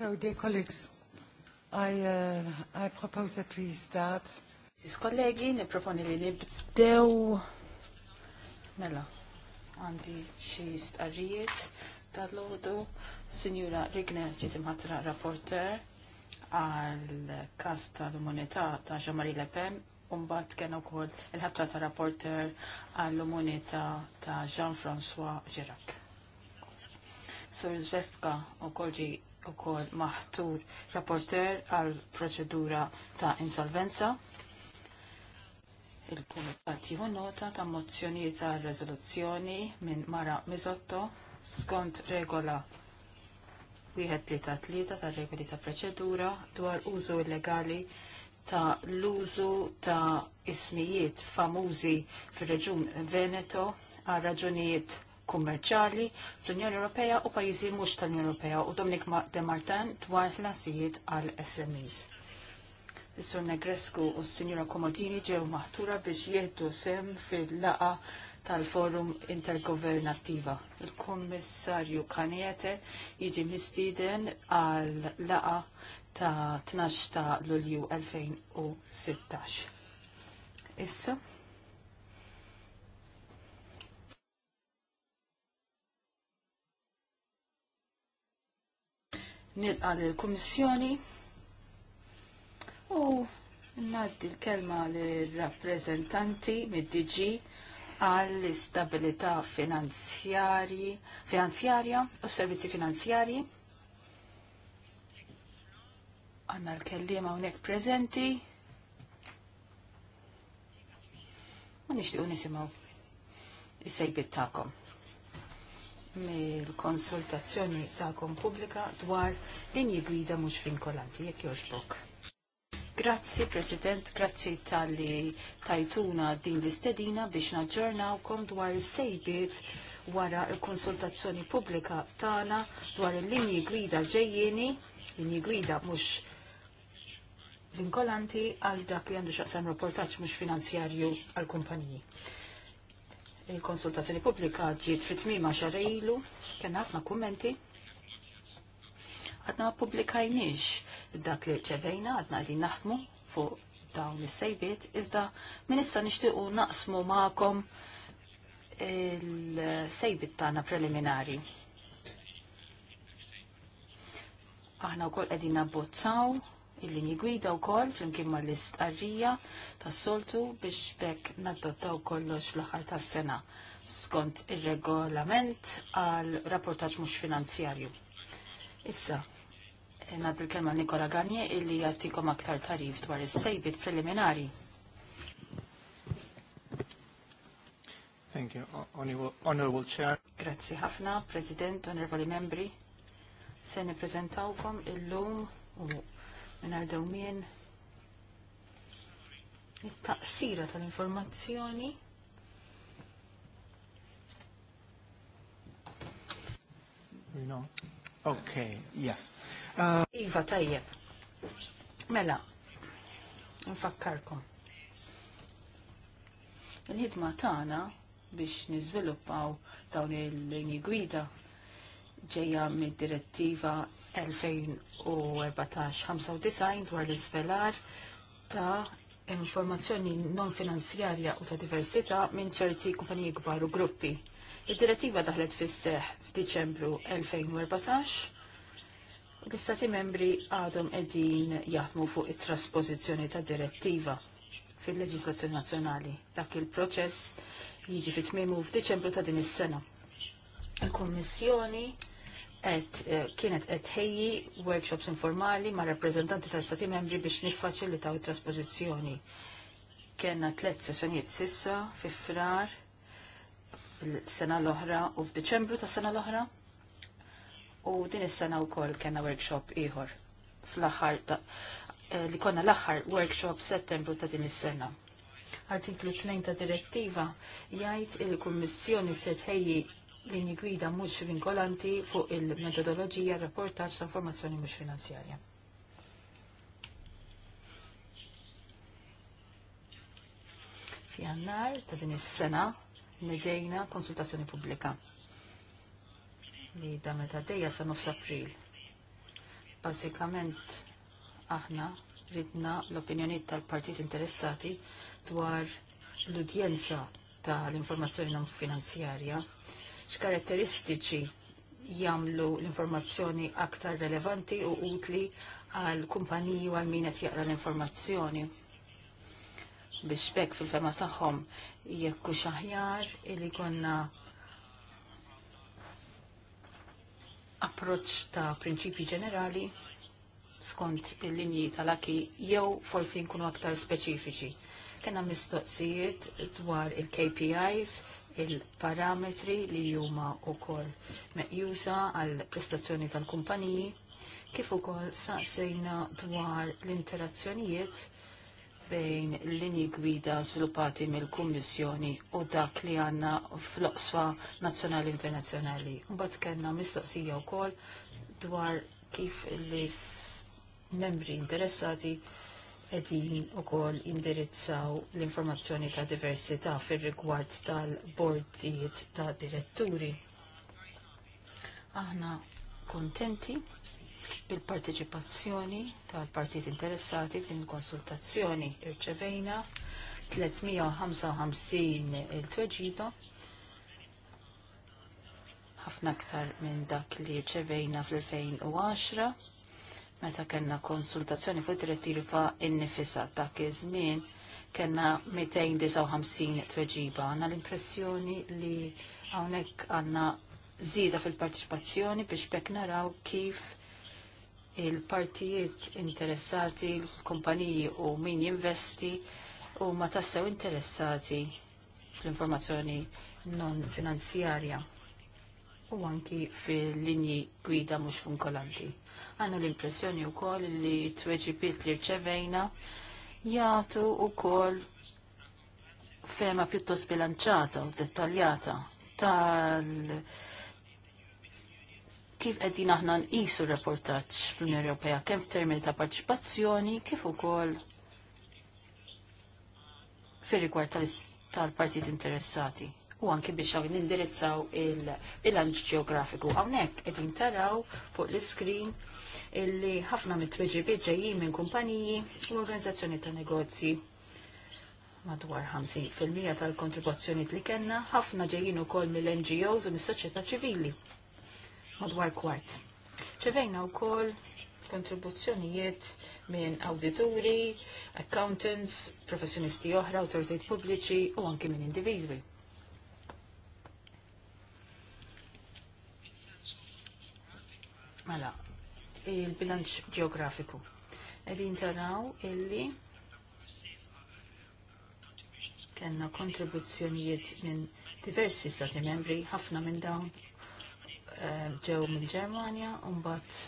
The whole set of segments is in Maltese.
So, dear colleagues, I, uh, I propose that we start. Sis kollegi, li nibdew. Mela, għandi xi stqarrijiet tal-lodu. Sinjura Rigne ġiet imħatra rapporter għal kas tal umunita ta' Jean-Marie Le Pen Umbat kien ukoll il-ħatra ta' rapporter għall-umunità ta' Jean-François Girac. Sur Zvespka u kolġi u kol maħtur rapporter għal proċedura ta' insolvenza. il komitat jihu nota ta' mozzjonijiet ta' rezoluzzjoni minn Mara Mizotto skont regola wieħed li ta' tlieta ta' regoli ta' proċedura dwar użu illegali ta' l-użu ta' ismijiet famużi fir-reġun Veneto għal raġunijiet kummerċali fl-Unjoni Ewropea u pajjiżi mhux tal-Unjoni Ewropea u Dominik De Martin dwar ħlasijiet għal SMEs. Is-Sur Negrescu u s-Sinjura Komodini ġew maħtura biex jieħdu sem fil-laqa tal-Forum Intergovernattiva. Il-Kommissarju Kaniete jiġi mistieden għal laqa ta' 12 ta' Lulju 2016. Issa, nilqa l-Kummissjoni u naddi l-kelma l-rappresentanti mid-DG għall-istabilità finanzjarja u servizzi finanzjarji. Għanna l-kellima unek prezenti. U nishtiqu nisimaw is-sejbit ta'kom mill-konsultazzjoni kom pubblika dwar linji gwida mhux vinkolanti jekk jogħġbok. Grazzi President, grazzi tal-li tajtuna din l-istedina biex naġġornawkom dwar is-sejbiet wara l-konsultazzjoni pubblika tagħna dwar il-linji gwida ġejjieni, linji gwida mhux vinkolanti għal dak li għandu xaqsam rapportaċ mhux finanzjarju għal kumpaniji il-konsultazzjoni pubblika ġiet fit-tmima ilu. kien ħafna kummenti. Għadna publikajniex dak li ċevejna, għadna għadin naħdmu fuq dawn is-sejbiet, iżda minista nishtiqu nixtiequ naqsmu maqom il sejbiet tagħna preliminari. Aħna wkoll qegħdin nabbozzaw il-linji gwida wkoll flimkien mal-istqarrija tas-soltu biex bekk naddottaw kollox fl-aħħar tas-sena skont ir-regolament għal rapportaġġ mhux finanzjarju. Issa, eh, nad il-kelma Nikola Ganje illi jattikom aktar tarif dwar is-sejbit preliminari. Thank you, Honorable Chair. Grazzi ħafna, President, Honorable Membri. Se prezentawkom il-lum minar dawmien it-taqsira tal-informazzjoni No. Ok, yes. Uh... Iva, tajjeb. Mela, nfakkarkom. Il-ħidma tagħna biex niżviluppaw dawn il-linji gwida ġeja mid-direttiva 2014-95 dwar l-isvelar ta' informazzjoni non finanzjarja u ta' diversità minn ċerti kumpaniji kbar u gruppi. Id-direttiva daħlet fis-seħ f'Diċembru 2014 L-istati membri għadhom edin jaħdmu fuq it-trasposizjoni ta' direttiva fil-leġislazzjoni nazzjonali. Dak il-proċess jiġi fit-tmimu f'Diċembru ta' din is-sena. Il-Kommissjoni et, eh, kienet qed ħejji workshops informali ma' rappreżentanti tal-Stati membri biex niffaċilitaw it trasposizjoni Kenna tliet sessjonijiet sissa fi frar fil-sena l-oħra u f'Diċembru ta' sena l-oħra. U din is-sena wkoll kellna workshop ieħor fl-aħħar eh, li konna l-aħħar workshop settembru ta' din is-sena. Artiklu 2 ta' direttiva jgħid il-Kummissjoni se tħejji linji gwida mhux vinkolanti fuq il-metodoloġija rapportaġġ ta' informazzjoni mhux finanzjarja. Fjannar ta' din is-sena nedejna konsultazzjoni pubblika li da meta dejja sa' nofs April. Bażikament aħna ridna l-opinjoniet tal-partit interessati dwar l-udjenza tal-informazzjoni non finanzjarja x'karatteristiċi jagħmlu l-informazzjoni aktar relevanti u utli għal kumpaniji u għal min qed jaqra l-informazzjoni. Biex bekk fil-fema tagħhom jekku xaħjar illi konna approċ ta' prinċipi ġenerali skont il-linji tal-aki jew forsi nkunu aktar speċifiċi. Kena mistoqsijiet dwar il-KPIs, il-parametri li huma wkoll meqjusa għal prestazzjoni tal-kumpaniji kif ukoll saqsejna dwar l-interazzjonijiet bejn l-linji gwida sviluppati mill-Kummissjoni u dak li għanna fl-oqsfa nazzjonali internazzjonali. Mbagħad kellna mistoqsija wkoll dwar kif l-membri interessati edin u kol indirizzaw l-informazzjoni ta' diversità fir rigward tal-bordijiet ta' diretturi. Aħna kontenti bil-parteċipazzjoni tal-partit interessati fin konsultazzjoni irċevejna 355 il-tweġiba ħafna aktar minn dak li rċevejna fl-2010 meta kellna konsultazzjoni fuq fa' innifisa ta' iż-żmien kellna 259 tweġiba. Għandna l-impressjoni li hawnhekk għandna zida fil-partiċipazzjoni biex bekk naraw kif il-partijiet interessati, l-kumpaniji u min jinvesti u ma tassew interessati fl-informazzjoni non finanzjarja u anki fil-linji gwida mhux funkolanti. Għanna l-impressjoni u koll li t-tweġibiet li rċevejna jgħatu u koll fema pjuttost bilanċata u dettaljata tal kif qegħdin aħna nqisu reportaċ fl-Unjoni Ewropea kemm f'termini ta' parċipazzjoni kif ukoll fir-rigward tal-partit interessati u anki biex nindirizzaw il-bilanċ ġeografiku. Hawnhekk qegħdin taraw fuq l-iskrin illi ħafna mit-tweġibiet ġejjin minn kumpaniji u organizazzjoni ta' negozji madwar 50% tal-kontribuzzjoni li kellna ħafna ġejjin ukoll mill-NGOs u mis-soċjetà ċivili madwar kwart. Ċevejna wkoll kontribuzzjonijiet minn awdituri, accountants, professjonisti oħra, autoritajiet pubbliċi u anki minn individwi. Mela, il-bilanċ ġeografiku. Edin taraw illi kena kontribuzzjonijiet minn diversi stati membri, ħafna minn dawn eh, ġew uh, minn Ġermanja, unbat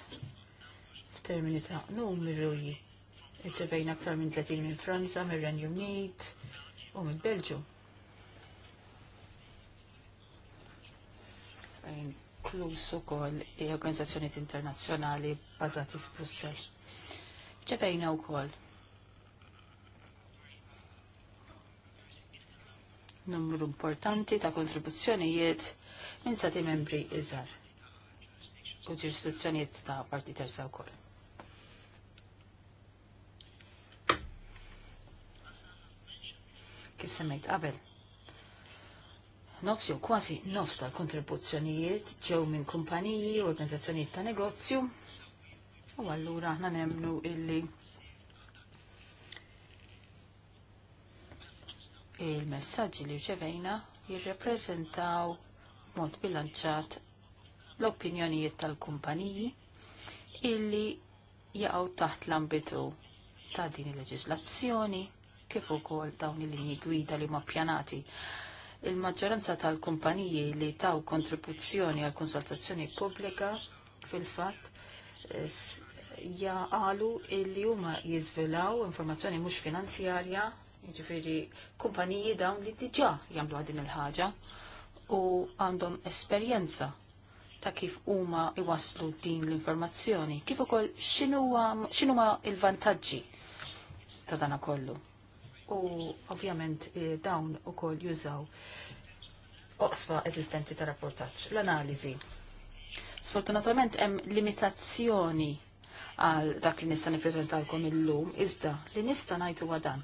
f'termini ta' numru irċevejna aktar minn 30 minn Franza, minn Renju Unit u minn Belġu inkluż ukoll organizzazzjonijiet internazzjonali bażati f'Brussell. Ġevejna wkoll numru importanti ta' kontribuzzjonijiet minn stati membri iżgħar u ġurisdizzjonijiet ta' parti terza wkoll. Kif semmejt qabel? nofs jew kważi nofs tal-kontribuzzjonijiet ġew minn kumpaniji, organizzazzjonijiet ta' negozju. U allura aħna nemmnu illi il-messaġġi li ġevejna jirrepreżentaw mod bilanċat l-opinjonijiet tal-kumpaniji illi jaqgħu taħt l-ambitu ta' din il-leġislazzjoni kif ukoll dawn il-linji gwida li ma' pjanati il-maġġoranza tal-kumpaniji li taw kontribuzzjoni għal konsultazzjoni pubblika fil fat eh, jaqalu illi huma jiżvilaw informazzjoni mhux finanzjarja, jiġifieri kumpaniji dawn li diġà jagħmlu din il-ħaġa u għandhom esperjenza ta' kif huma iwaslu din l-informazzjoni, kif ukoll x'inhuma il-vantaġġi ta' dana kollu u ovvjament eh, dawn u kol jużaw oqsfa eżistenti ta' rapportaċ, l-analizi. Sfortunatament hemm limitazzjoni għal dak li nista' nippreżentawkom illum, iżda li nista' ngħidu dan.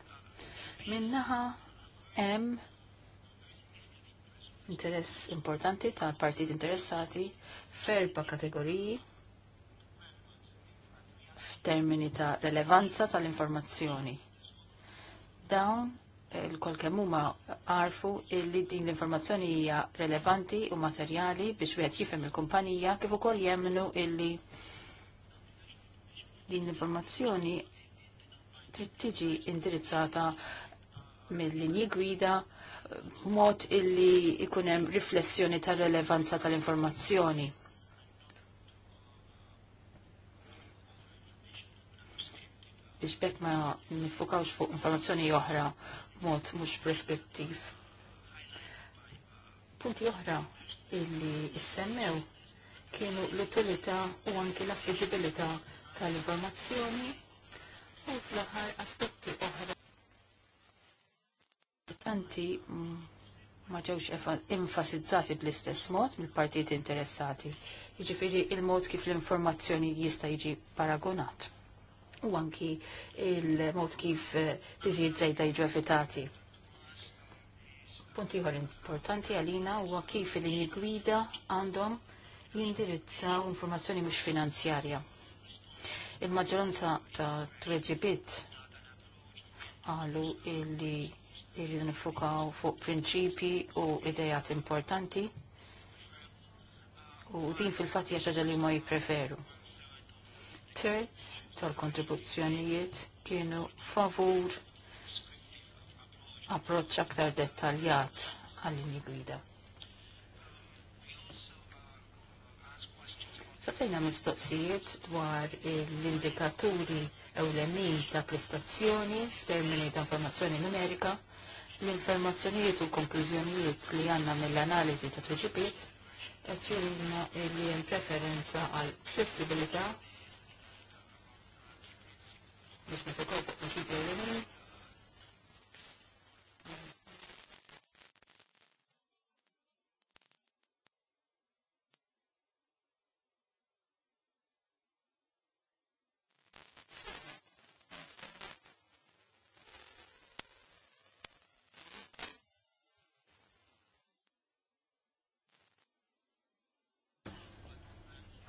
Minnaħa hemm interess importanti tal partit interessati ferba kategoriji f'termini ta' relevanza tal-informazzjoni. Dawn il-kol kemmuma għarfu li din l-informazzjoni hija relevanti u materjali biex wieħed jifhem il-kumpanija kif ukoll jemnu illi din l-informazzjoni trid tiġi indirizzata mill-linji gwida b'mod illi ikun hemm riflessjoni tar-relevanza tal-informazzjoni. biex bekk ma nifukawx fuq informazzjoni oħra mod mhux prespettiv. Punti oħra illi issemmew kienu l-utilità u anki l-affiġibilità tal-informazzjoni u fl-aħħar aspetti oħra. Tanti mm, ma ġewx enfasizzati bl-istess mod mill-partijiet interessati. Jiġifieri il-mod kif l-informazzjoni jista' jiġi paragonat u anki il-mod kif biżijiet eh, zejda jiġu evitati. Punt ieħor importanti għalina huwa kif il-linji gwida għandhom u informazzjoni mhux finanzjarja. Il-maġġoranza ta' tweġibiet għalu illi irridu nifukaw fuq prinċipi u idejat importanti u din fil-fatt hija li ma jippreferu terz tal-kontribuzzjonijiet kienu favur approċċ aktar dettaljat għall-linji gwida. Sasajna mistoqsijiet dwar l-indikaturi ewlenin ta' prestazzjoni f'termini ta' informazzjoni numerika, l-informazzjonijiet u konklużjonijiet li għanna mill-analizi ta' tuġibiet, għet jurina li jem preferenza għal flessibilita' biex nifokaw fuq xi problemi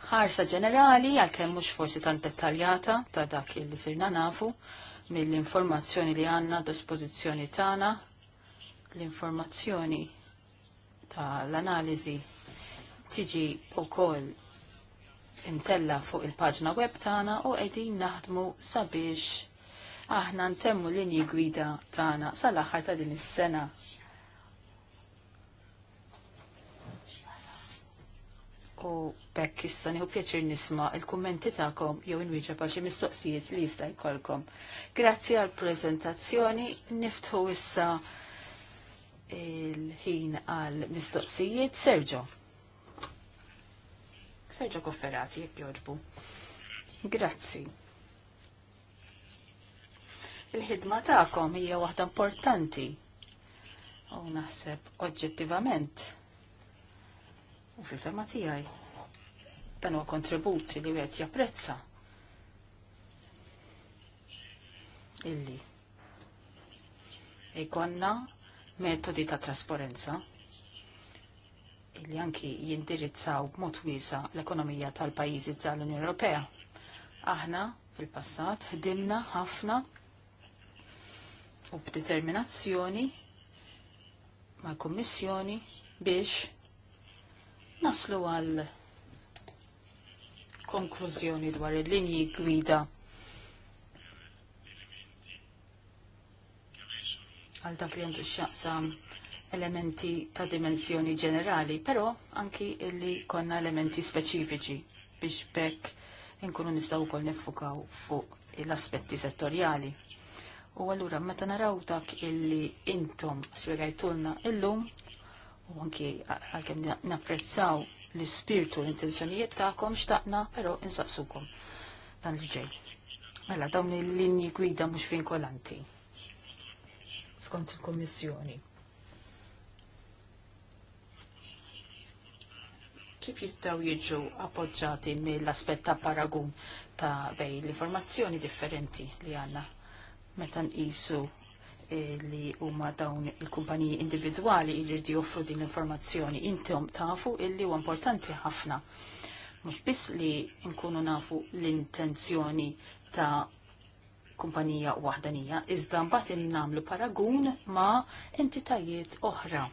ħarsa ġenerali għalkemm mhux forsi tant dettaljata ta' dak li sirna nafu mill-informazzjoni li għandna dispożizzjoni tagħna l-informazzjoni ta' l-analiżi tiġi wkoll intella' fuq il-paġna web tagħna u qegħdin naħdmu sabiex aħna ntemmu linji gwida tagħna sal-aħħar ta' din is-sena. U feedback issa nieħu pjaċir nisma' il-kummenti tagħkom jew inwieġeb paċi mistoqsijiet li jista' jkollkom. Grazzi għall preżentazzjoni niftħu issa il-ħin għal mistoqsijiet Sergio. Sergio Kofferati jekk jogħġbu. Grazzi. Il-ħidma tagħkom hija waħda importanti u naħseb oġġettivament u fil-ferma Dan huwa kontributi li wieħed japprezza. Illi ikonna metodi ta' trasparenza illi anki jindirizzaw b'mod wiesa l-ekonomija tal-pajjiżi tal-Unjoni Ewropea. Aħna fil-passat ħdimna ħafna u b'determinazzjoni mal-Kummissjoni biex naslu għal konklużjoni dwar il-linji gwida għal dak li għandu xaqsam elementi ta' dimensjoni ġenerali, pero anki illi konna elementi speċifiċi biex bekk inkunu nistaw kol nifukaw fuq l-aspetti settorjali. U għallura, meta naraw dak illi intom spiegajtulna illum, u anki għal-kem napprezzaw l-ispirtu l-intenzjonijiet tagħkom xtaqna, però insaqsukom dan li ġej. Mela dawn il-linji gwida mhux vinkolanti. Skont il komissjoni Kif jistgħu jiġu appoġġati mill-aspett ta' paragun ta' bej l-informazzjoni differenti li għandna meta nqisu li huma dawn il-kumpaniji individwali li jridu joffru din l-informazzjoni intom tafu illi huwa importanti ħafna. Mhux biss li nkunu nafu l-intenzjoni ta' kumpanija waħdanija, iżda mbagħad nagħmlu paragun ma' entitajiet oħra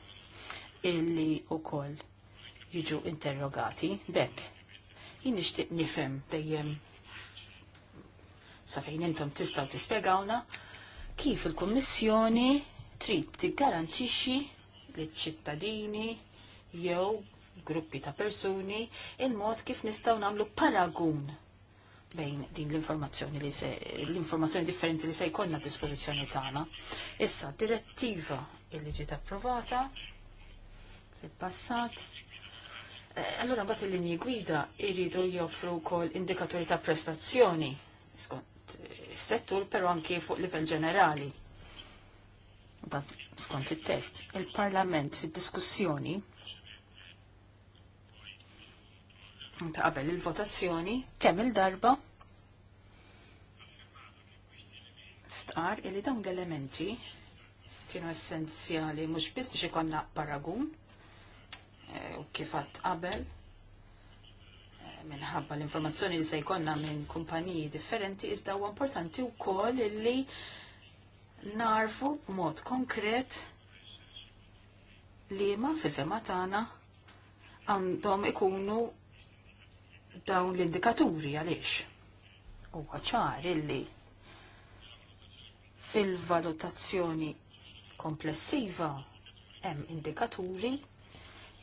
illi wkoll jiġu interrogati bekk. Jien nixtieq nifhem dejjem sa fejn intom tistgħu tispjegawna kif il-Kummissjoni trid tiggarantixxi liċ ċittadini jew gruppi ta' persuni il-mod kif nistgħu nagħmlu paragun bejn din l-informazzjoni li se l-informazzjoni differenti li se jkollna dispożizzjoni tagħna. Issa direttiva li ġiet approvata fil-passat. Eh, Allura mbagħad il-linji gwida jridu joffru wkoll indikatori ta' prestazzjoni skont settur pero anki fuq livell ġenerali. skont il-test. Il-Parlament fid-diskussjoni ta' qabel il-votazzjoni kemm il-darba stqar li dawn l-elementi kienu essenzjali mhux biss biex ikonna paragun eh, u kif kifat qabel minħabba l-informazzjoni li se jkollna minn kumpaniji differenti iżda u importanti wkoll li narfu b'mod konkret li ma fil-fema tagħna għandhom ikunu dawn l-indikaturi għaliex. Huwa ċar illi fil-valutazzjoni komplessiva hemm indikaturi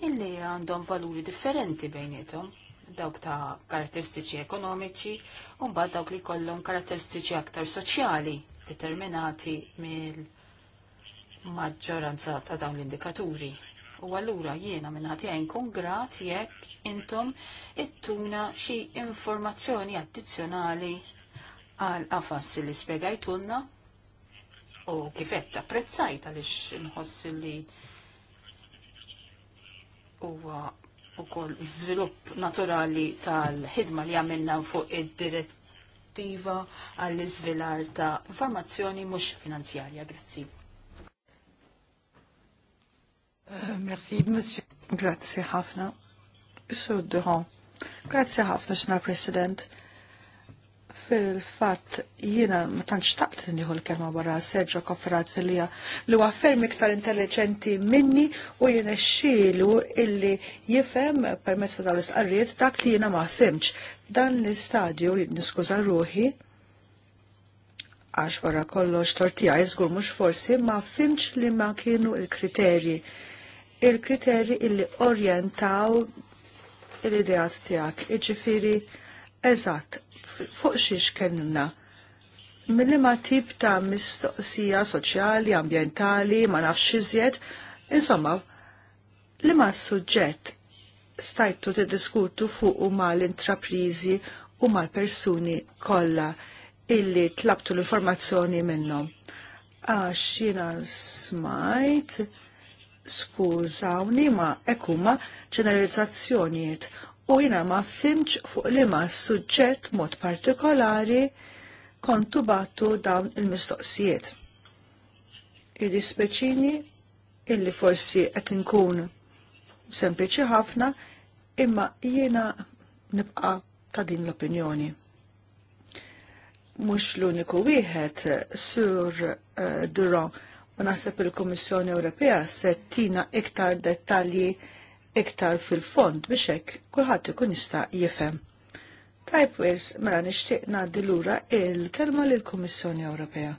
illi għandhom valuri differenti bejnietom dawk ta' karatteristiċi ekonomiċi, u mbagħad dawk li kollhom karatteristiċi aktar soċjali determinati mill-maġġoranza ta' dawn l-indikaturi. U allura jiena minn ħatija nkun grat jekk intom ittuna xi informazzjoni addizzjonali għal qafas li spjegajtulna u qed apprezzajt għaliex inħoss li huwa u kol zvilup naturali tal-ħidma li għamilna fuq id-direttiva għall-izvilar ta' informazzjoni mux finanzjarja. Grazzi. Eh, merci, monsieur. Grazie ħafna. Sudduħom. Grazie ħafna, xna President fil-fat jiena ma tantx taqt nieħu l-kelma wara Sergio Kofferat li li għaffer ferm iktar intelligenti minni u jina xielu illi jifhem permezz tal l-istqarriet dak li jiena ma fimx. Dan l-istadju niskuża ruħi għax wara kollox tortija jizgur mhux forsi ma fimx li ma kienu il-kriterji. Il-kriterji illi orjentaw l-ideat tiegħek. iġifiri eżatt fuq xiex kellna. Mill-ma tip ta' mistoqsija soċjali, ambientali, ma nafx iżjed, insomma, li ma suġġett stajtu tiddiskutu fuq u ma l-intraprizi u ma l-persuni kolla illi tlabtu l-informazzjoni minnom. Għax jina smajt, skużawni ma ekuma ġeneralizzazzjonijiet u jina ma fimċ fuq li ma suġġett mod partikolari kontu battu dawn il-mistoqsijiet. Idi speċini illi forsi qed inkun sempliċi ħafna imma jiena nibqa ta' din l-opinjoni. Mux l-uniku wieħed sur uh, eh, Duran u naħseb il kummissjoni Ewropea se tina iktar dettalji iktar fil-fond biex hekk kulħadd ikun jista' jifhem. Tajb wis mela nixtieq ngħaddi lura il-kelma lill-Kummissjoni Ewropea.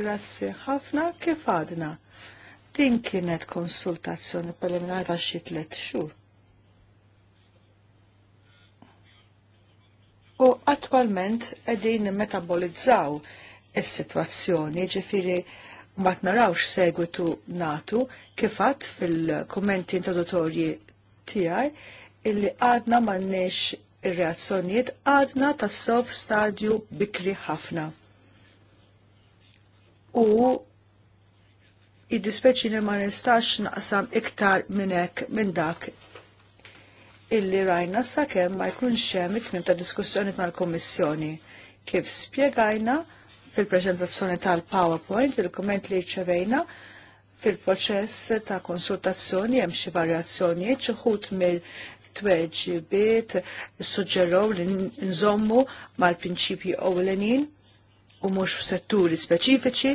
Grazzi ħafna kif għadna. Din kienet konsultazzjoni preliminari ta' xi tliet xhur. U attwalment qegħdin nimmetabolizzaw is-sitwazzjoni, ġifieri ma narawx segwitu natu kifat fil-kommenti introduttorji tiegħi illi għadna m'għandniex ir-reazzjonijiet għadna tas-sof stadju bikri ħafna. U id-dispeċi li ma nistax naqsam iktar minn hekk minn dak illi rajna sakemm ma jkunx hemm it-tmim ta' diskussjoni mal-Kummissjoni kif spjegajna fil-prezentazzjoni tal-PowerPoint, il-komment li ċevejna fil-proċess ta' konsultazzjoni hemm xi varjazzjonijiet ċuħut mill-tweġibiet suġġerow li nżommu mal-prinċipji ewlenin u mhux f'setturi speċifiċi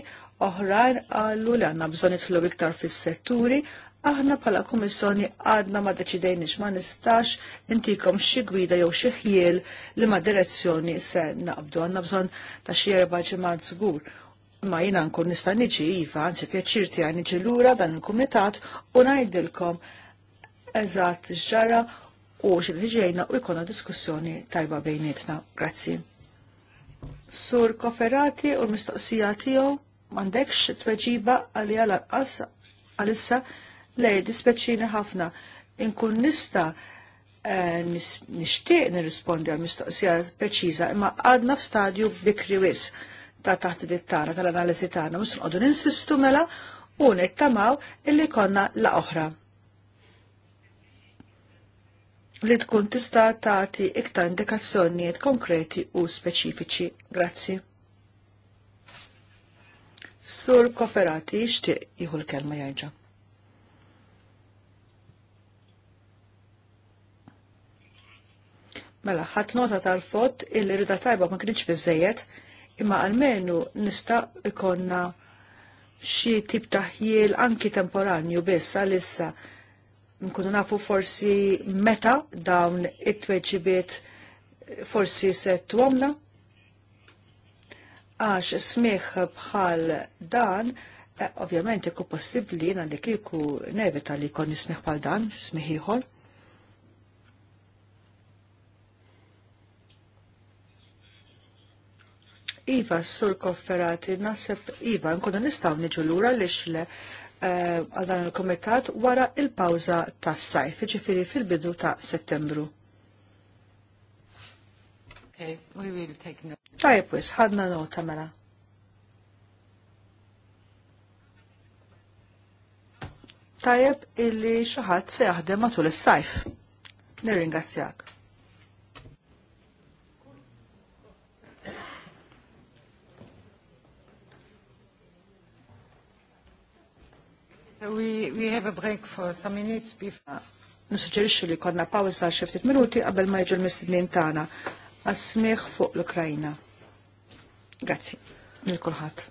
oħrajn għallu li għanna bżon itħlu iktar fis-setturi Aħna bħala kummissjoni għadna ma deċidejniex ma nistax intikom xi gwida jew xi ħjiel li ma direzzjoni se naqbdu għandna bżonn ta' xi erba' ġimgħat żgur. Ma jina nkun nista' niġi iva, anzi pjaċir tiegħi niġi lura dan il-kumitat u ngħidilkom eżatt ġara u xil-ħiġejna u jkollna diskussjoni tajba bejnietna. Grazzi. Sur Koferati u l-mistoqsija tiegħu m'għandekx tweġiba għalija lanqas għalissa lej dispeċini ħafna inkun nista eh, nishtiq nirrispondi għal mistoqsija preċiża imma għadna f'stadju bikri wis ta' taħt dittana tal-analiżi tagħna mhux nqogħdu ninsistu mela u nittamaw illi konna la oħra li tkun tista' tagħti iktar indikazzjonijiet konkreti u speċifiċi. Grazzi. Sur Koferati jixtieq jieħu l-kelma jgħidġa'. Mela, ħadd nota tal fot illi rida tajba ma kienx biżejjed, imma għalmenu nista' ikonna xi tip ta' ħjiel anki temporanju biss għalissa nkunu nafu forsi meta dawn it-tweġibiet forsi se twomna għax smieħ bħal dan, eh, ovvjament ikku possibli għandek iku nevita li kon nismiħ bħal dan, smieħ ieħor. Iva, sur kofferati, nasib Iva, nkunu nistaw niġu l-ura li xle eh, għal dan il-komitat wara il-pawza tas sajf ġifiri fil-bidu ta' settembru. Okay, we will take note. Tajb, wis, ħadna nota mela. Tajb illi xaħat se jaħdem matul is-sajf. Nirringrazzjak. So we, we have a break for some minutes before. li konna pawsa xi ftit minuti qabel ma jiġu l-mistednin tagħna għas smih fuq l-Ukrajna. Grazzi Nil kulħadd.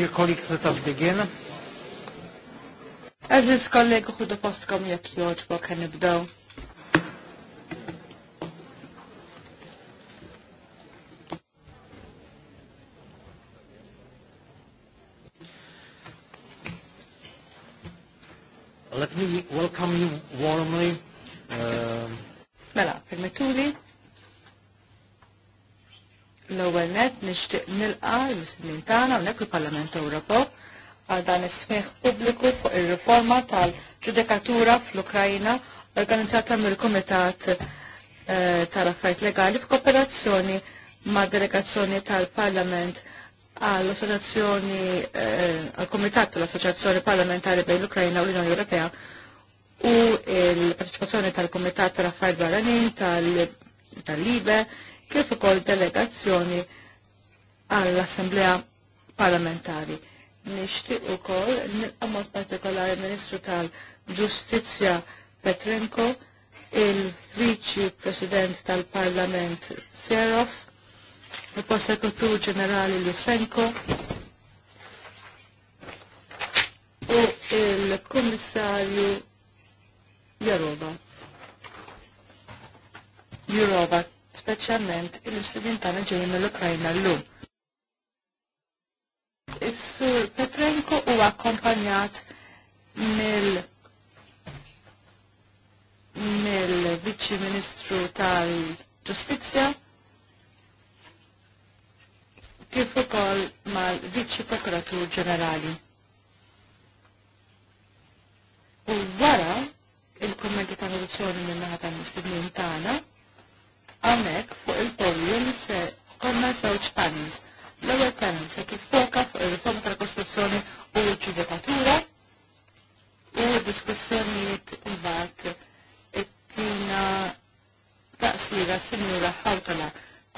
Dear colleagues, let us begin. As colleague who Eżis kollegu ħudu postkom jek joġbok għan nibdaw. nishtiq nilqa l muslimin tagħna hawnhekk il-Parlament Ewropew għal dan is-smieħ pubbliku fuq ir-riforma tal-ġudikatura fl-Ukrajna organizzata mill-Kumitat eh, tal-Affarijiet Legali f'kooperazzjoni ma' delegazzjoni tal-Parlament għall-Assoċjazzjoni eh, għall-Kumitat tal-Assoċjazzjoni Parlamentari bejn l-Ukrajna u l-Unjoni Ewropea u l-parteċipazzjoni tal-Kumitat tal-Affarijiet Barranin tal-Libe kif ukoll delegazzjoni għall-Assemblea Parlamentari. u kol, nilqa' mod partikolari Ministru tal ġustizja Petrenko, il vici President tal-Parlament Serov, il-Prosekutur Ġenerali Lusenko u il komissarju Jarova. Jurova, specialment il-studentana ġejjin l ukrajna l-lum. Is-sur Petrenko huwa akkompanjat mill mill-Viċi Ministru tal ġustizja kif ukoll mal-Viċi Prokuratur Ġenerali. U wara il kummenti ta' rivoluzzjoni minn naħa ta' muslimin tagħna hawnhekk fuq il-podium se konna żewġ panels L-ewwel panel se tiffoka fuq ir-riforma tal-Kostituzzjoni u l-ġudikatura u diskussjonijiet imbagħad it-tina taqsira Sinjura Hawtala,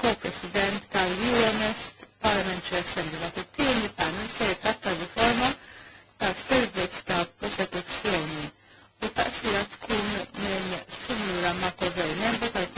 ko-president tal uns Parliamentary Assembly. Dak it-tieni panel se jitratta riforma tas-servizz ta' prosekuzzjoni u taqsira tkun minn Sinjura Makovej, membru tal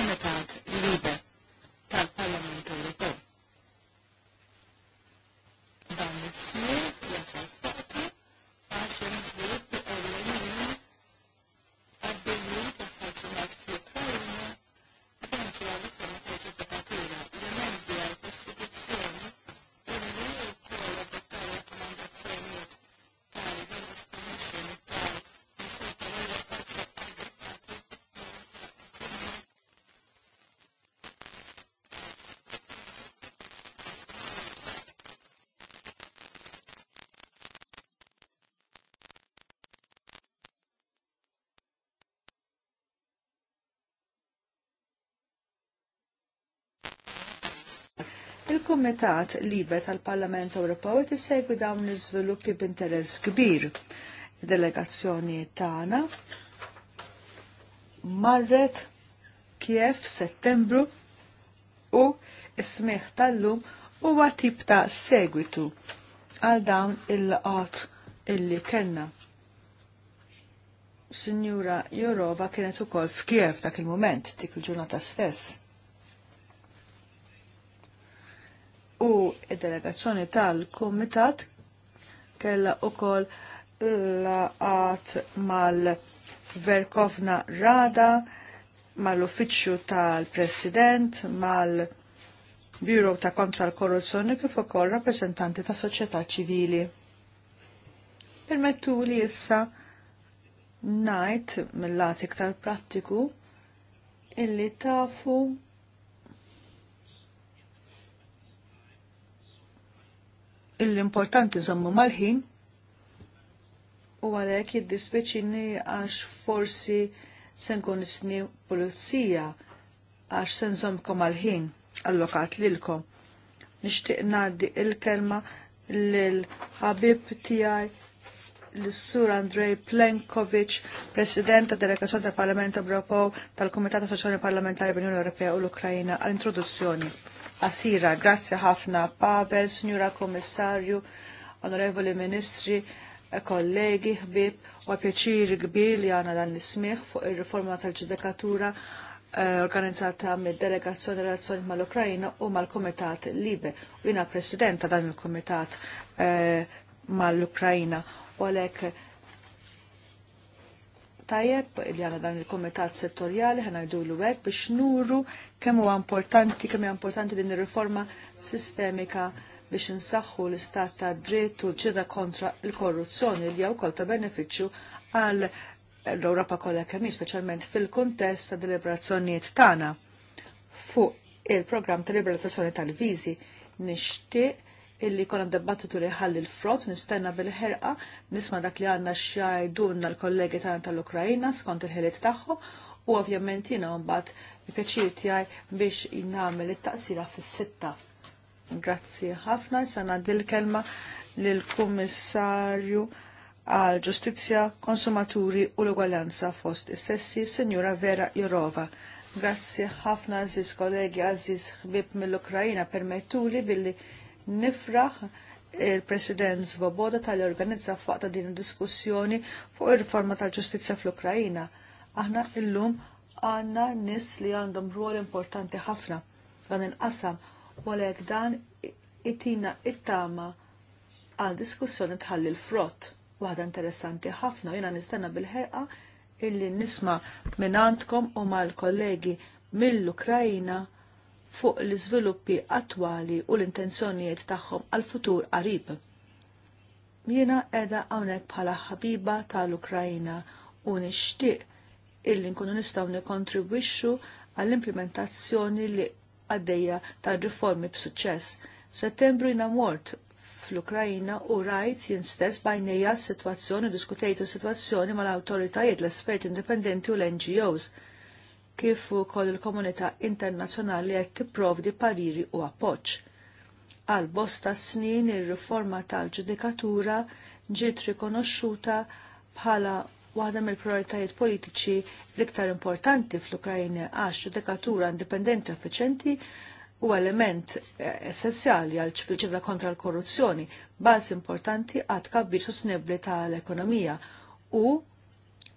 Il-Kumitat Libe tal-Parlament Ewropew qed isegwi dawn l-iżviluppi b'interess kbir. Delegazzjoni tagħna marret kif settembru u ismiħ tal-lum huwa tip ta' segwitu għal dawn il-laqat illi kellna. Sinjura Jorova kienet ukoll f'Kiev dak il-moment dik il-ġurnata stess. u il delegazzjoni tal-Kumitat kella kol laqat mal-Verkovna Rada, mal-Uffiċċju tal-President, mal biro ta' kontra l-korruzzjoni kif ukoll rappreżentanti ta' soċjetà ċivili. Permettu li issa najt mill latik tal prattiku illi tafu l-importanti żommu mal-ħin u għalhekk jiddispeċini għax forsi se nkun isni pulizija għax se nżommkom għal-ħin allokat lilkom. Nixtieq ngħaddi il-kelma lil ħabib tiegħi l-Sur Andrej Plenkovic, President ta' Delegazzjoni tal Parlament Ewropew tal-Kumitat Assoċjoni Parlamentari tal-Unjoni Ewropea u l-Ukrajina għall-introduzzjoni. Asira, Grazzi ħafna Pavel, Signora Kommissarju, Onorevoli Ministri, kollegi, ħbib, u pjaċir kbir li għana dan nismiħ fuq il reforma tal-ġudikatura eh, organizzata mid-delegazzjoni relazzjoni mal ukraina u mal-Komitat Libe. U jina president ta' dan il-Komitat eh, mal ukraina U għalek tajjeb li għana dan il-komitat settorjali jdu l għek biex nuru kemm huwa importanti, kemm huwa importanti din ir-riforma sistemika biex insaħħu l-istat ta' dritt u ġida kontra l-korruzzjoni li wkoll ta' benefiċċju għal l-Ewropa kollha kemm speċjalment fil-kuntest ta' deliberazzjonijiet tagħna fuq il-programm ta' liberalizzazzjoni tal-viżi nixtieq illi konna debattitu li ħalli l-frott, nistenna bil-ħerqa, nisma dak li għanna xjajdunna l-kollegi tagħna tal-Ukrajina skont il ħeliet tagħhom, u ovvjament jiena mbagħad pjaċir tijaj biex jnagħmel it-taqsira fis-sitta. Grazzi ħafna, sa dil kelma lill-Kummissarju għal ġustizzja, konsumaturi u l-ugwaljanza fost is-sessi, Sinjura Vera Jorova. Grazzi ħafna, aziz kollegi, aziz ħbib mill-Ukrajina, permettuli billi nifraħ il-President Svoboda tal-organizza faqta din diskussjoni fuq ir-riforma tal-ġustizja fl-Ukrajina. Aħna illum għanna nis li għandhom ruol importanti ħafna għan il-qasam u għalek dan itina it-tama għal diskussjoni tħalli l-frott. Waħda interessanti ħafna jena nistenna bil-ħerqa illi nisma minnantkom u mal-kollegi mill-Ukrajina fuq l-iżviluppi attwali u l-intenzjonijiet tagħhom għal-futur qarib. Jiena edha hawnhekk bħala ħabiba tal-Ukrajna u nixtieq illi nkunu nistgħu nikkontribwixxu għall-implementazzjoni li għaddejja tar riformi b'suċċess. Settembru jiena mort fl-Ukrajna u rajt jien stess bajnejja s-sitwazzjoni, u diskutejt is-sitwazzjoni mal-awtoritajiet, l-esperti indipendenti u l-NGOs kif ukoll il-komunità internazzjonali qed tipprovdi pariri u appoġġ. Għal bosta snin ir-riforma tal-ġudikatura ġiet rikonoxxuta bħala waħda mill-prioritajiet politiċi l-iktar importanti fl-Ukrajna għax ġudikatura indipendenti effiċenti u element essenzjali għal fil kontra l-korruzzjoni, baż importanti għad kabbir sostenibli tal-ekonomija u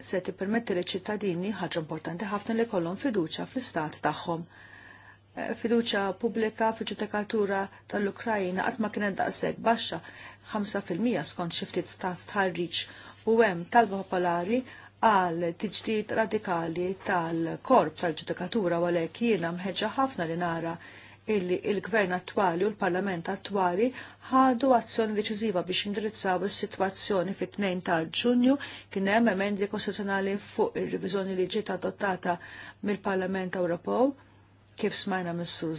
se tippermetti li ċittadini ħaġa importanti ħafna li kollhom fiduċa fl-istat tagħhom. Eh, fiduċa pubblika fil-ġudikatura tal-Ukrajina qatt ma kienet daqshekk baxxa 5% skont xi ftit ta' tħarriġ u hemm talba popolari għal tiġdid radikali tal-korp tal-ġudikatura għalhekk jiena mħeġġa ħafna li nara illi il-gvern attwali u l-parlament attwali ħadu azzjoni deċiżiva biex indirizzaw is-sitwazzjoni fit-2 ta' Ġunju kien hemm emendi kostituzzjonali fuq ir-riviżjoni li ġiet adottata mill-Parlament Ewropew kif smajna mis-Sur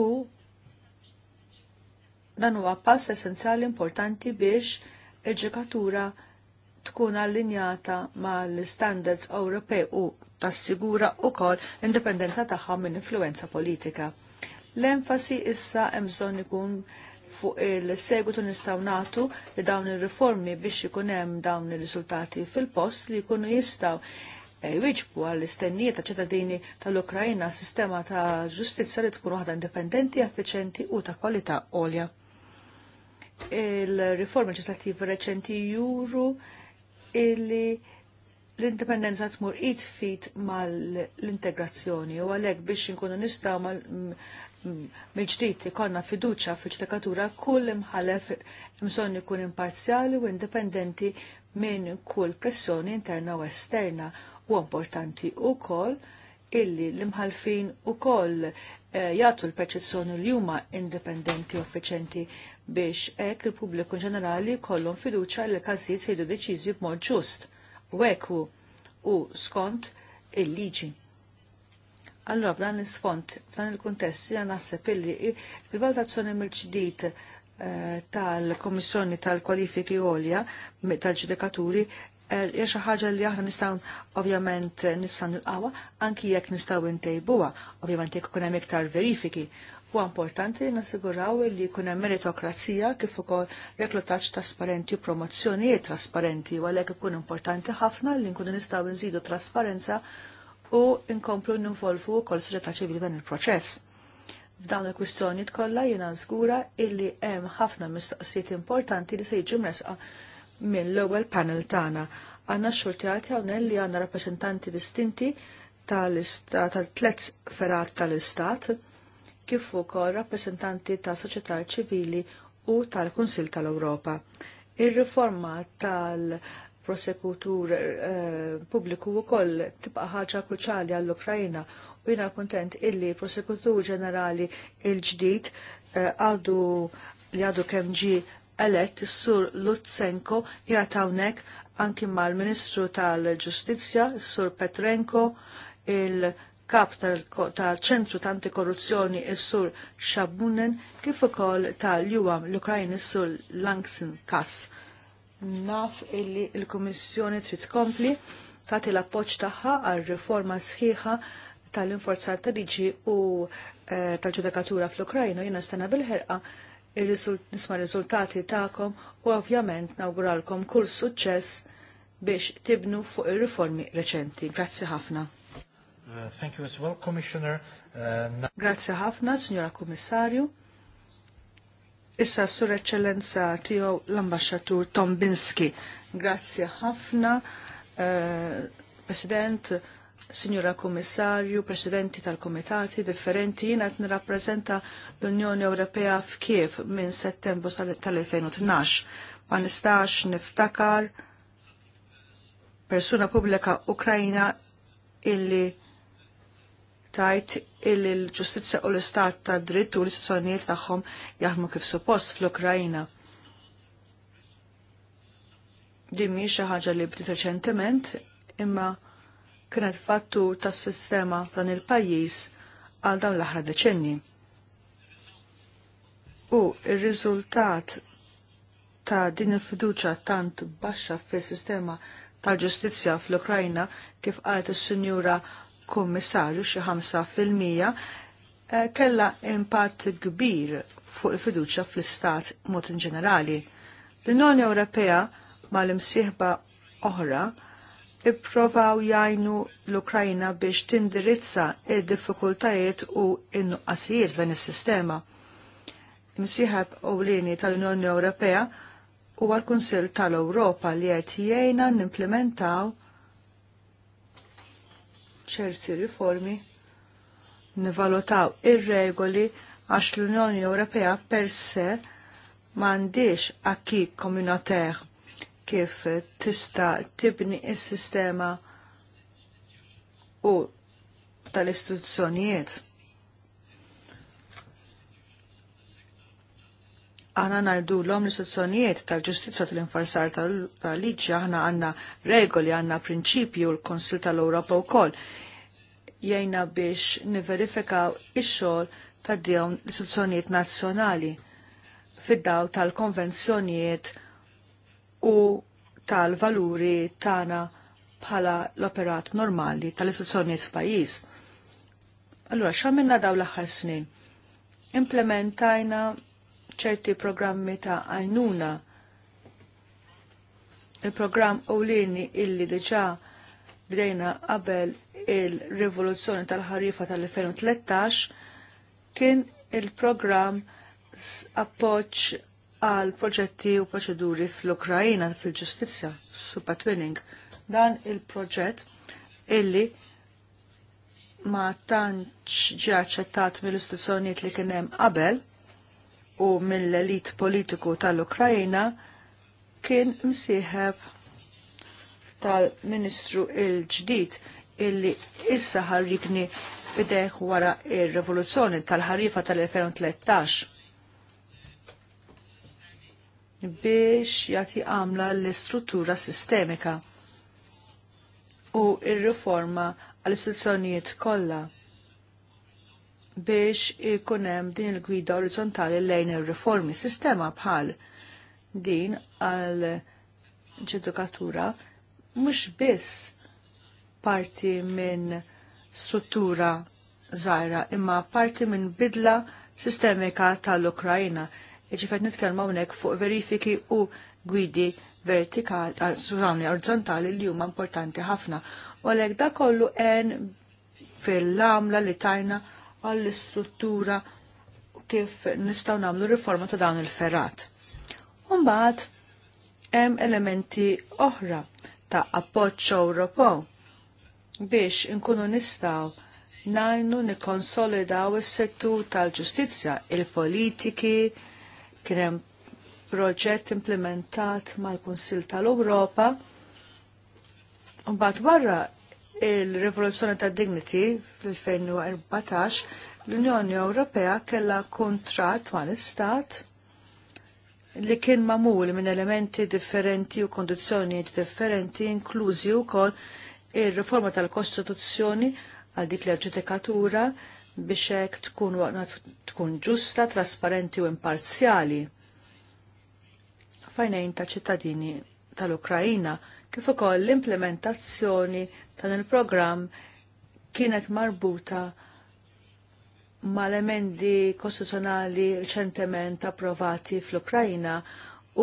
u dan huwa pass essenzjali importanti biex il-ġekatura tkun allinjata mal-standards Ewropej u tassigura u kol indipendenza tagħha minn influenza politika. L-enfasi issa hemm bżonn ikun fuq il-segwitu nistawnatu li dawn il-riformi biex ikun hemm dawn il-riżultati fil-post li jkunu jistaw eh, jwiġbu għall-istennijiet ta' ċittadini tal ukrajina sistema ta' ġustizza li tkun waħda indipendenti, effiċenti u ta' kwalità għolja. Il-riformi leġislattivi reċenti juru illi l-indipendenza tmur id fit mal-integrazzjoni u għalek biex nkunu nistaw mal mill-ġdid ikonna fiduċa fiċtekatura kull imħalef imson ikun imparzjali u indipendenti minn kull pressjoni interna u esterna u importanti u koll illi l-imħalfin u koll eh, jgħatu l-perċezzjoni li huma indipendenti u effiċenti biex hekk il-pubbliku ġenerali kollhom fiduċa li każijiet jridu deċiżi b'mod ġust u ekku u skont il-liġi. Allora b'dan l-sfont, f'dan il-kontest jgħan naħseb illi il-valutazzjoni mill-ġdid eh, tal-Komissjoni tal-Kwalifiki Olja tal-Ġudikaturi eh, hija xi ħaġa li aħna nistgħu ovvjament nil nilqawha anki jekk nistgħu ntejbuha, ovvjament jekk ikun hemm iktar verifiki Huwa importanti li nassiguraw li jkun hemm meritokrazija kif ukoll reklutaġġ trasparenti u promozzjonijiet trasparenti u għalhekk ikun importanti ħafna li nkunu nistgħu nżidu trasparenza u nkomplu ninvolvu wkoll soċjetà ċivili dan il-proċess. F'dawn il-kwistjonijiet kollha jiena żgura illi hemm ħafna mistoqsijiet importanti li se jiġu mresqa minn l-ewwel panel tagħna. Għandna xurtjati hawnhekk li għandna rappreżentanti distinti tal-tlet ferat tal-istat, tal tlet ferat tal istat kif ukoll rappreżentanti ta' soċjetà ċivili u tal kunsill tal-Ewropa. Ir-riforma tal-prosekutur eh, pubbliku wkoll tibqa' ħaġa kruċjali għall ukrajina u jiena kuntent illi prosekutur ġenerali il-ġdid eh, għadu li għadu kemġi elett sur Lutsenko jgħatawnek anki mal-Ministru tal-Ġustizzja, sur Petrenko, il- kap tal-ċentru ta' antikorruzzjoni is-sur Xabunen kif ukoll tal-juwam l ukrajin is-sur Langsin Kass. Naf illi l-Kummissjoni trid tkompli tagħti l-appoġġ tagħha għal riforma sħiħa tal-inforzar ta' liġi u eh, tal-ġudikatura fl-Ukrajna jiena stena bil-ħerqa nisma' riżultati tagħkom u ovvjament nawguralkom kull suċċess biex tibnu fuq ir-riformi reċenti. Grazzi ħafna. Uh, thank you as well, Commissioner. Uh, Grazie ħafna, Signora Kommissarju. Issa Sur Eccellenza tiegħu l ambasciatur Tom Binski. Grazie ħafna, uh, President, Signora Kommissarju, Presidenti tal-Komitati differenti, Jiena qed nirrappreżenta l-Unjoni Ewropea f'Kiev minn Settembru tal-2012. Ma nistax niftakar persuna pubblika Ukrajna illi tajt illi l-ġustizja u l-istat ta' dritt u l-istituzzjonijiet tagħhom jaħdmu kif suppost fl-Ukrajina. Din mhi xi ħaġa li bdiet reċentement, imma kienet fattur tas-sistema dan il-pajjiż għal dawn l-aħħar deċenni. U ir-riżultat ta' din il-fiduċa tant baxxa fis-sistema tal-ġustizzja fl-Ukrajna kif qalet is-Sinjura kummissarju xi 5% eh, kella impatt kbir fuq il-fiduċa fl-istat mod in ġenerali. L-Unjoni Ewropea mal-imsieħba oħra ipprovaw jajnu l-Ukrajna biex tindirizza id-diffikultajiet u in-nuqqasijiet f'dan is-sistema. Imsieħab ewlieni tal-Unjoni Ewropea huwa l-Kunsill tal-Ewropa li qed jgħinna nimplementaw ċerti riformi nivalutaw ir-regoli għax l-Unjoni Ewropea per se m'għandix akki komunitar kif tista tibni is-sistema u tal-istituzzjonijiet Aħna najdu l-om l-istituzzjonijiet tal-ġustizza tal-infarsar tal-liġi, aħna għanna regoli, għanna prinċipju l-Konsil tal-Europa u koll. Jajna biex niverifikaw ix-xogħol ta' dawn l-istituzzjonijiet nazzjonali fid-daw tal-konvenzjonijiet u tal-valuri tagħna bħala l-operat normali tal-istituzzjonijiet f'pajjiż. Allura x'għamilna daw l-aħħar snin? Implementajna ċerti programmi ta' għajnuna. Il-programm lini illi diġa' bdejna qabel il-rivoluzzjoni tal-ħarifa tal-2013 kien il-programm appoċ għal proġetti u proċeduri fl-Ukrajina fil-ġustizja, super twinning. Dan il-proġett illi ma tantx ġi aċċettat mill-istituzzjonijiet li kien hemm qabel u mill-elit politiku tal-Ukrajna kien msieħeb tal-Ministru il-ġdid illi issa ħarrikni bideħ wara il-revoluzzjoni tal-ħarifa tal-2013 biex jati għamla l-istruttura sistemika u il-riforma għal-istituzzjonijiet kollha biex ikunem din il-gwida orizzontali lejn il-reformi sistema bħal din għal ġedukatura mux biss parti minn struttura zaħra imma parti minn bidla sistemika tal ukrajina Iġifet nitkelma unek fuq verifiki u gwidi vertikali, ah, sużawni orizzontali li huma importanti ħafna. U għalek da kollu en fil-lamla li tajna għall-istruttura kif nistaw namlu riforma ta' dawn il-ferrat. Umbaħt, hemm elementi oħra ta' appoċċo Ewropo biex inkunu nistaw najnu nikonsolidaw is-settur tal-ġustizzja, il-politiki, kien hemm proġett implementat mal-Kunsill tal-Ewropa. Mbagħad barra il-Revoluzzjoni ta' Dignity fl-2014 l-Unjoni Ewropea kellha kontrat ma' l-Istat li kien mamul minn elementi differenti u kondizjoni differenti inklużi wkoll ir-riforma tal-Kostituzzjoni għal dik l-ġudikatura biex hekk tkun tkun ġusta, trasparenti u imparzjali. Fajnejn ta' ċittadini tal-Ukrajina kif ukoll l-implementazzjoni ta' il-programm kienet marbuta mal-emendi kostituzzjonali riċentement approvati fl-Ukrajna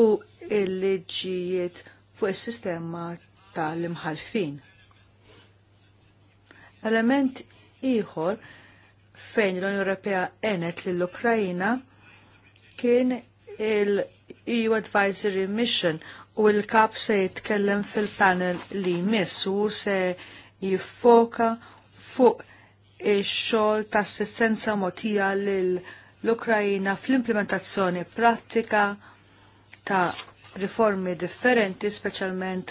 u il-liġijiet fuq is-sistema tal-imħalfin. Element ieħor fejn l-Unjoni Ewropea enet lill ukraina kien il-EU Advisory Mission u l-kap se jitkellem fil-panel li missu se jiffoka fuq ix-xogħol ta' assistenza motija lill l-Ukrajina fl-implementazzjoni prattika ta' riformi differenti, speċjalment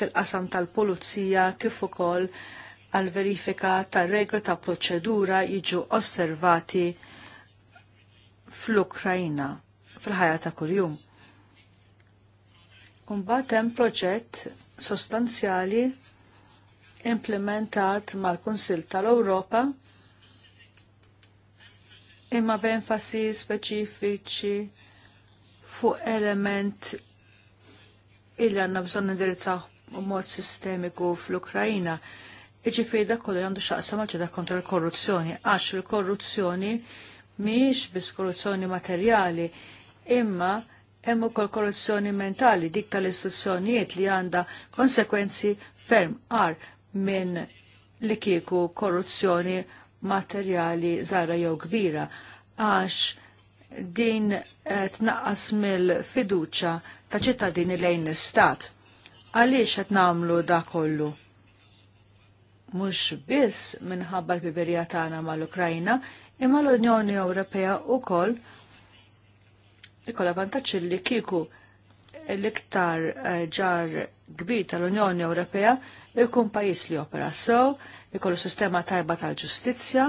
fil-qasam tal-pulizija kif ukoll għal verifika ta' regla ta' proċedura jiġu osservati fl-Ukrajina fil-ħajja ta' kuljum Mbagħad hemm proġett sostanzjali implementat mal konsil tal-Ewropa imma b'enfasi speċifiċi fuq element illi għanna bżon indirizzaw mod sistemiku fl-Ukrajina. Iġifiri da kollu għandu xaqsa maġġeda kontra l-korruzzjoni, għax l-korruzzjoni miex bis korruzzjoni materjali, imma hemm ukoll korruzzjoni mentali dik tal istruzzjonijiet li għandha konsekwenzi ferm għar minn li kieku korruzzjoni materjali zara jew kbira għax din tnaqqas mill-fiduċa ta' ċittadini lejn l-istat. Għaliex qed nagħmlu da kollu? Mhux biss minħabba l-biberija tagħna mal-Ukrajna, imma l-Unjoni Ewropea wkoll ikolla vantaġġ li kieku l-iktar eh, ġar kbir tal-Unjoni Ewropea ikun pajis li opera sew, ikollu sistema tajba tal-ġustizzja,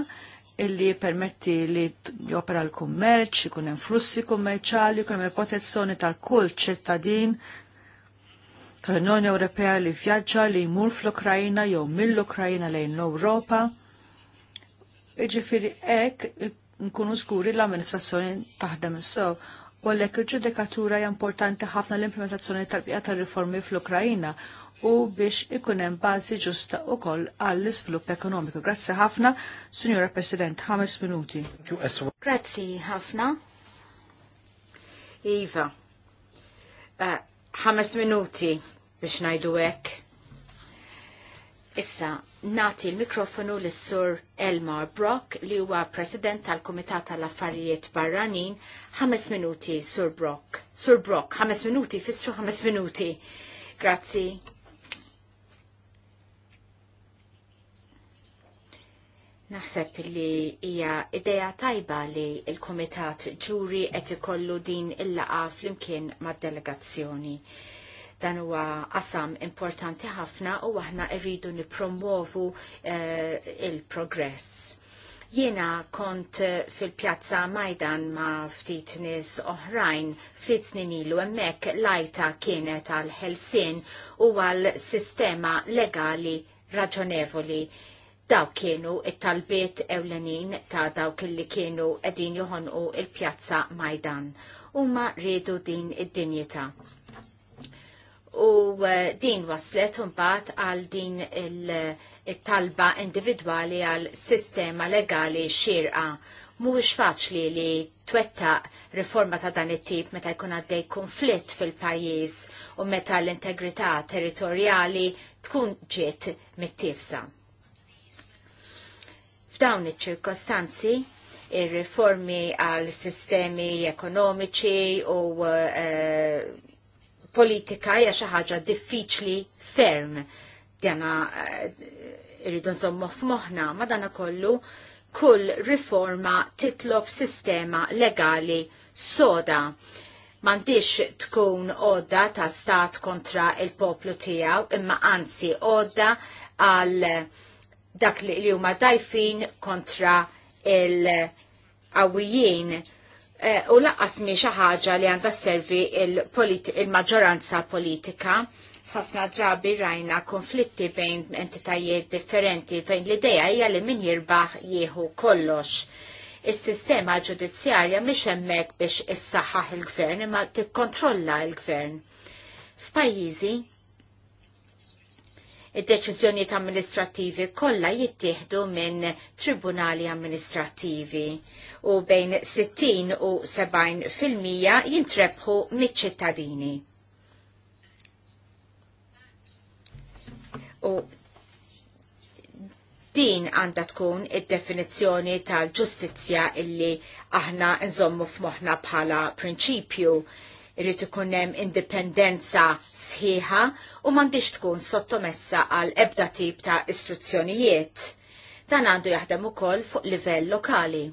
illi permetti li jopera l-kummerċ, ikun hemm flussi kummerċali, ikun hemm protezzjoni tal-kull ċittadin tal-Unjoni Ewropea li vjaġġa li jmur fl-Ukrajna jew mill-Ukrajna lejn l-Ewropa. Iġifieri hekk nkunu żguri l-amministrazzjoni taħdem sew. So U il-ġudikatura hija importanti ħafna l-implementazzjoni tal-bqija tal riformi fl-Ukrajina u biex ikun hemm bażi ġusta wkoll għall-iżvilupp ekonomiku. Grazzi ħafna, Signora President, ħames minuti. Grazzi ħafna. Iva, eh, ħames minuti biex ngħidu hekk Issa, nati l-mikrofonu l-sur Elmar Brock li huwa president tal-Komitat tal-Affarijiet Barranin, 5 minuti, sur Brock. Sur Brock, 5 minuti, fissru 5 minuti. Grazzi. Naħseb li hija ideja tajba li il-Komitat ġuri qed ikollu din il-laqa flimkien mad-delegazzjoni. Dan huwa qasam importanti ħafna u aħna rridu nippromuovu uh, eh, il-progress. Jiena kont eh, fil-pjazza Majdan ma ftit nis oħrajn, ftit snin ilu emmek lajta kienet għal ħelsien u għal sistema legali raġonevoli. Daw kienu it-talbiet ewlenin ta' dawk li kienu edin joħonqu il-pjazza Majdan. Huma rridu din id dinjità u eh, din waslet mbagħad għal din il-talba individwali għal sistema legali xirqa. Mhuwiex faċli li twetta riforma ta' dan it-tip meta jkun għaddej konflitt fil-pajjiż u meta l-integrità territorjali tkun ġiet mit-tifsa. F'dawn iċ-ċirkostanzi ir-riformi għal sistemi ekonomiċi u uh, politika hija xi ħaġa diffiċli ferm. Dana eh, irridu nżommu f'moħħna ma dan kollu kull riforma titlob sistema legali soda. M'għandix tkun odda ta' stat kontra il-poplu tiegħu, imma anzi odda għal dak li huma dajfin kontra il-qawwijin Eh, u laqqas mi xi ħaġa li għandha sservi il-maġġoranza politika ħafna drabi rajna konflitti bejn entitajiet differenti fejn l-ideja hija li min jirbaħ jieħu kollox. Is-sistema ġudizzjarja mhix hemmhekk biex issaħħaħ il-gvern imma tikkontrolla l-gvern. F'pajjiżi id-deċiżjonijiet amministrattivi kollha jittieħdu minn tribunali amministrattivi u bejn 60 u 70 fil-mija jintrebħu mit-ċittadini. U din għanda tkun id-definizzjoni tal-ġustizja illi aħna nżommu f'moħna bħala prinċipju irrid ikun hemm indipendenza sħiħa u m'għandix tkun sottomessa għal ebda tip ta' istruzzjonijiet. Dan għandu jaħdem ukoll fuq livell lokali.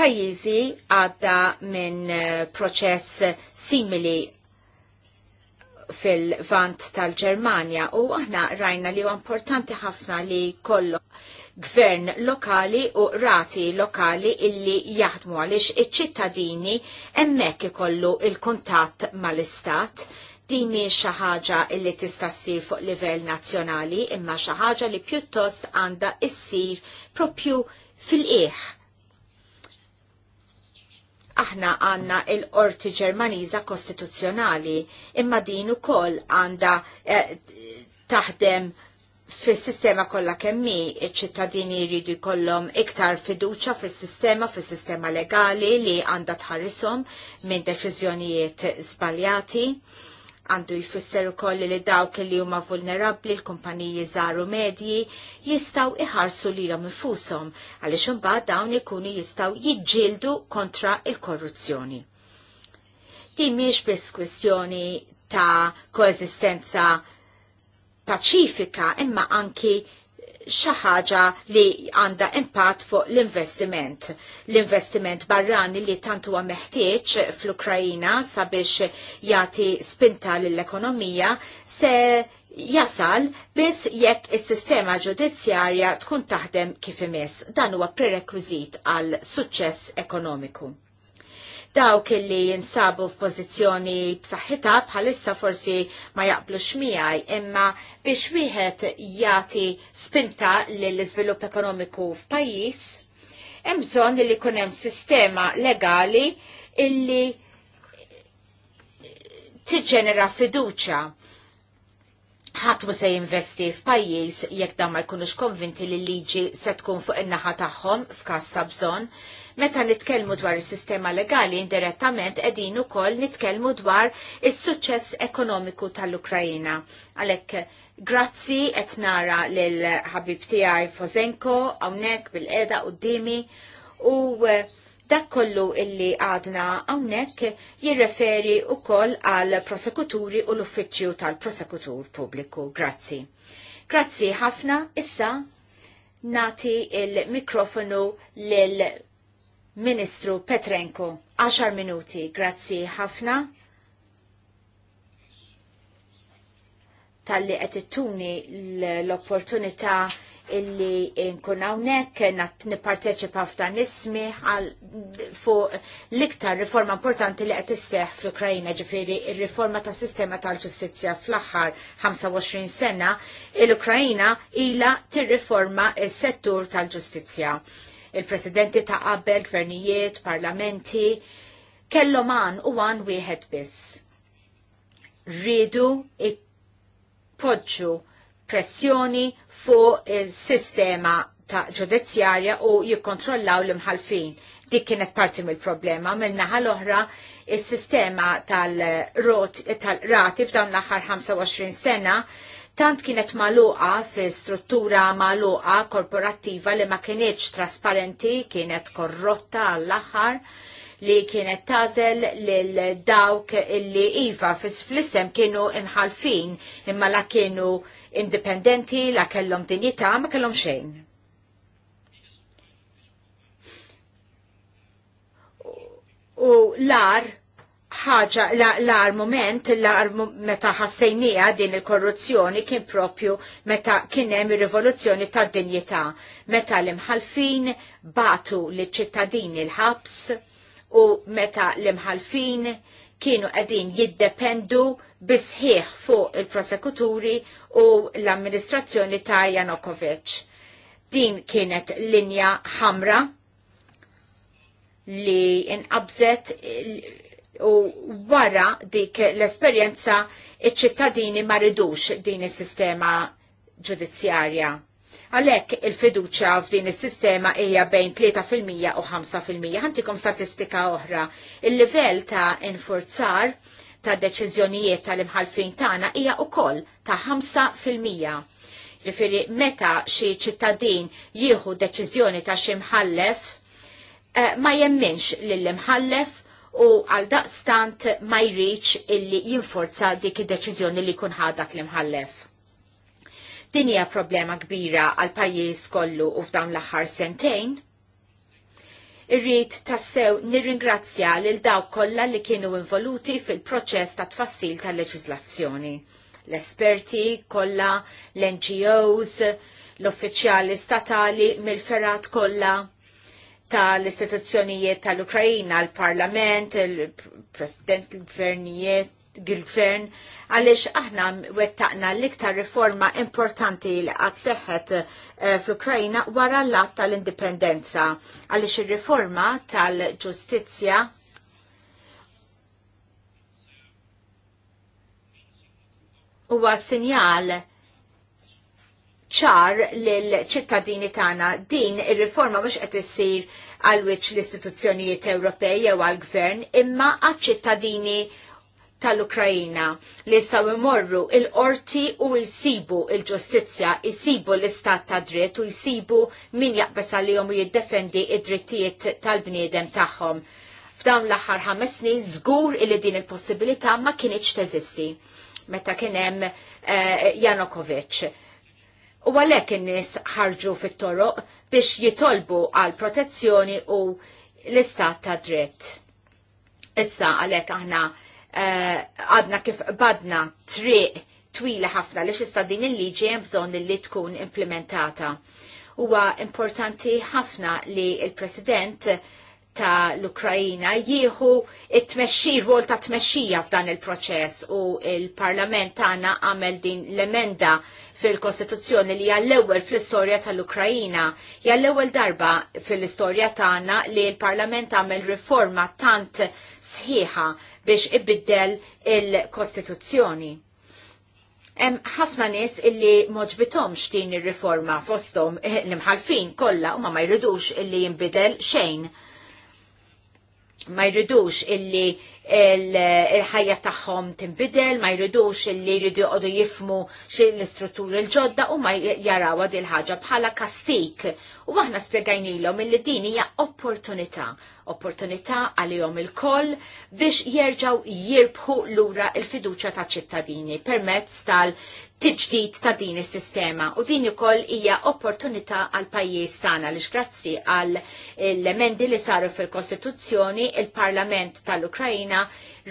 Pajjiżi għadda minn eh, proċess simili fil-vant tal-Ġermanja u aħna rajna li huwa importanti ħafna li kollu gvern lokali u rati lokali illi jaħdmu għaliex iċ-ċittadini hemmhekk ikollu il-kuntatt mal-istat din mhix xi ħaġa illi tista' ssir fuq livell nazzjonali imma xi ħaġa li pjuttost għandha issir propju fil qiegħ aħna għanna il-qorti ġermaniza kostituzzjonali imma din ukoll għanda eh, taħdem fis-sistema kollha kemmi iċ-ċittadini jridu jkollhom iktar fiduċa fis-sistema fis-sistema legali li għandha tħarrishom minn deċiżjonijiet żbaljati għandu jfisser ukoll li dawk li huma vulnerabbli l-kumpaniji żaru medji jistgħu iħarsu lilhom infushom għaliex imbagħad dawn ikunu jistgħu jiġġieldu kontra il-korruzzjoni. Din miex biss kwestjoni ta' koeżistenza paċifika imma anki xaħġa ħaġa li għandha impatt fuq l-investiment. L-investiment barrani li tantu huwa meħtieġ fl-Ukrajina sabiex jagħti spinta lill-ekonomija se jasal biss jekk is-sistema ġudizzjarja tkun taħdem kif imess. Dan huwa prerekwizit għal suċċess ekonomiku dawk illi jinsabu f'pożizzjoni b'saħħitha bħalissa forsi ma jaqblux miegħi, imma biex wieħed jagħti spinta lill-iżvilupp ekonomiku f'pajjiż, hemm bżonn li jkun hemm sistema legali illi tiġġenera fiduċja ħadd se jinvesti f'pajjiż jekk dan ma jkunux konvinti li liġi se tkun fuq in-naħa tagħhom f'każ ta' bżonn. Meta nitkellmu dwar is-sistema legali indirettament qegħdin ukoll nitkellmu dwar is-suċċess ekonomiku tal-Ukrajina. Għalhekk grazzi qed nara lil ħabib tiegħi Fozenko hawnhekk bil-qiegħda quddiemi u, u eh, Dak kollu illi għadna għawnek jirreferi u koll għal prosekuturi u l-uffiċju tal-prosekutur publiku. Grazzi. Grazzi ħafna, issa nati il-mikrofonu l ministru Petrenko. 10 minuti, grazzi ħafna. Talli li qed l-opportunità illi nkun hawnhekk nat nipparteċipa f'dan ismi fuq l-iktar riforma importanti li qed isseħħ fl ukraina ġifieri ir-riforma tas sistema tal-ġustizzja fl-aħħar 25 sena l ukrajina ila tirriforma s-settur tal-ġustizzja. Il-presidenti ta' qabel, gvernijiet, parlamenti, kellhom għan u għan wieħed biss. Ridu poġġu pressjoni fuq il-sistema ta' ġudizzjarja u jikkontrollaw l-imħalfin. Dik kienet parti mill-problema. Mill-naħa l-oħra, il-sistema tal-rati f'dawn l-aħħar 25 sena tant kienet maluqa fi struttura maluqa korporattiva li ma kienieċ trasparenti, kienet korrotta għall-aħħar li kienet tażel lil dawk illi iva fis-flissem kienu imħalfin imma la kienu indipendenti la kellhom dinjità ma kellhom xejn. U lar ħaġa l-ar moment, l-ar meta ħassejnija din il-korruzzjoni kien propju meta kien hemm ir-rivoluzzjoni tad-dinjità, meta l-imħalfin batu l-ċittadini l-ħabs u meta l-imħalfin kienu qegħdin jiddependu bisħiħ fuq il-prosekuturi u l-amministrazzjoni ta' Janukovic. Din kienet linja ħamra li inqabżet u wara dik l-esperjenza iċ-ċittadini ma ridux din is-sistema ġudizzjarja Għalhekk il-fiduċja f'din is-sistema hija bejn 3% u 5%. Ħantikom statistika oħra. Il-livell ta' infurzar ta' deċiżjonijiet tal-imħalfin tagħna hija wkoll ta' 5%. Ġifieri meta xi ċittadin jieħu deċiżjoni ta' xi mħallef eh, ma jemminx lill-imħallef u għal daqstant ma jriċ illi jinforza dik id-deċiżjoni li kun ħadak l-imħallef. Din hija problema kbira għal pajjiż kollu u f'dawn l-aħħar sentejn. Irrid tassew nirringrazzja lil dawk kollha li kienu involuti fil-proċess ta' tfassil tal-leġiżlazzjoni. L-esperti kollha, l-NGOs, l-uffiċjali statali mill-ferat kollha tal-istituzzjonijiet tal ukraina l-Parlament, il-President, il-Gvernijiet, gvern għaliex aħna wettaqna l-iktar riforma importanti li għad seħħet eh, fl-Ukrajna wara l-att tal-indipendenza għaliex ir-riforma tal-ġustizzja huwa sinjal ċar l-ċittadini tagħna din ir-riforma mhux qed issir għal wiċċ l-istituzzjonijiet Ewropej jew għall gvern imma għal ċittadini tal-Ukrajina li jistaw imorru il-qorti u jisibu il-ġustizja, jisibu l-istat ta' dritt u jisibu min jaqbes għalihom u jiddefendi id-drittijiet tal-bniedem tagħhom. F'dawn l-aħħar ħames snin żgur li din il-possibilità ma kienx teżisti meta kien hemm uh, eh, Janukovic. U għalhekk in-nies ħarġu fit-toroq biex jitolbu għal protezzjoni u l-istat ta' dritt. Issa għalhekk aħna Eh, għadna kif badna triq twila ħafna li xista din il-liġi hemm bżonn li tkun implementata. Huwa importanti ħafna li il-President ta' l-Ukrajina jieħu it-tmexxir wol ta' tmexxija f'dan il-proċess u il-Parlament tagħna għamel din l-emenda fil-Kostituzzjoni li għall-ewwel fl-istorja tal-Ukrajina hija l ewwel darba fil-istorja tagħna li l-Parlament għamel riforma tant sħiħa biex ibiddel il-Kostituzzjoni. Hemm ħafna nies illi moġbitomx din ir-riforma fosthom eh, l-imħalfin kollha huma ma jridux illi jinbidel xejn. Ma jridux illi il-ħajja tagħhom tinbidel, ma jridux li jridu għodu jifmu l-istrutturi l-ġodda u ma jaraw din ħaġa bħala kastik. U aħna spjegajnilhom illi din hija opportunità, opportunità għalihom il-koll biex jerġgħu jirbħu lura l-fiduċja taċ ċittadini permezz tal tiġdid ta' din is-sistema u din ukoll hija opportunità għal pajjiż tagħna li grazzi għal l-emendi li saru fil-Kostituzzjoni il-Parlament tal-Ukrajina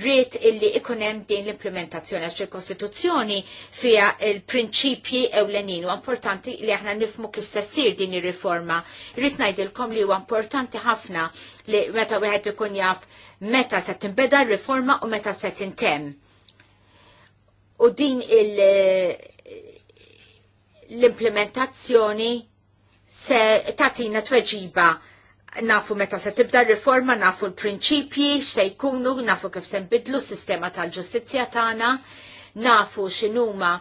rrit illi ikun hemm din l-implementazzjoni għax il-Kostituzzjoni fiha il-prinċipji ewlenin u importanti li aħna nifmu kif se ssir din ir-riforma. Rrid ngħidilkom li huwa importanti ħafna li meta wieħed ikun jaf meta se tinbeda r-riforma u meta se tintemm u din l-implementazzjoni se tatina tweġiba nafu meta se tibda riforma, nafu l-prinċipji, se jkunu, nafu kif se nbidlu s-sistema tal-ġustizja tagħna, nafu x'inhuma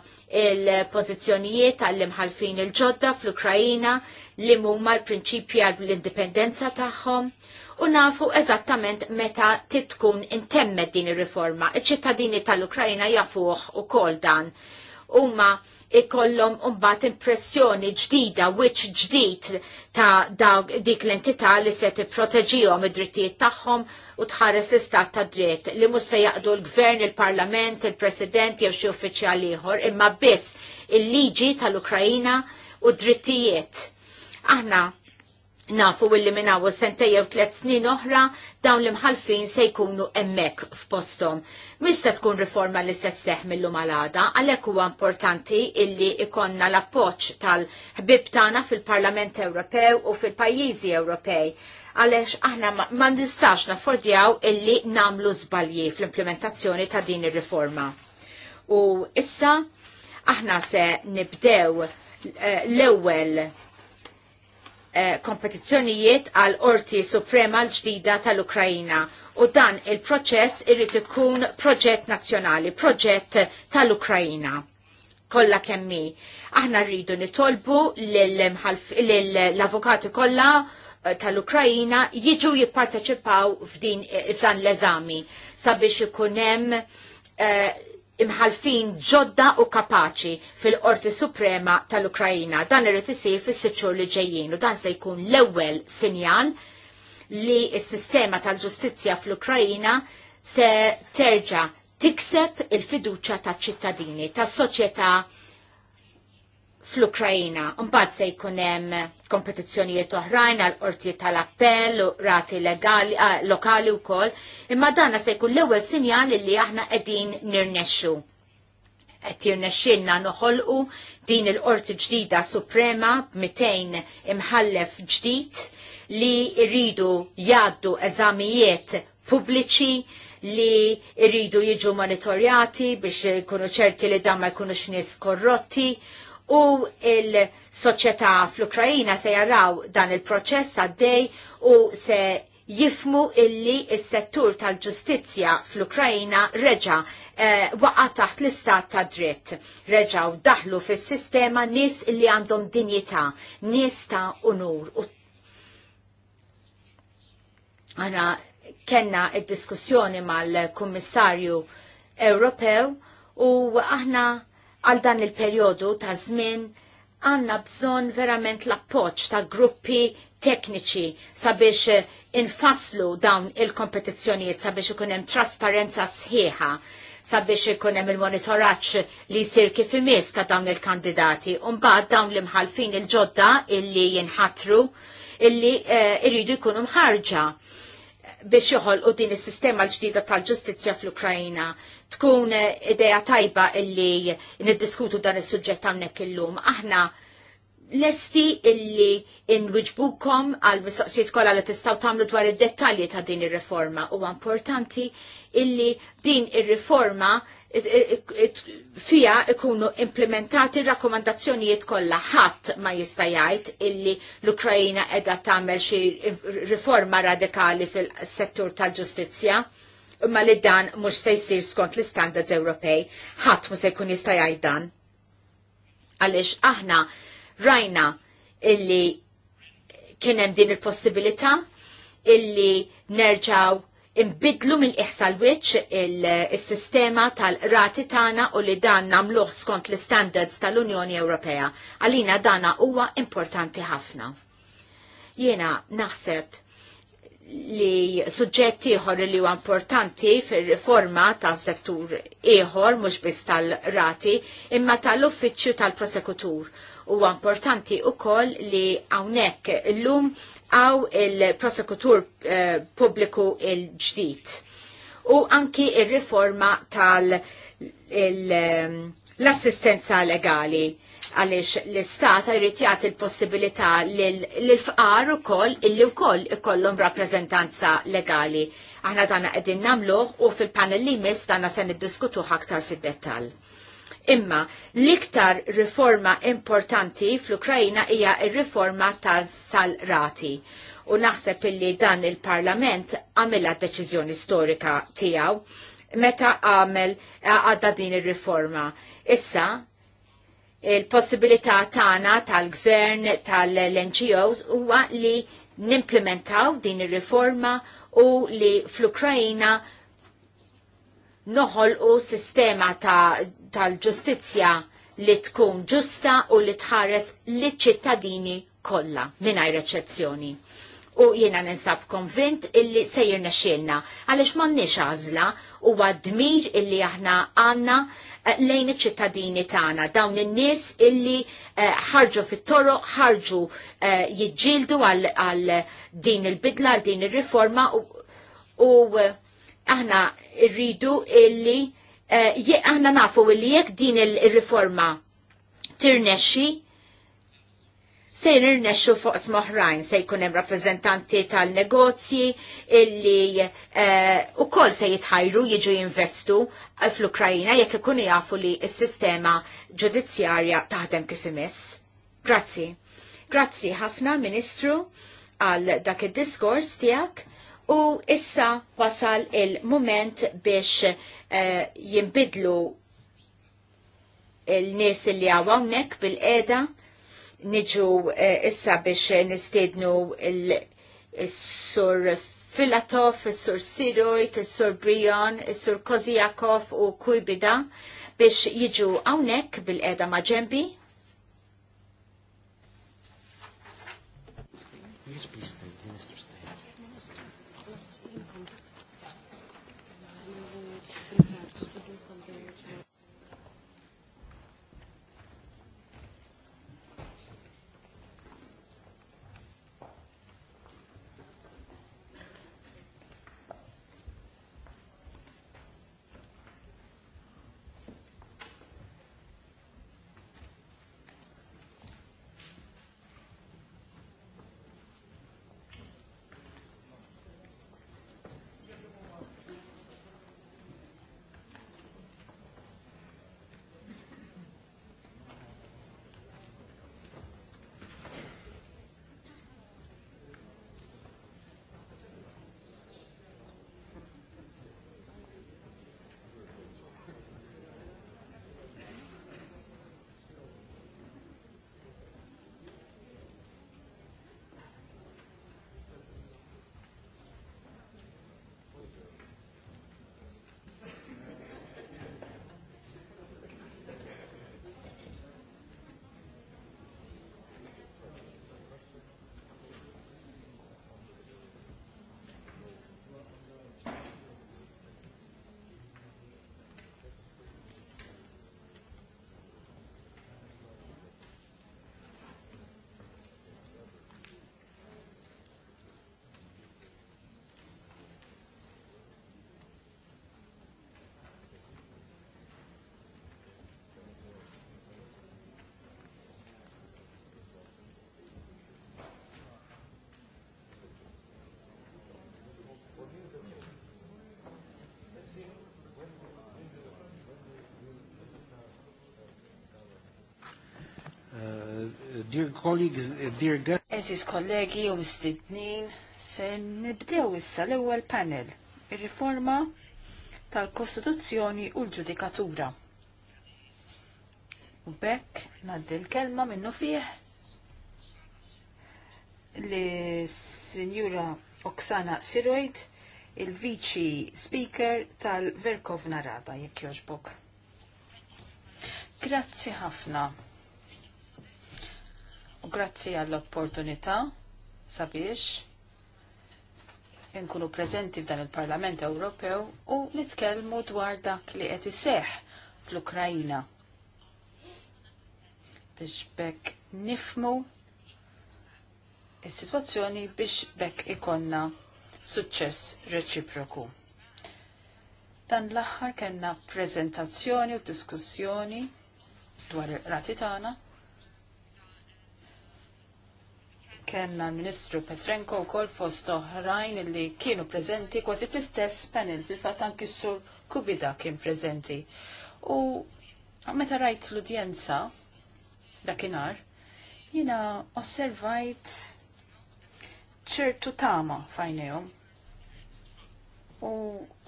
il-pożizzjonijiet għall-imħalfin il-ġodda fl-Ukrajina li huma l-prinċipji għall-indipendenza tagħhom u nafu eżattament meta titkun intemmed din ir-riforma. Iċ-ċittadini tal ukrajina jafuh u kol dan. Uma ikollhom mbagħad impressjoni ġdida, wiċċ ġdid ta' dawk dik l-entità li se proteġijom id-drittijiet tagħhom u tħares l-istat ta' dritt li mhux se jaqdu l-gvern, il-parlament, il-president jew xi uffiċjal ieħor, imma biss il-liġi tal-Ukrajina u drittijiet. Aħna nafu illi minnaw sentejja u tlet snin oħra dawn l-imħalfin se jkunu emmek f'postom. Mhix se tkun riforma li se seħ mill-lum għalada, għalhekk huwa importanti illi ikonna l-appoġġ tal-ħbib tagħna fil-Parlament Ewropew u fil-pajjiżi Ewropej għalex aħna ma nistax naffordjaw illi namlu zbalji fl-implementazzjoni ta' din ir-riforma. U issa aħna se nibdew eh, l-ewwel Eh, kompetizzjonijiet għal orti suprema l-ġdida tal-Ukrajina u dan il-proċess irrid ikun proġett nazzjonali, proġett tal-Ukrajina kolla kemmi. Aħna rridu nitolbu l-avokati kolla eh, tal-Ukrajina jiġu jipparteċipaw eh, f'dan l-eżami sabiex ikun hemm imħalfin ġodda u kapaċi fil-Qorti Suprema tal-Ukrajina. Dan irrid isir fis-sitxur li ġejjin u dan se jkun l-ewwel sinjal li s-sistema tal-ġustizzja fl-Ukrajina se terġa' tikseb il-fiduċja taċ-ċittadini, tas-soċjetà fl-Ukrajina. Mbagħad se jkun hemm kompetizzjonijiet oħrajn għal qorti tal-appell, u rati legali, lokali u kol, imma danna se jkun l-ewel sinjal li aħna qegħdin nirnexxu. Qed jirnexxilna noħolqu din il-qorti ġdida suprema b'mitejn imħallef ġdid li rridu jaddu eżamijiet pubbliċi li rridu jiġu monitorjati biex ikunu ċerti li dan ma jkunux nies korrotti u il-soċjetà fl-Ukrajina se jaraw dan il-proċess għaddej u se jifmu illi il-settur tal-ġustizja fl-Ukrajina reġa eh, waqa taħt l-istat ta' dritt. Reġa u daħlu fis sistema nis illi għandhom dinjità, nis ta' unur. Għana kena id-diskussjoni mal-Kummissarju Ewropew u aħna għal dan il periodu ta' żmien għandna bżonn verament l-appoġġ ta' gruppi tekniċi sabiex eh, infaslu dawn il-kompetizzjonijiet sabiex ikun hemm trasparenza sħiħa sabiex ikun hemm il-monitoraġġ li jsir kif imiss ta' dawn il-kandidati u mbagħad dawn l-imħalfin il-ġodda illi jinħatru illi uh, eh, irridu jkunu mħarġa biex joħolqu din is-sistema l-ġdida tal-ġustizzja fl ukrajina Tkun idea tajba illi niddiskutu dan is-suġġett hawnhekk illum. Aħna lesti illi inwiġbukom għal mistoqsijiet kollha li tistgħu tagħmlu dwar id-dettalji ta' din ir-riforma. Huwa importanti illi din ir-riforma fija ikunu implementati rakkomandazzjonijiet kollha ħadd ma jista' jgħid illi l-Ukrajina qiegħda tagħmel xi riforma radikali fil-settur tal-ġustizzja imma li dan mhux se jsir skont l-istandards Ewropej, ħadd mhux se jkun jista' jgħid dan. Għaliex aħna rajna illi kien hemm din il-possibilità illi nerġaw imbidlu mill iħsal wiċ il-sistema tal-rati tana u li dan namluħ skont l-standards tal-Unjoni Ewropea. Għalina dana huwa importanti ħafna. Jena naħseb li suġġett ieħor li huwa importanti fir-riforma ta' settur ieħor mhux biss tal-rati imma tal-uffiċċju tal-prosekutur. Huwa importanti wkoll li hawnhekk illum aw il-prosekutur eh, pubbliku il-ġdid. U anki il-riforma tal- il, eh, assistenza legali għaliex l-istat jrid jagħti l-possibilità l fqar ukoll illi wkoll ikollhom rappreżentanza legali. Aħna dan qegħdin nagħmluh u fil-panel li jmiss dan se niddiskutu aktar fid-dettall. Imma l-iktar riforma importanti fl ukrajina hija r-riforma tal-salrati u naħseb illi dan il-Parlament għamilha deċiżjoni storika tiegħu meta għamel għadda din ir-riforma. Issa il-possibilità tagħna tal-gvern tal-NGOs huwa li nimplementaw din ir-riforma u li fl-Ukrajina noħolqu sistema tal-ġustizzja ta li tkun ġusta u li tħares liċ ċittadini kollha mingħajr eċċezzjoni u jiena ninsab konvint illi sejjer nexxilna għaliex m'għandniex għażla huwa dmir illi aħna għandna eh, lejn iċ-ċittadini tagħna dawn in-nies illi eh, ħarġu fit toru ħarġu eh, jiġġieldu għal din il-bidla għal din ir-riforma u aħna rridu illi aħna nafu illi jekk din il-riforma tirnexxi se nirnexxu fuq smoħrajn se jkun hemm rappreżentanti tal-negozji illi u eh, ukoll se jitħajru jiġu jinvestu fl-Ukrajina jekk ikun jafu li s-sistema ġudizzjarja taħdem kif imiss. Grazzi. Grazzi ħafna, Ministru, għal dak id-diskors tiegħek u issa wasal il-moment biex eh, jimbidlu il-nies li għawawnek bil-qeda niġu eh, issa biex nistednu il-sur Filatov, il-sur Sirojt, il-sur Brion, il-sur Kozijakov u Kujbida biex jiġu għawnek bil-edha maġembi dear colleagues, eh, dear guests. Eżis kollegi u mistednin, se nibdew issa l-ewwel panel, ir-riforma tal-Kostituzzjoni u l-Ġudikatura. U bekk naddi l-kelma minnu fih li Sinjura Oksana Siroid, il-Vici Speaker tal-Verkovna Rada, jekk joġbok. Grazzi ħafna grazzi għall-opportunità sabiex inkunu preżenti f'dan il-Parlament Ewropew u nitkellmu dwar dak li qed iseħħ fl-Ukrajna. Biex bekk nifmu is-sitwazzjoni biex bekk ikonna suċċess reċiproku. Dan l-aħħar kellna preżentazzjoni u diskussjoni dwar ir-rati tagħna kellna l-Ministru Petrenko u kol fost oħrajn li kienu prezenti kważi fl-istess panel fil-fatt anki sur Kubida kien prezenti. U meta rajt l-udjenza dakinhar, jina osservajt ċertu tama fajnejhom u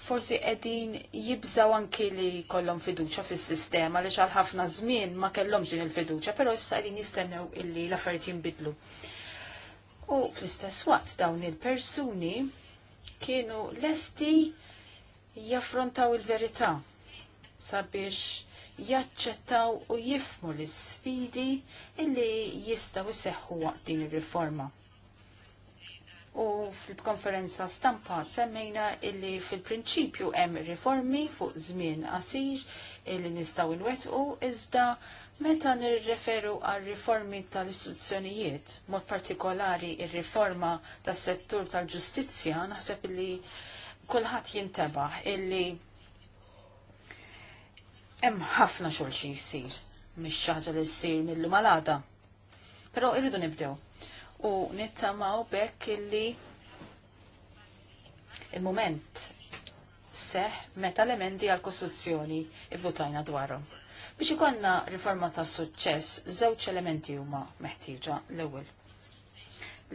forsi edin jibżaw anki li kollom fiduċa fis sistema li xal ħafna żmien ma kellom din il-fiduċa, però issa qegħdin jistennew illi l-affarijiet jinbidlu u fl-istess waqt dawn il-persuni kienu lesti jaffrontaw il-verità sabiex jaċċettaw u jifmu l-sfidi illi jistaw iseħħu waqt din ir-riforma. U fil-konferenza stampa semmejna illi fil-prinċipju hemm riformi fuq żmien qasir illi nistaw il-wetqu iżda meta nirreferu għal riformi tal-istituzzjonijiet, mod partikolari il-riforma tas settur tal-ġustizzja, naħseb illi kulħadd jintebaħ illi hemm ħafna xogħol xi jsir mhix xi ħaġa li ssir mill malada. Però irridu nibdew u nittamaw bekk illi il-moment seħ meta l-emendi għal-Kostituzzjoni ivvotajna dwarhom. Biex ikonna riforma ta' suċċess, żewġ elementi huma meħtieġa l-ewwel.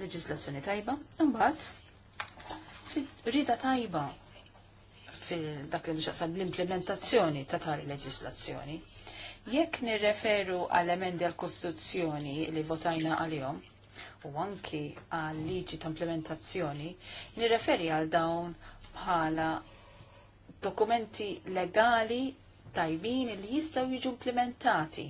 Leġislazzjoni tajba, imbagħad rida tajba fil-dak li nixaqsam l-implementazzjoni ta' tali leġislazzjoni. Jekk nirreferu għal emendi għal kostituzzjoni li votajna għal-jom, u anki għal liġi ta' implementazzjoni, nirreferi għal dawn bħala dokumenti legali tajbin li jistaw jiġu implementati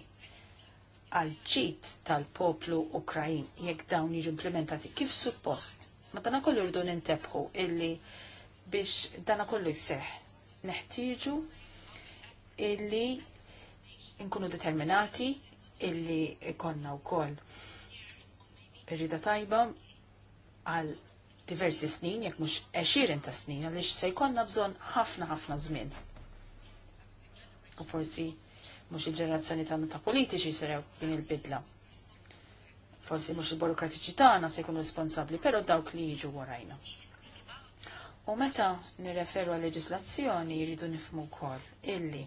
għal ġid tal-poplu Ukrajin jekk dawn jiġu implementati kif suppost. Ma dana kollu rridu nintebħu illi biex dana kollu jseħ. Neħtieġu illi nkunu determinati illi ikonna wkoll rrida tajba għal diversi snin, jekk mhux eċirin ta' snin, għaliex se jkollna bżonn ħafna ħafna żmien. U forsi mhux il-ġenerazzjoni tagħna ta' politiċi sirew din il-bidla. Forsi mhux il-burokratiċi tagħna se jkun responsabbli, però dawk li jiġu warajna. U meta nirreferu għal leġislazzjoni jridu nifmu wkoll illi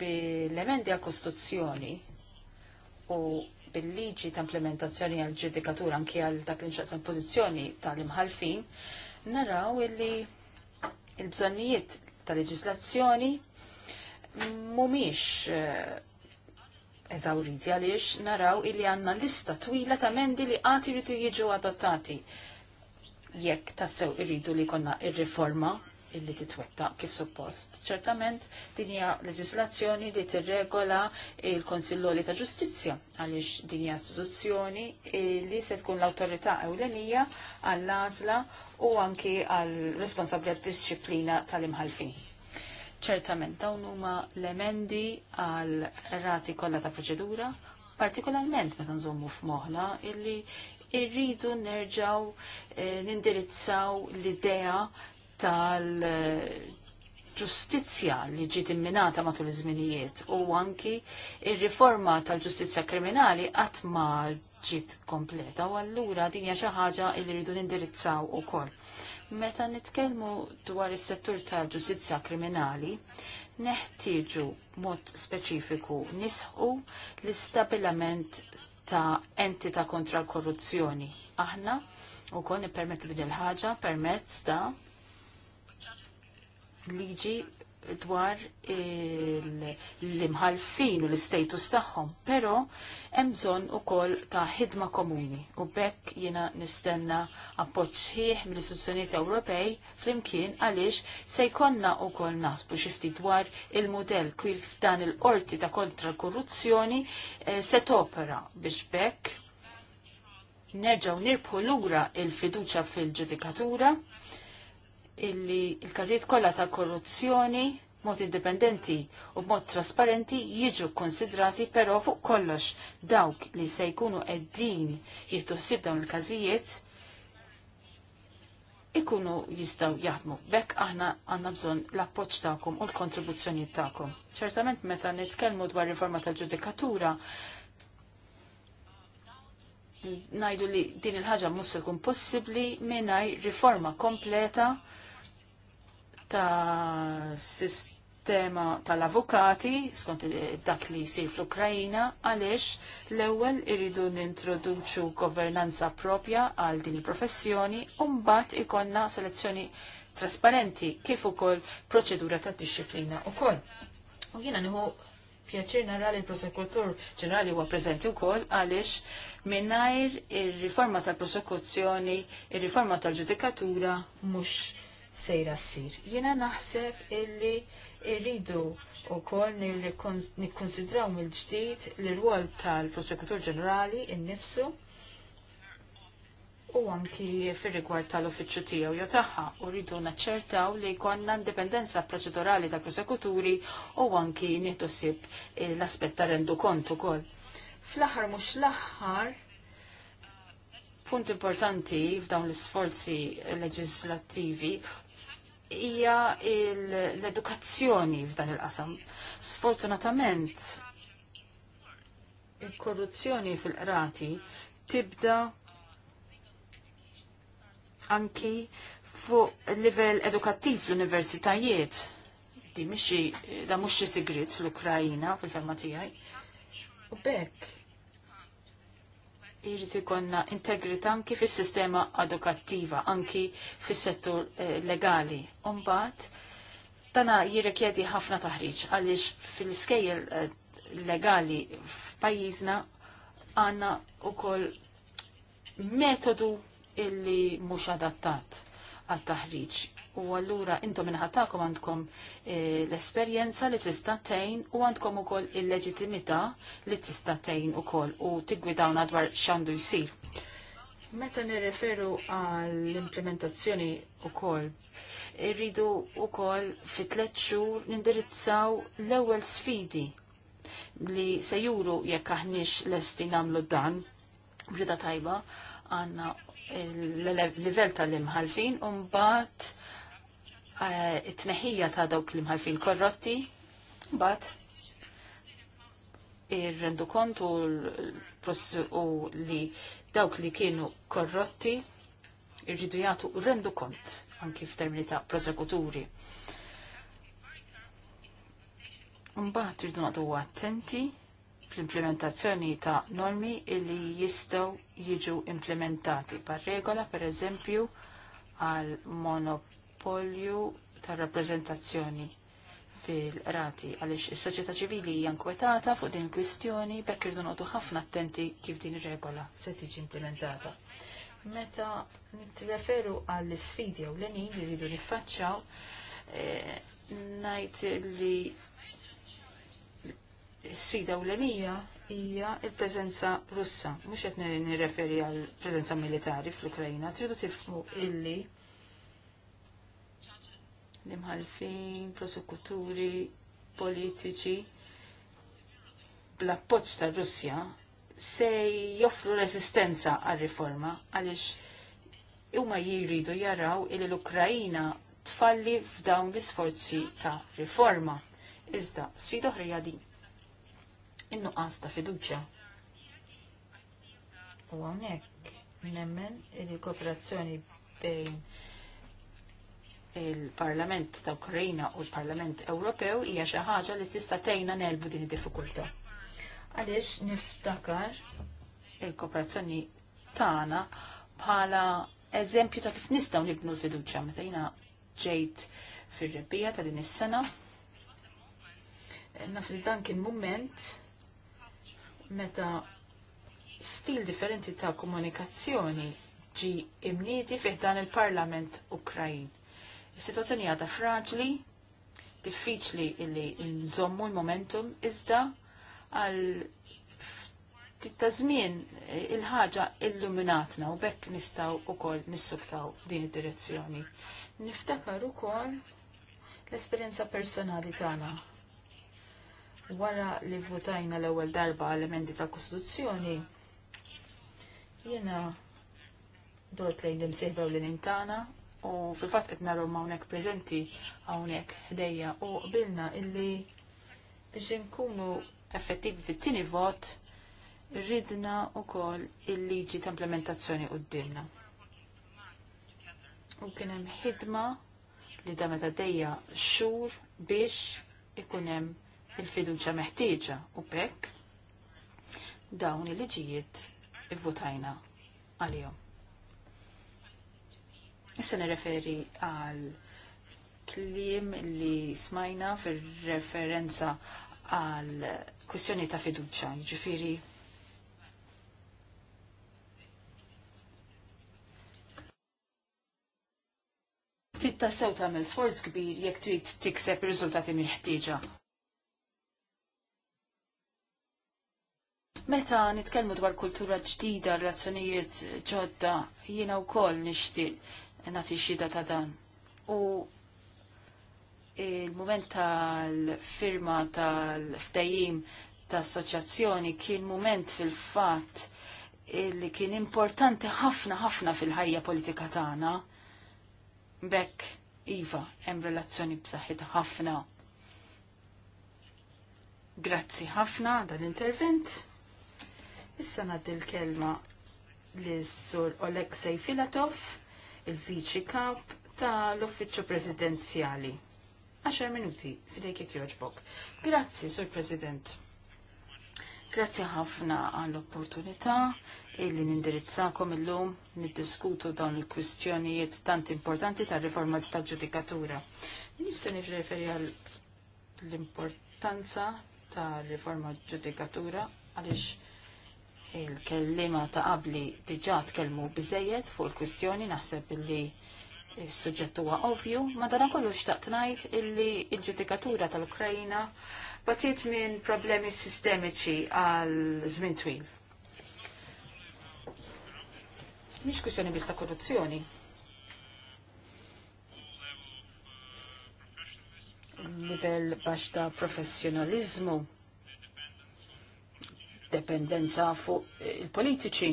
bil-emendi għal kostuzzjoni u bil-liġi ta' implementazzjoni għal ġudikatura anki għal dak li nxaqsam pożizzjoni tal-imħalfin, naraw illi il-bżonnijiet tal-leġislazzjoni mumiex eh, eżawriti għaliex naraw illi għanna lista twila ta' mendi li għati rritu jiġu adottati jekk tassew irridu li konna ir-riforma illi titwettaq kif suppost. Ċertament din hija leġislazzjoni li tirregola il-Konsillu li ta' Ġustizzja għaliex din hija istituzzjoni li se tkun l-awtorità ewlenija għall-għażla u anki għall-responsabbli disċiplina tal-imħalfin ċertament dawn huma l-emendi għal rati kollha ta' proċedura, partikolarment meta nżommu f'moħħna illi irridu nerġaw eh, nindirizzaw l-idea tal-ġustizzja li ġiet imminata matul iż-żminijiet u anki ir-riforma tal-ġustizzja kriminali qatt ma ġiet kompleta u allura din hija xi ħaġa li rridu nindirizzaw ukoll. Meta nitkellmu dwar is-settur tal-ġustizzja kriminali, neħtieġu mod speċifiku nisħu l-istabilament ta' entita kontra l-korruzzjoni. Aħna u koni permettu din il-ħaġa permezz ta' liġi dwar l-imħalfin u l istatus tagħhom, però hemm bżonn ukoll ta' ħidma komuni u bekk jiena nistenna appoġġ sħiħ mill-istituzzjonijiet Ewropej flimkien għaliex se jkollna wkoll nasbu xi ftit dwar il-mudell kif dan il-qorti ta' kontra l-korruzzjoni eh, se topera biex bekk nerġgħu nirbħu lura il-fiduċja fil-ġudikatura illi il-każijiet kollha ta' korruzzjoni mod indipendenti u mod trasparenti jiġu konsidrati però fuq kollox dawk li se jkunu qegħdin jieħdu ħsieb dawn il-każijiet ikunu jistaw jaħdmu. Bekk aħna għanna bżonn l-appoċ tagħkom u l-kontribuzzjoni tagħkom. ċertament meta nitkellmu dwar riforma tal-ġudikatura, najdu li din il mhux se tkun possibli minnaj riforma kompleta ta' sistema tal-avukati skont dak li jsir fl-Ukrajina għaliex l-ewwel irridu nintroduċu governanza propja għal din il-professjoni u mbagħad ikonna selezzjoni trasparenti kif ukoll proċedura ta' disċiplina ukoll. U jiena nieħu pjaċir nara li l-prosekutur ġenerali huwa preżenti wkoll għaliex mingħajr ir-riforma tal-prosekuzzjoni, ir-riforma tal-ġudikatura mhux sejra ssir. Jiena naħseb illi rridu wkoll nikkonsidraw mill-ġdid l-rwol tal-Prosekutur Ġenerali in-nifsu u anki fir-rigward tal-uffiċċju tiegħu jew tagħha u rridu naċċertaw li jkollna indipendenza proċedurali tal-prosekuturi u anki nieħdu sib l-aspett ta' rendu kont ukoll. Fl-aħħar mhux l-aħħar punt importanti f'dawn l-isforzi leġislattivi hija l-edukazzjoni f'dan il-qasam. Sfortunatament, il-korruzzjoni fil-qrati tibda anki fuq livell edukattiv fl-universitajiet. Di mixi, da mux sigrit fl-Ukrajina fil-ferma U bekk, jiġi tikonna integrità anki fis-sistema edukattiva, anki fis-settur eh, legali. Mbagħad, dana jirrikjedi ħafna taħriġ għaliex fil-skejjel eh, legali f'pajjiżna għandna wkoll metodu illi mhux adattat għat taħriġ u allura intom inħatakom għandkom eh, l-esperjenza li tista' tgħin u għandkom ukoll il-leġitimità li tista' u ukoll u tiggwidawna dwar x'għandu jsir. Meta nirreferu għall-implementazzjoni ukoll, irridu ukoll fi tlet xur nindirizzaw l-ewwel sfidi li se juru jekk aħniex lesti nagħmlu dan brida tajba għandna l-level tal-imħalfin u mbagħad Eh, it-tneħija ta' dawk li mħalfin korrotti, bat ir-rendu kontu u li dawk li kienu korrotti irridu jagħtu rendu kont anki f'termini ta' prosekuturi. Mbagħad irridu nagħdu attenti fl-implementazzjoni ta' normi illi jistgħu jiġu implementati par regola pereżempju għal monop monopolju tar-rappreżentazzjoni fil-rati għaliex is-soċjetà ċivili hija nkwetata fuq din kwistjoni bekk irdu noqgħdu ħafna attenti kif din ir-regola se tiġi implementata. Meta nitreferu għall sfidi u l-enin li rridu nifacċaw, eh, ngħid li sfida u l-enija hija il-preżenza russa, mhux qed nirreferi għall preżenza militari fl ukrajina tridu tifmu illi l-imħalfin, prosekuturi, politiċi bl-appoċ ta' Russja se joffru resistenza għal riforma għaliex huma jiridu jaraw il l-Ukrajina tfalli f'dawn l-isforzi ta' riforma. Iżda, sfida oħrija din. Innuqqas ta' fiduċja. U hawnhekk nemmen il-kooperazzjoni bejn il-Parlament ta' Ukraina u l-Parlament Ewropew hija xi ħaġa li tista' tgħinna nelbu din id-diffikultà. Għaliex niftakar il-kooperazzjoni tagħna bħala eżempju ta' kif nistgħu nibnu l-fiduċja meta jiena ġejt fir-rebbija ta' din is-sena. Naf li dan kien mument meta stil differenti ta' komunikazzjoni ġi imniedi fih dan il-Parlament Ukrajin. Il-situazzjoni għada fraġli, diffiċli illi nżommu l-momentum iżda għal ta' żmien eh, il ħagġa illuminatna u bekk nistgħu wkoll nissuktaw din id-direzzjoni. Niftakar ukoll l-esperjenza personali tagħna. Wara li votajna l-ewwel darba għall emendi tal-Kostituzzjoni, jena dort lejn l-imsieħba u l-nintana u fil-fatt qed rom hawnhekk prezenti hawnhekk ħdejja u qbilna illi biex nkunu effettivi fit-tieni vot ridna wkoll il-liġi ta' implementazzjoni qudiemna. U kien hemm ħidma li da meta dejja xhur biex ikun hemm il-fiduċa meħtieġa u bekk dawn il-liġijiet għal għalihom. Issa nireferi għal kliem li smajna fil-referenza għal kwestjoni ta' fiduċa, ġifiri Trid ta' mel sforz kbir jekk trid tikseb ir-riżultati mill-ħtieġa. Meta nitkellmu dwar kultura ġdida, relazzjonijiet ġodda, jiena wkoll nixtieq nati xida ta' dan. U il-moment tal-firma tal-ftajim ta' assoċjazzjoni kien moment fil-fatt li kien importanti ħafna ħafna fil-ħajja politika tagħna. Bekk Iva hemm relazzjoni b'saħħit ħafna. Grazzi ħafna dan intervent. Issa nagħti l-kelma lis sur Oleksej Filatov il-Viċi Kap tal-Uffiċċju Presidenzjali. 10 minuti fidejk jekk joġbok. Grazzi, Sur President. Grazzi ħafna għall-opportunità illi nindirizzakom illum niddiskutu dawn il-kwistjonijiet tant importanti ta' riforma ta' ġudikatura Nisse nirreferi għal l-importanza ta' riforma ġudikatura għaliex il-kellima ta' qabli diġat tkellmu biżejjed fuq il-kwistjoni naħseb illi il sujġettu huwa ovvju, ma dan kollu xtaqt ngħid illi l-ġudikatura tal-Ukrajna batiet minn problemi sistemiċi għal żmien twil. Mhix kwistjoni biss ta' korruzzjoni. Livell baxta ta' professjonaliżmu dependenza fuq eh, il-politiċi.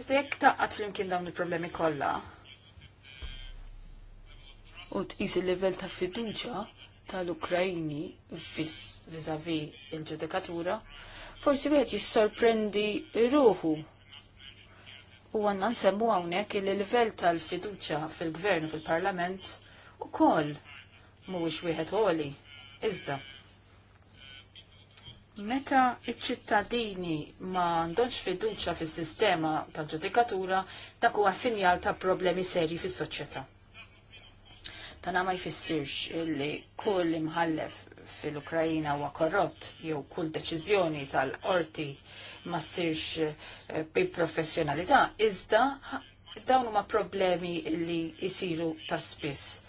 Iżda jekk taqqat flimkien dawn il-problemi kollha u tqis il-livell ta' fiduċa tal-Ukrajni vizavi il-ġudikatura, forsi wieħed jissorprendi ruħu. U għanna nsemmu hawnhekk il-livell tal-fiduċa fil-gvern u fil-parlament ukoll mhuwiex wieħed għoli. Iżda, Meta iċ-ċittadini ma għandhomx fiduċa fis-sistema tal-ġudikatura, dak huwa sinjal ta' problemi serji fis-soċjetà. Tana ma jfissirx illi kull imħallef fil-Ukrajina huwa korrott jew kull deċiżjoni tal-qorti ma ssirx eh, bi professjonalità, iżda dawn huma problemi li jisiru ta' spiss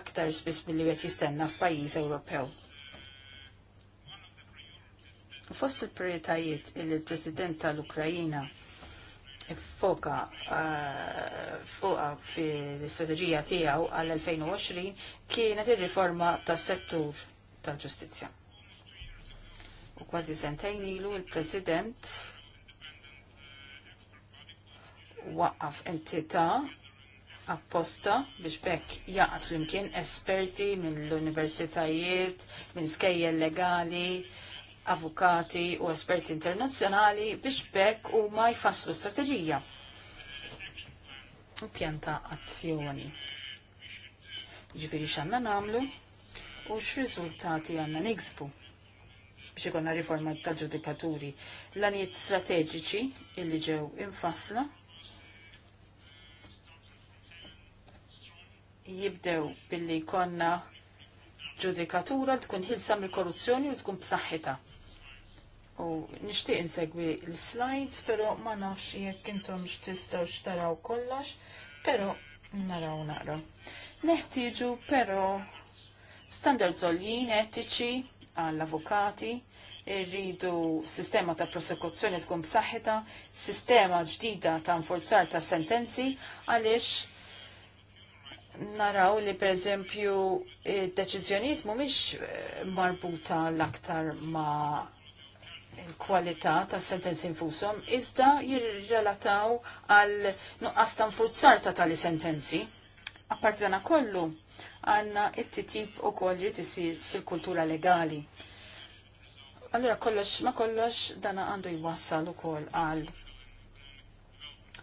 aktar spiss milli qed jistenna f'pajjiż Ewropew. Fost il-prioritajiet il l-President tal-Ukrajina foka eh, fuqa l istrateġija tiegħu għal-2020 kienet ir-riforma tas-settur tal-ġustizzja. U kważi sentejn ilu il-President waqqaf entità apposta biex bekk jaqat flimkien esperti mill-universitajiet, minn skejjel legali, avukati u esperti internazzjonali biex bekk u ma jfasslu strategija u pjanta azzjoni. Ġifiri xanna namlu u x-rizultati għanna niksbu biex ikonna riforma ta' ġudikaturi L-għaniet strateġiċi illi ġew infassla jibdew billi konna ġudikatura li tkun ħilsa mill korruzzjoni u tkun b'saħħita u nixtieq insegwi l-slides, pero ma nafx jekk intom x'tistgħu x'taraw kollox, però naraw naqra. Neħtieġu però standard għoljin etiċi għall-avukati, irridu sistema ta' prosekuzzjoni tkun b'saħħitha, sistema ġdida ta' nforzar ta' sentenzi għaliex naraw li per eżempju deċiżjonijiet mhumiex marbuta l-aktar ma' kwalità ta' sentenzi infushom, iżda jirrelataw għal nuqqas ta' nfurzar ta' tali sentenzi. Apparti dana kollu, għanna it-titjib u koll li fil-kultura legali. Allora kollox, ma kollox dana għandu jwassal u koll għal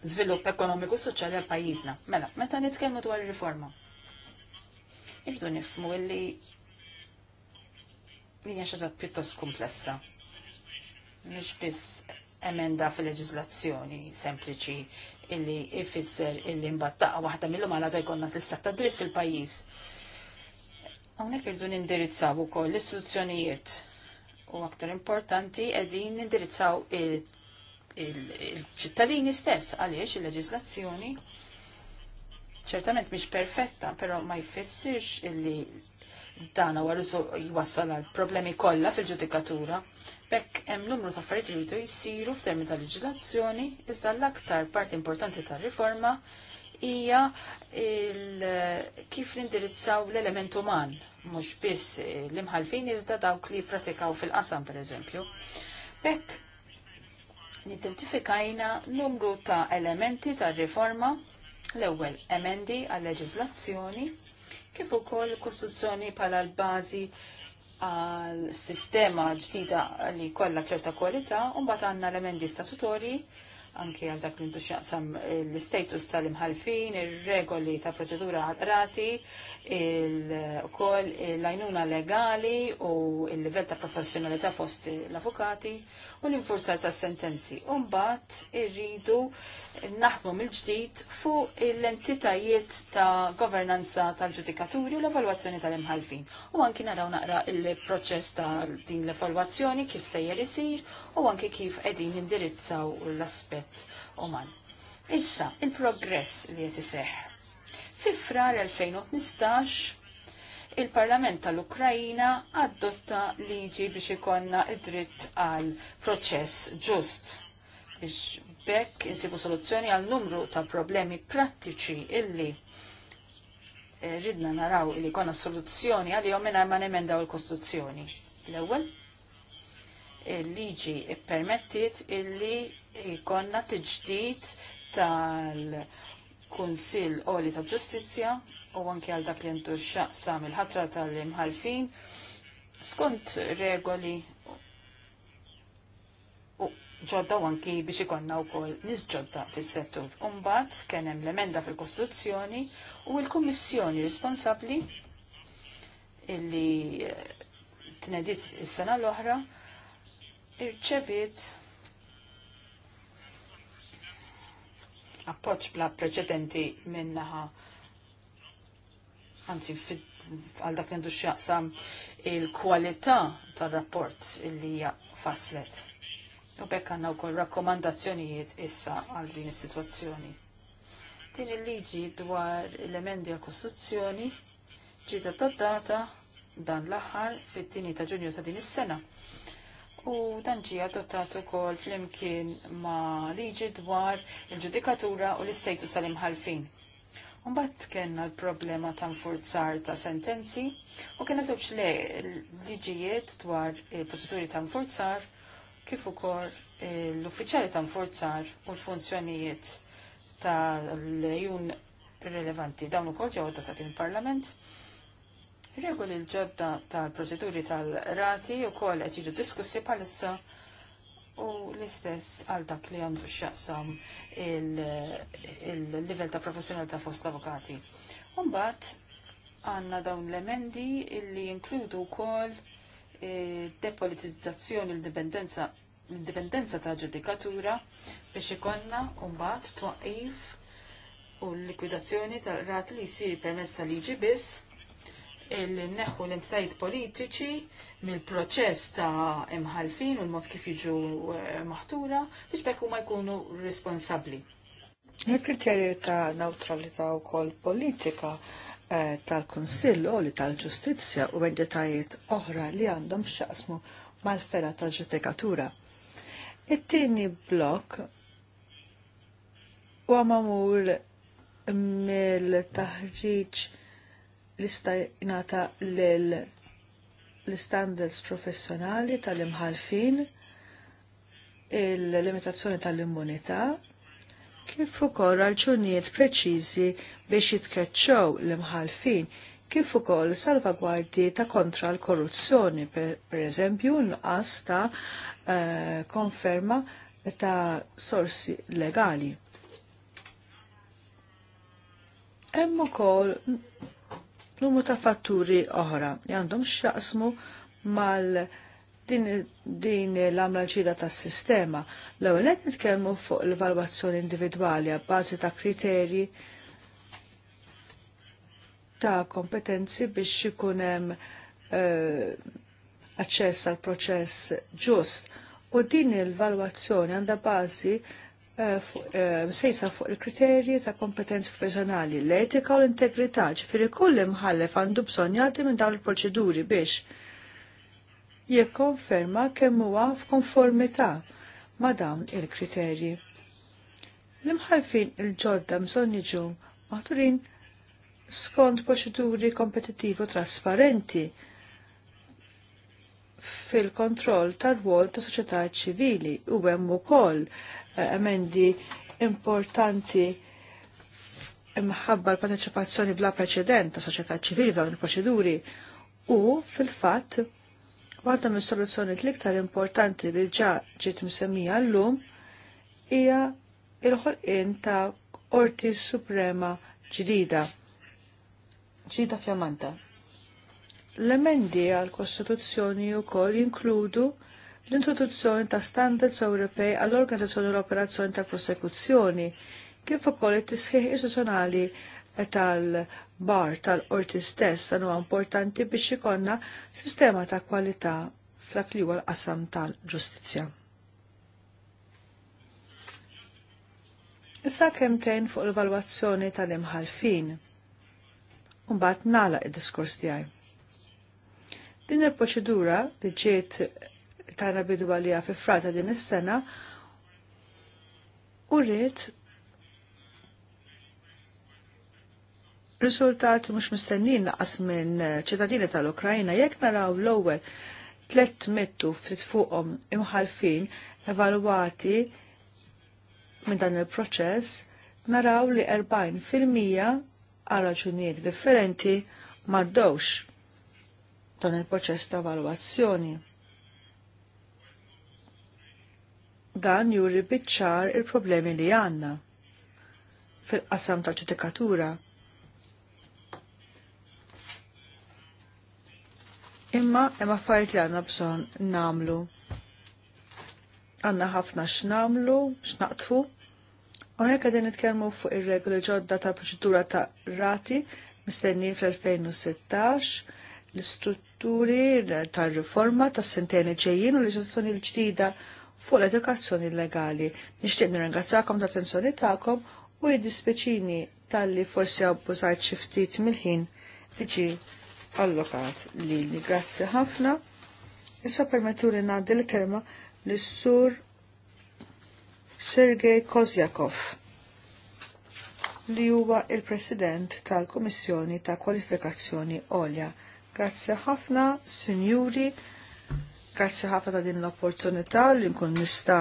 zvilupp ekonomiku soċjali għal pajjiżna. Mela, meta nitkellmu dwar riforma. Irdu nifmu illi minja xaġa pjuttost komplessa mhux biss emenda fil-leġislazzjoni sempliċi illi ifisser illi imbattaqa waħda millum lum għala da jkollna l-istat ta' dritt fil-pajjiż. Hawnhekk irdu nindirizzaw ukoll l-istituzzjonijiet u aktar importanti qegħdin nindirizzaw il-ċittadini stess għaliex il-leġislazzjoni ċertament mhix perfetta, però ma jfissirx illi dan huwa jwassal għal problemi kollha fil-ġudikatura. Bekk hemm numru ta' affarijiet li jridu jsiru f'termi ta' leġilazzjoni, iżda l-aktar parti importanti tar-riforma hija kif nindirizzaw l-element uman, mhux biss l-imħalfin iżda dawk li pratikaw fil-qasam pereżempju. Bekk nidentifikajna numru ta' elementi tar-riforma, l-ewwel emendi għal leġiżlazzjoni kif ukoll kostruzzjoni bħala l-bażi għal sistema ġdida li kollha ċerta kwalità u mbagħad għandna l-emendi statutorji anke għal dak li intu xaqsam eh, l-status tal-imħalfin, il-regoli ta' proċedura għadrati, il-kol l-ajnuna legali u il-livell ta' ta' fost l-avukati u l-infurzar ta' sentenzi. Umbat irridu naħdmu mill-ġdid fuq l-entitajiet ta' governanza tal-ġudikaturi u l-evalwazzjoni tal-imħalfin. U anki naraw naqra il-proċess ta' din l-evalwazzjoni kif sejjer isir u anki kif edin indirizzaw l-aspet fil Oman. Issa, il-progress li qed iseħħ. Fi frar 2015 il-Parlament tal-Ukrajina adotta liġi biex ikonna id-dritt għal proċess ġust biex bekk insibu soluzzjoni għal numru ta' problemi prattiċi illi eh, ridna naraw li konna soluzzjoni għal jom minna ma nemendaw il-Kostituzzjoni. L-ewel, il-liġi permettit illi ikonna t-ġdid tal kunsil Oli ta' Ġustizzja u anke għal dak li jentu xaqsam il-ħatra tal-imħalfin skont regoli u ġodda anki biex ikonna u kol nisġodda fil-settur. Umbat kienem l-emenda fil-Kostituzzjoni u l-Kommissjoni responsabli illi t-nedit is-sena l-oħra irċevit appoċ bla preċedenti minnaħa anzi għal dak nendu xjaqsam il-kwalità tar-rapport illi hija faslet. U bekk għandna wkoll rakkomandazzjonijiet issa għal din is-sitwazzjoni. Din il-liġi dwar l-emendi għal kostruzzjoni tad-data dan l-aħħar fit tini ta' Ġunju ta' din is-sena u dan ġie adottat ukoll flimkien ma' liġi dwar il-ġudikatura u l-istatus tal-imħalfin. Umbat kena l-problema ta' nfurzar ta' sentenzi u kena żewġ le liġijiet dwar il-proċeduri ta' nfurzar kif ukoll l-uffiċjali ta' nfurzar u l-funzjonijiet tal-jun rilevanti dawn ukoll ġew adottat il-Parlament Regoli ġodda tal-proċeduri tal-rati u koll qed jiġu diskussi palissa u l-istess għal dak li għandu x'jaqsam il-livell ta' professjonal ta' fost avukati. Umbagħad għandna dawn l-emendi illi jinkludu wkoll e, depolitizzazzjoni l l-indipendenza ta' ġudikatura biex ikonna mbagħad twaqif u l-likwidazzjoni tal-rat li jsir permessa li liġi biss illi neħu l-intajt politiċi mill-proċess ta' imħalfin u l-mod kif jiġu eh, maħtura biex bekku huma jkunu responsabbli. Il-kriterju ta' neutralità u kol politika eh, tal-Konsill u li tal-Ġustizzja u vendetajiet oħra li għandhom xaqsmu mal-fera tal-ġudikatura. It-tieni blok huwa għamamur mill-taħriġ lista jingħata l-standards professjonali tal-imħalfin, il-limitazzjoni tal-immunità, kif ukoll raġunijiet preċiżi biex jitkeċċew l-imħalfin kif ukoll salvagwardji ta' kontra l-korruzzjoni, per eżempju nqas ta' eh, konferma ta' sorsi legali. Hemm ukoll l-umu ta' fatturi oħra li għandhom xaqsmu mal din, din l-għamla ġida tas sistema L-ewwel qed nitkellmu fuq l-valwazzjoni individwali għabbażi ta' kriterji ta' kompetenzi biex ikun hemm eh, aċċess għal proċess ġust. U din il-valwazzjoni għandha bażi Eh, eh, sejsa fuq il-kriterji ta' kompetenzi professjonali, l-etika u l-integrità, ġifiri kull imħallef għandu bżonn jgħaddi minn dawn il-proċeduri biex jikkonferma kemm huwa f'konformità ma' dawn il-kriterji. L-imħalfin il-ġodda bżonn jiġu maħturin skont proċeduri kompetittivi u trasparenti fil-kontroll tar wol ta' soċjetà ċivili u hemm ukoll Eh, emendi importanti imħabba l-parteċipazzjoni bla preċedent ta' soċjetà ċivili f'dawn il-proċeduri u fil-fatt waħda mis soluzzjoni l-iktar importanti li ġa ġiet msemmija llum hija il-ħolqien ta' Qorti Suprema ġdida. Ġdida fjamanta. L-emendi għal-Kostituzzjoni wkoll jinkludu l-introduzzjoni ta' standards Ewropej għall-organizzazzjoni u l-operazzjoni ta' prosekuzzjoni, kif ukoll it-tisħiħ istituzzjonali tal-bar tal-qorti stess dan huwa importanti biex ikonna sistema ta' kwalità flak li huwa l-qasam tal-ġustizzja. Issa kemtejn fuq l valwazzjoni tal-imħalfin. mbagħad nala id-diskors tiegħi. Din il-proċedura li ġiet tana bidu għalija fi frata din is-sena u rrit risultati mux mistennin naqas minn ċittadini tal ukrajina jekk naraw l-ewwel 3 mittu ftit fuqhom imħalfin evalwati minn dan il-proċess naraw li 40 fil-mija għal raġunijiet differenti maddowx dan il-proċess ta' evalwazzjoni. dan juri bitċar il-problemi li għanna fil-qasam tal-ġudikatura. Imma imma affarijiet li għanna bżon namlu. Għanna ħafna x'namlu, x'naqtfu. Unek qegħdin nitkellmu fuq ir-regoli ġodda ta' proċedura ta' rati mistenni fl-2016 l-istrutturi tar riforma tas sentejn ġejjin u l-ġestazzjoni l-ġdida l ġdida fuq l-edukazzjoni legali. Nixtieq nirringrazzakom ta' attenzjoni tagħkom u jiddispjaċini tal-li forsi abbużajt xi ftit mill-ħin li ġi allokat lili. Grazzi ħafna. Issa permettu li ngħaddi l-kelma lis-sur Sergej Kozjakov li huwa il-President tal-Kummissjoni ta' Kwalifikazzjoni Olja. Grazzi ħafna, Sinjuri, Grazzi ħafna ta' din l-opportunità li nkun nista'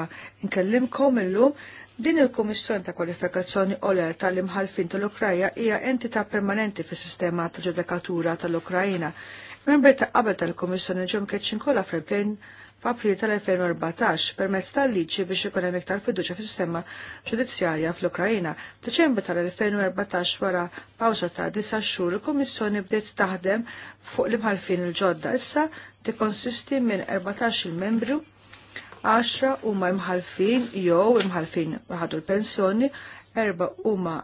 nkellimkom illum Din il-Kummissjoni ta' Kwalifikazzjoni Ole tal-Imħalfin tal-Ukraja hija entità permanenti fis-sistema tal-ġudikatura tal ukraina Membri ta' qabel tal-Kummissjoni ġew mkeċċin kollha fl-plejn f'April tal-2014 permezz tal-liċi biex ikun hemm iktar fiduċja fis-sistema ġudizzjarja fl-Ukrajina. F'Diċembru tal-2014 wara pawża ta' disa' xhur il-Kummissjoni bdiet taħdem fuq l-imħalfin il-ġodda. Issa tikkonsisti minn 14 il-membru 10 huma imħalfin jew imħalfin ħadu l-pensjoni, erba' huma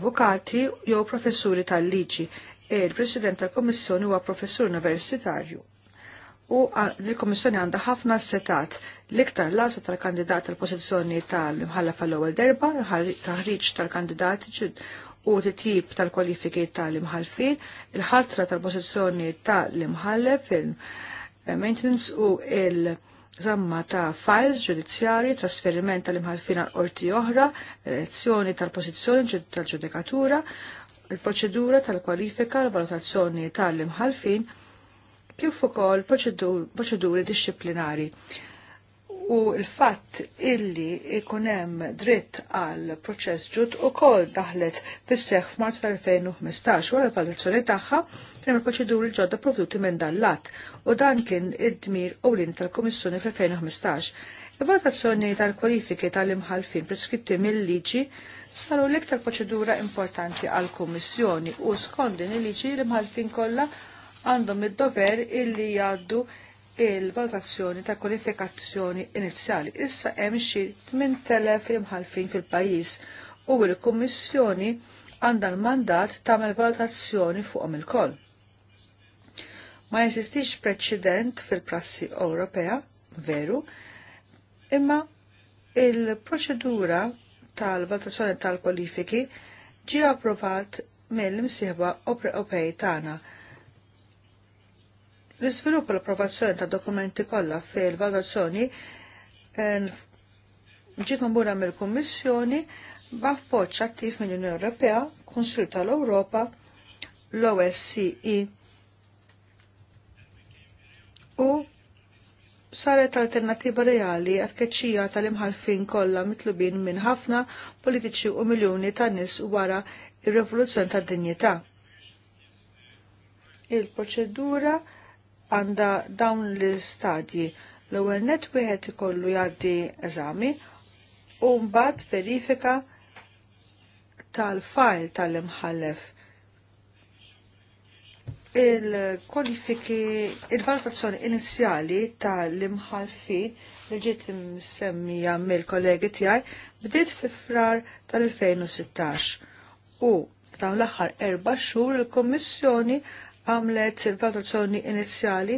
avukati jew professuri tal-liġi. E il-President tal kummissjoni huwa professur universitarju u l-Komissjoni għandha ħafna setat l-iktar lasa tal-kandidat tal-posizjoni tal-imħalla fl-ewwel derba, taħriġ tal-kandidati u titjib tal-kwalifiki tal-imħalfin, il-ħatra tal-posizjoni tal-imħallef, il-maintenance eh, u il- Zamma ta' files ġudizzjari, trasferiment tal-imħalfin għal qorti oħra, elezzjoni tal-posizjoni tal-ġudikatura, il-proċedura tal-kwalifika, l-valutazzjoni tal-imħalfin, tal kif ukoll proċeduri disċiplinari. U l-fatt illi ikun hemm dritt għal proċess ġud ukoll daħlet fis-seħħ f'Marzu tal-2015 wara l-valutazzjoni tagħha kien proċeduri ġodda provduti minn dan lat u dan kien id-dmir ewlien tal-Kummissjoni fl-2015. Il-valutazzjoni tal-kwalifiki tal-imħalfin preskritti mill-liġi saru l-iktar proċedura importanti għal-Kummissjoni u skont din il-liġi l-imħalfin kollha għandhom id-dover illi jgħaddu il-valutazzjoni ta' kwalifikazzjoni inizjali. Issa hemm xi 8000 imħalfin fil-pajjiż u l-Kummissjoni għandha l-mandat tagħmel valutazzjoni fuqhom il-koll. Ma jeżistix preċedent fil-prassi Ewropea, veru, imma il-proċedura tal-valutazzjoni tal-kwalifiki ġie approvat mill-imsieħba Ewropej tagħna L-izvilupp l-approvazzjoni ta' dokumenti kollha fil-valutazzjoni eh, ġiet mambura mill-Kummissjoni b'appoġġ attiv mill-Unjoni Ewropea, Kunsill tal-Ewropa, l-OSCE u saret alternativa reali għat keċija tal-imħalfin kollha mitlubin minn ħafna politiċi u miljoni ta' nis wara ir-revoluzzjoni tad-dinjità. Il-proċedura għanda dawn l-istadji l-ewwel net wieħed ikollu jgħaddi eżami u mbagħad verifika tal-file tal-imħallef il-kodifiki, il-valutazzjoni inizjali tal imħalfi li ġiet semmija mill-kollegi tiegħi bdiet fi frar tal-2016 u dawn l-aħħar erba' xhur il-Kummissjoni għamlet valutazzjoni inizjali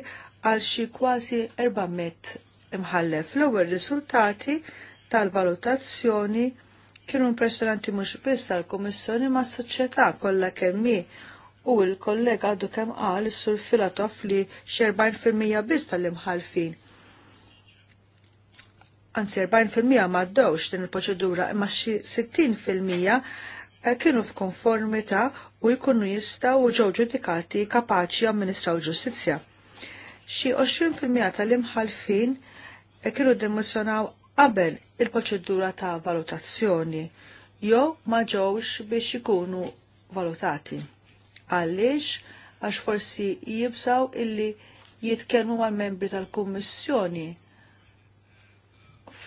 għal xi kważi 400 imħallef. L-ewwel riżultati tal-valutazzjoni kienu impressjonanti mhux biss għall-Kummissjoni ma' soċjetà kollha kemm u l-kollega għadu kemm qal sur filatof li fil-mija biss tal-imħalfin. Anzi, 40% ma' ddewx din il-proċedura imma xi 60% Eh, kienu f'konformità u jkunu jistgħu ġew ġudikati kapaċi amministraw ġustizzja. Xi 20% tal-imħalfin eh, kienu dimissjonaw qabel il-proċedura ta' valutazzjoni jew ma ġewx biex ikunu valutati. Għaliex għax forsi jibsaw illi jitkellmu mal-membri tal-Kummissjoni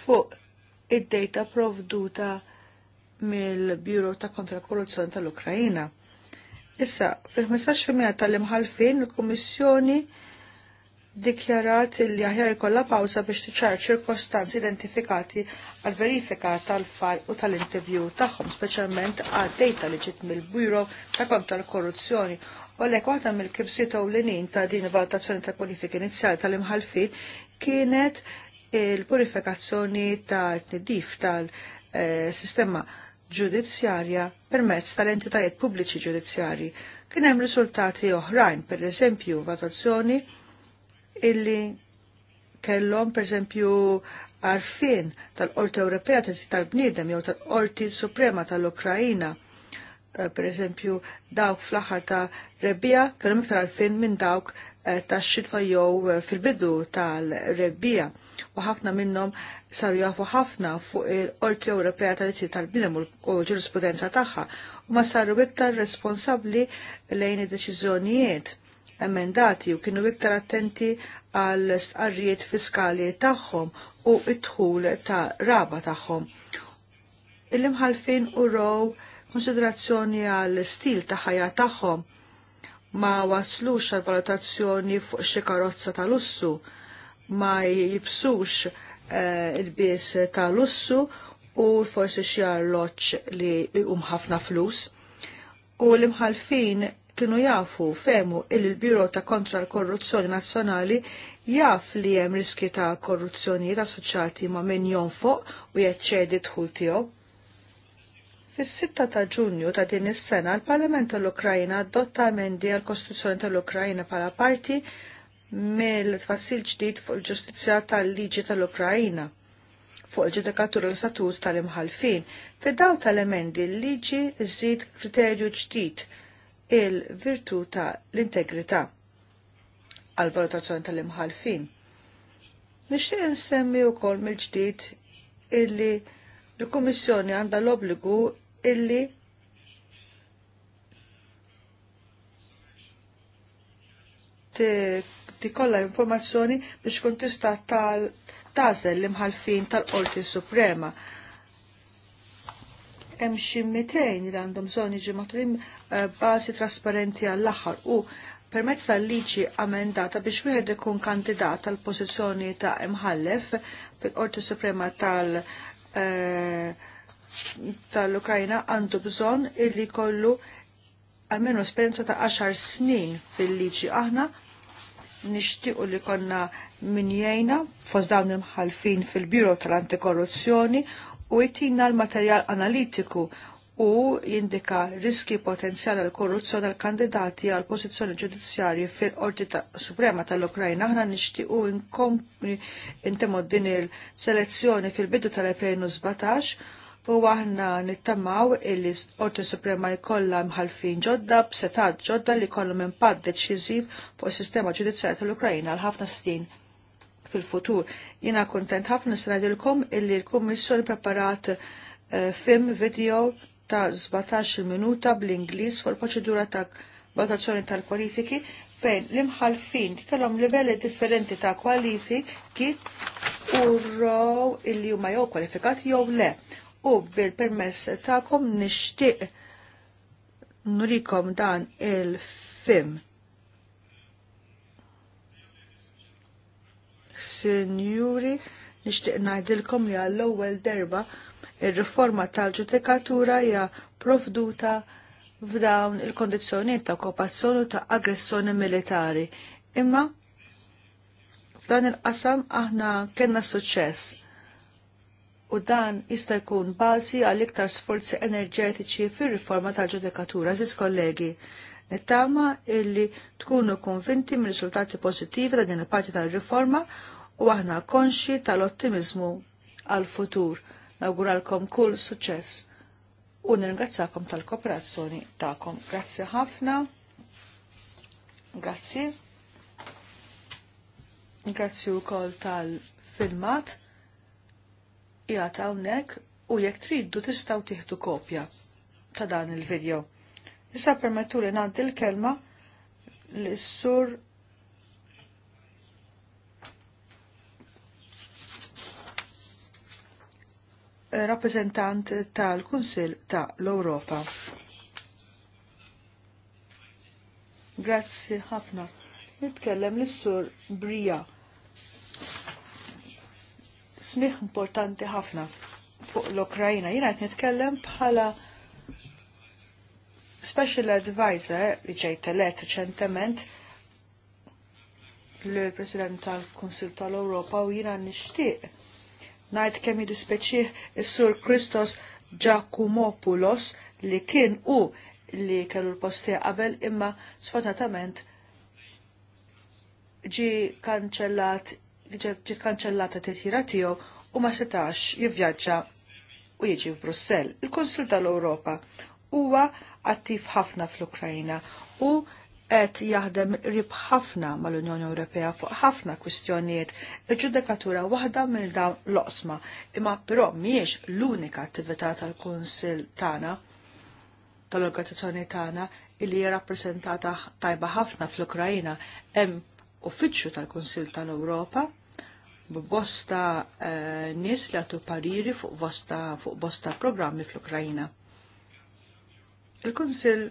fuq id-data provduta mill bureau ta' kontra korruzzjoni tal-Ukrajina. Issa, fil-15% tal-imħalfin il-Kummissjoni dikjarat li aħjar ikolla pawsa biex tiċar ċirkostanzi identifikati għal verifika tal-fall u tal-intervju tagħhom, speċjalment għad data li ġiet mill bureau ta' kontra l-korruzzjoni. U għalhekk waħda mill-kibsiet ewlenin ta' din valutazzjoni ta' kwalifika inizjali tal-imħalfin kienet il-purifikazzjoni ta' tnidif tal-sistema eh, ġudizzjarja permezz tal-entitajiet pubbliċi ġudizzjarji. Kien hemm riżultati oħrajn, per eżempju, votazzjoni illi kellhom per eżempju għarfien tal-Qorti Ewropea tal-Bniedem jew tal-Qorti Suprema tal-Ukrajina. Eh, per eżempju, dawk fl-aħħar ta' rebbija kellhom iktar arfin minn dawk Eh, tax-xitwa jew eh, fil-bidu tal-rebbija u ħafna minnhom saru jafu ħafna fuq il-Qorti Ewropea tal-Diritti tal-Bniem u ġurisprudenza tagħha u ma saru iktar responsabbli lejn id-deċiżjonijiet emendati u kienu iktar attenti għal stqarrijiet fiskali tagħhom u it-tħul ta' raba tagħhom. Il-imħalfin u raw konsiderazzjoni għal stil ta' ħajja tagħhom ma waslux għal valutazzjoni fuq xi karozza ta' lussu, ma jibsux eh, il-bies ta' lussu u forsi xi arloġġ li jqum ħafna flus. U l-imħalfin kienu jafu femu il-Biro ta' kontra l-Korruzzjoni Nazzjonali jaf li hemm riski ta' korruzzjonijiet assoċjati ma' min jonfoq u jeċċedi dħul tiegħu Fis-6 ta' Ġunju ta' din is-sena l-Parlament tal-Ukrajna adotta emendi għal kostituzzjoni tal-Ukrajna bħala parti mill-tfassil ġdid fuq il-ġustizzja tal-liġi tal-Ukrajna fuq il ġudikatur l-statut tal-imħalfin. Fid-daw tal-emendi l-liġi żid kriterju ġdid il-virtu ta' l-integrità għal valutazzjoni tal-imħalfin. Nixtieq insemmi wkoll mill-ġdid illi l-Kummissjoni għandha l-obbligu illi tikolla informazzjoni biex kun tista' tażel l-imħalfin tal-Qorti Suprema. Hemm xi mitejn li għandhom bżonn jiġu matrim eh, bażi trasparenti għall-aħħar u permezz tal-liġi amendata biex wieħed ikun kandidat tal pożizzjoni ta' imħallef fil-Qorti Suprema tal- uh, tal-Ukrajna għandu bżonn illi kollu għalmenu esperienza ta' 10 snin fil-liġi aħna nixtiqu li konna minjajna fos dawn il il-mħalfin fil-Biro tal-Antikorruzzjoni u jtina l-materjal analitiku u jindika riski potenzjali għal korruzzjoni għal kandidati għal pozizjoni ġudizzjarji fil-Qorti ta Suprema tal-Ukrajna. Aħna nixtiqu intemmu din il-selezzjoni fil-bidu tal-2017 u aħna nittamaw illi Qorti Suprema jkollha mħalfin ġodda b'setat ġodda li kollhom impatt deċiżiv fuq is-sistema ġudizzjarja tal-Ukrajna għal ħafna snin fil-futur. Jina kontent ħafna s-radilkom illi l-Kommissjoni preparat eh, film video ta' 17 minuta bl-Inglis fuq il-proċedura ta' valutazzjoni tal-kwalifiki fejn l-imħalfin kellhom livelli differenti ta' kwalifiki u raw illi huma jew kwalifikat jew le u bil-permess ta'kom nixtieq nurikom dan il-film. Sinjuri, nixtieq ngħidilkom li għall-ewwel derba il riforma tal-ġudikatura hija provduta f'dawn il-kondizzjonijiet ta' okkupazzjoni ta' aggressjoni militari. Imma f'dan il-qasam aħna kellna suċċess u dan jista' jkun bażi għal iktar sforzi enerġetiċi fir-riforma tal-ġudikatura. Ziz kollegi, nittama illi tkunu konvinti minn risultati pożittivi ta' din il-parti tal-riforma u aħna konxi tal-ottimizmu għal-futur. Nawguralkom kull suċċess u nirringrazzakom tal-kooperazzjoni tagħkom. Grazzi ħafna. Grazzi. Grazzi wkoll tal-filmat jgħat hawnhekk u jekk triddu tistgħu tieħdu kopja ta' dan il-video. Issa permettu li l-kelma lis sur rappresentant tal-Kunsil ta' l-Europa. Grazzi ħafna. Nitkellem l-sur Brija smih importanti ħafna fuq l-Ukrajina. Jina qed nitkellem bħala special advisor li ġejt elett riċentement l-President tal-Konsil tal-Europa u jina nixtieq ngħid kemm jidispeċih is-Sur Kristos Giacomopoulos li kien u li kellu l-posti qabel imma sfortunatament ġi kanċellat li ġiet kanċellata titjira tiegħu u ma setax jivvjaġġa u jiġi f'Brussell. Il-Konsul tal-Ewropa huwa attiv ħafna fl-Ukrajna u qed jaħdem rib ħafna mal-Unjoni Ewropea fuq ħafna kwistjonijiet il-ġudikatura waħda mill dawn l-oqsma, imma però mhijiex l-unika attività tal-Kunsill tagħna tal-organizzazzjoni tagħna illi hija rappreżentata tajba ħafna fl-Ukrajna hemm uffiċċju tal kunsil tal-Ewropa b'bosta uh, eh, nies li għatu pariri fuq bosta, fuq bosta programmi fl-Ukrajina. Il-Konsil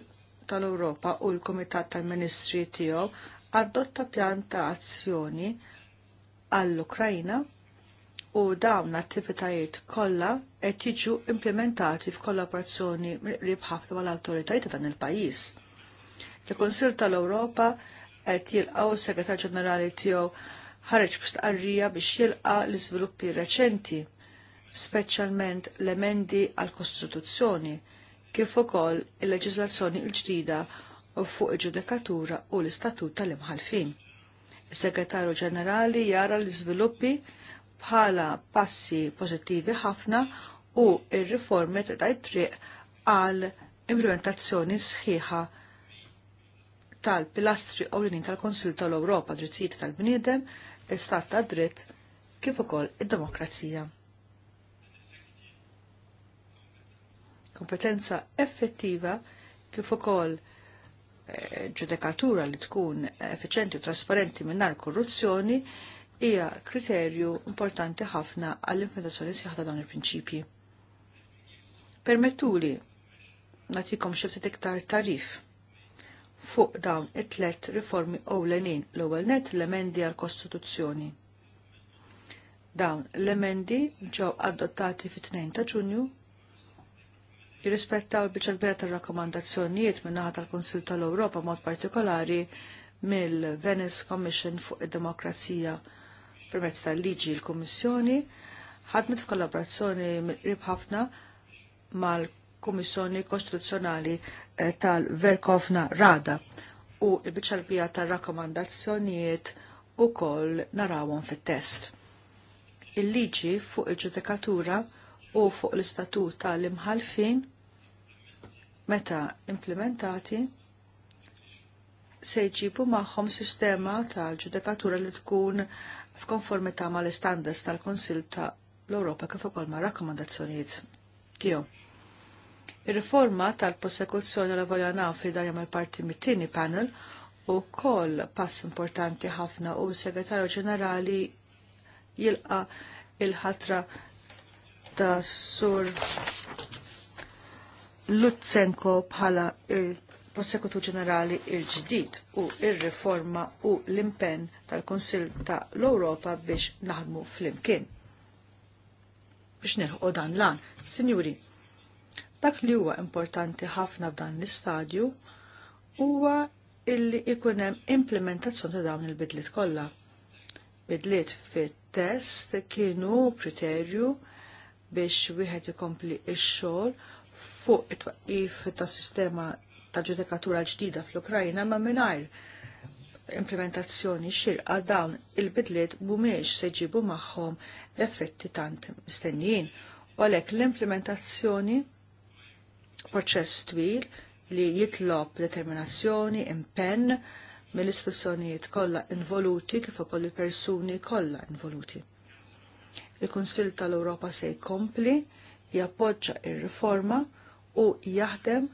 tal-Europa u l-Komitat tal-Ministri tiegħu adotta pjan ta' azzjoni għall-Ukrajina u dawn l-attivitajiet kollha qed jiġu implementati f'kollaborazzjoni qrib ħafna mal-awtoritajiet ta' dan il-pajjiż. Il-Kunsill tal-Ewropa qed jilqgħu s-Segretar Ġenerali tiegħu ħareġ b'stqarrija biex jilqa l-iżviluppi reċenti, speċjalment l-emendi għall-Kostituzzjoni, kif ukoll il-leġiżlazzjoni l-ġdida fuq il-ġudikatura u l-istatut tal-imħalfin. Is-Segretarju Ġenerali jara l-iżviluppi bħala passi pożittivi ħafna u il riformi ta' triq għal implementazzjoni sħiħa tal-pilastri ewlenin tal-Konsil tal-Ewropa drittijiet tal-bniedem, l-istat ta' dritt kif ukoll id-demokrazija. Kompetenza effettiva kif ukoll eh, ġudikatura li tkun effiċenti u trasparenti minnar korruzzjoni hija kriterju importanti ħafna għall-implementazzjoni ta' dawn il-prinċipji. Permettuli natikom xiftit iktar tarif fuq dawn it-tlet riformi ewlenin l-ewwel net l-emendi għall kostituzzjoni Dawn l-emendi ġew adottati fit-2 ta' Ġunju jirrispettaw biċa l kbira tar-rakkomandazzjonijiet min-naħa tal-Kunsil tal-Ewropa mod partikolari mill-Venice Commission fuq id-Demokrazija permezz tal-liġi l-Kummissjoni ħadmet f'kollaborazzjoni rib ħafna mal Kummissjoni Kostituzzjonali eh, tal-Verkovna Rada u l-biċalbija tal-rakkomandazzjonijiet u koll narawon fit-test. Il-liġi fuq il-ġudikatura u fuq l-istatut tal-imħalfin meta implementati se jġibu magħhom sistema tal-ġudikatura li tkun f'konformità mal-istandards tal-Konsil ta' l-Europa kif ukoll ma' rakkomandazzjonijiet tiegħu. Ir-riforma tal-prosekuzzjoni l volja li dajem il parti mit-tieni panel u koll pass importanti ħafna u s-segretarju ġenerali jilqa il-ħatra ta' sur Lutsenko bħala il-Prosekutu ġenerali il-ġdid u il-riforma u l-impenn tal-Konsil ta' l-Europa biex naħdmu fl-imkien. Biex nilħu dan lan, Sinjuri, Dak li huwa importanti ħafna f'dan l-istadju huwa illi ikun hemm implementazzjoni ta' dawn il-bidliet kollha. Bidliet fit-test kienu kriterju biex wieħed ikompli x-xogħol fuq it-twaqqif tas sistema ta' ġudikatura ġdida fl-Ukrajna ma' mingħajr implementazzjoni xirqa dawn il-bidliet mhumiex se jġibu magħhom effetti tant mistennijin. U l-implementazzjoni proċess twil li jitlob determinazzjoni, impenn mill-istituzzjonijiet kollha involuti kif ukoll il-persuni kollha involuti. Il-Kunsill tal-Ewropa se jkompli jappoġġa ir-riforma u jaħdem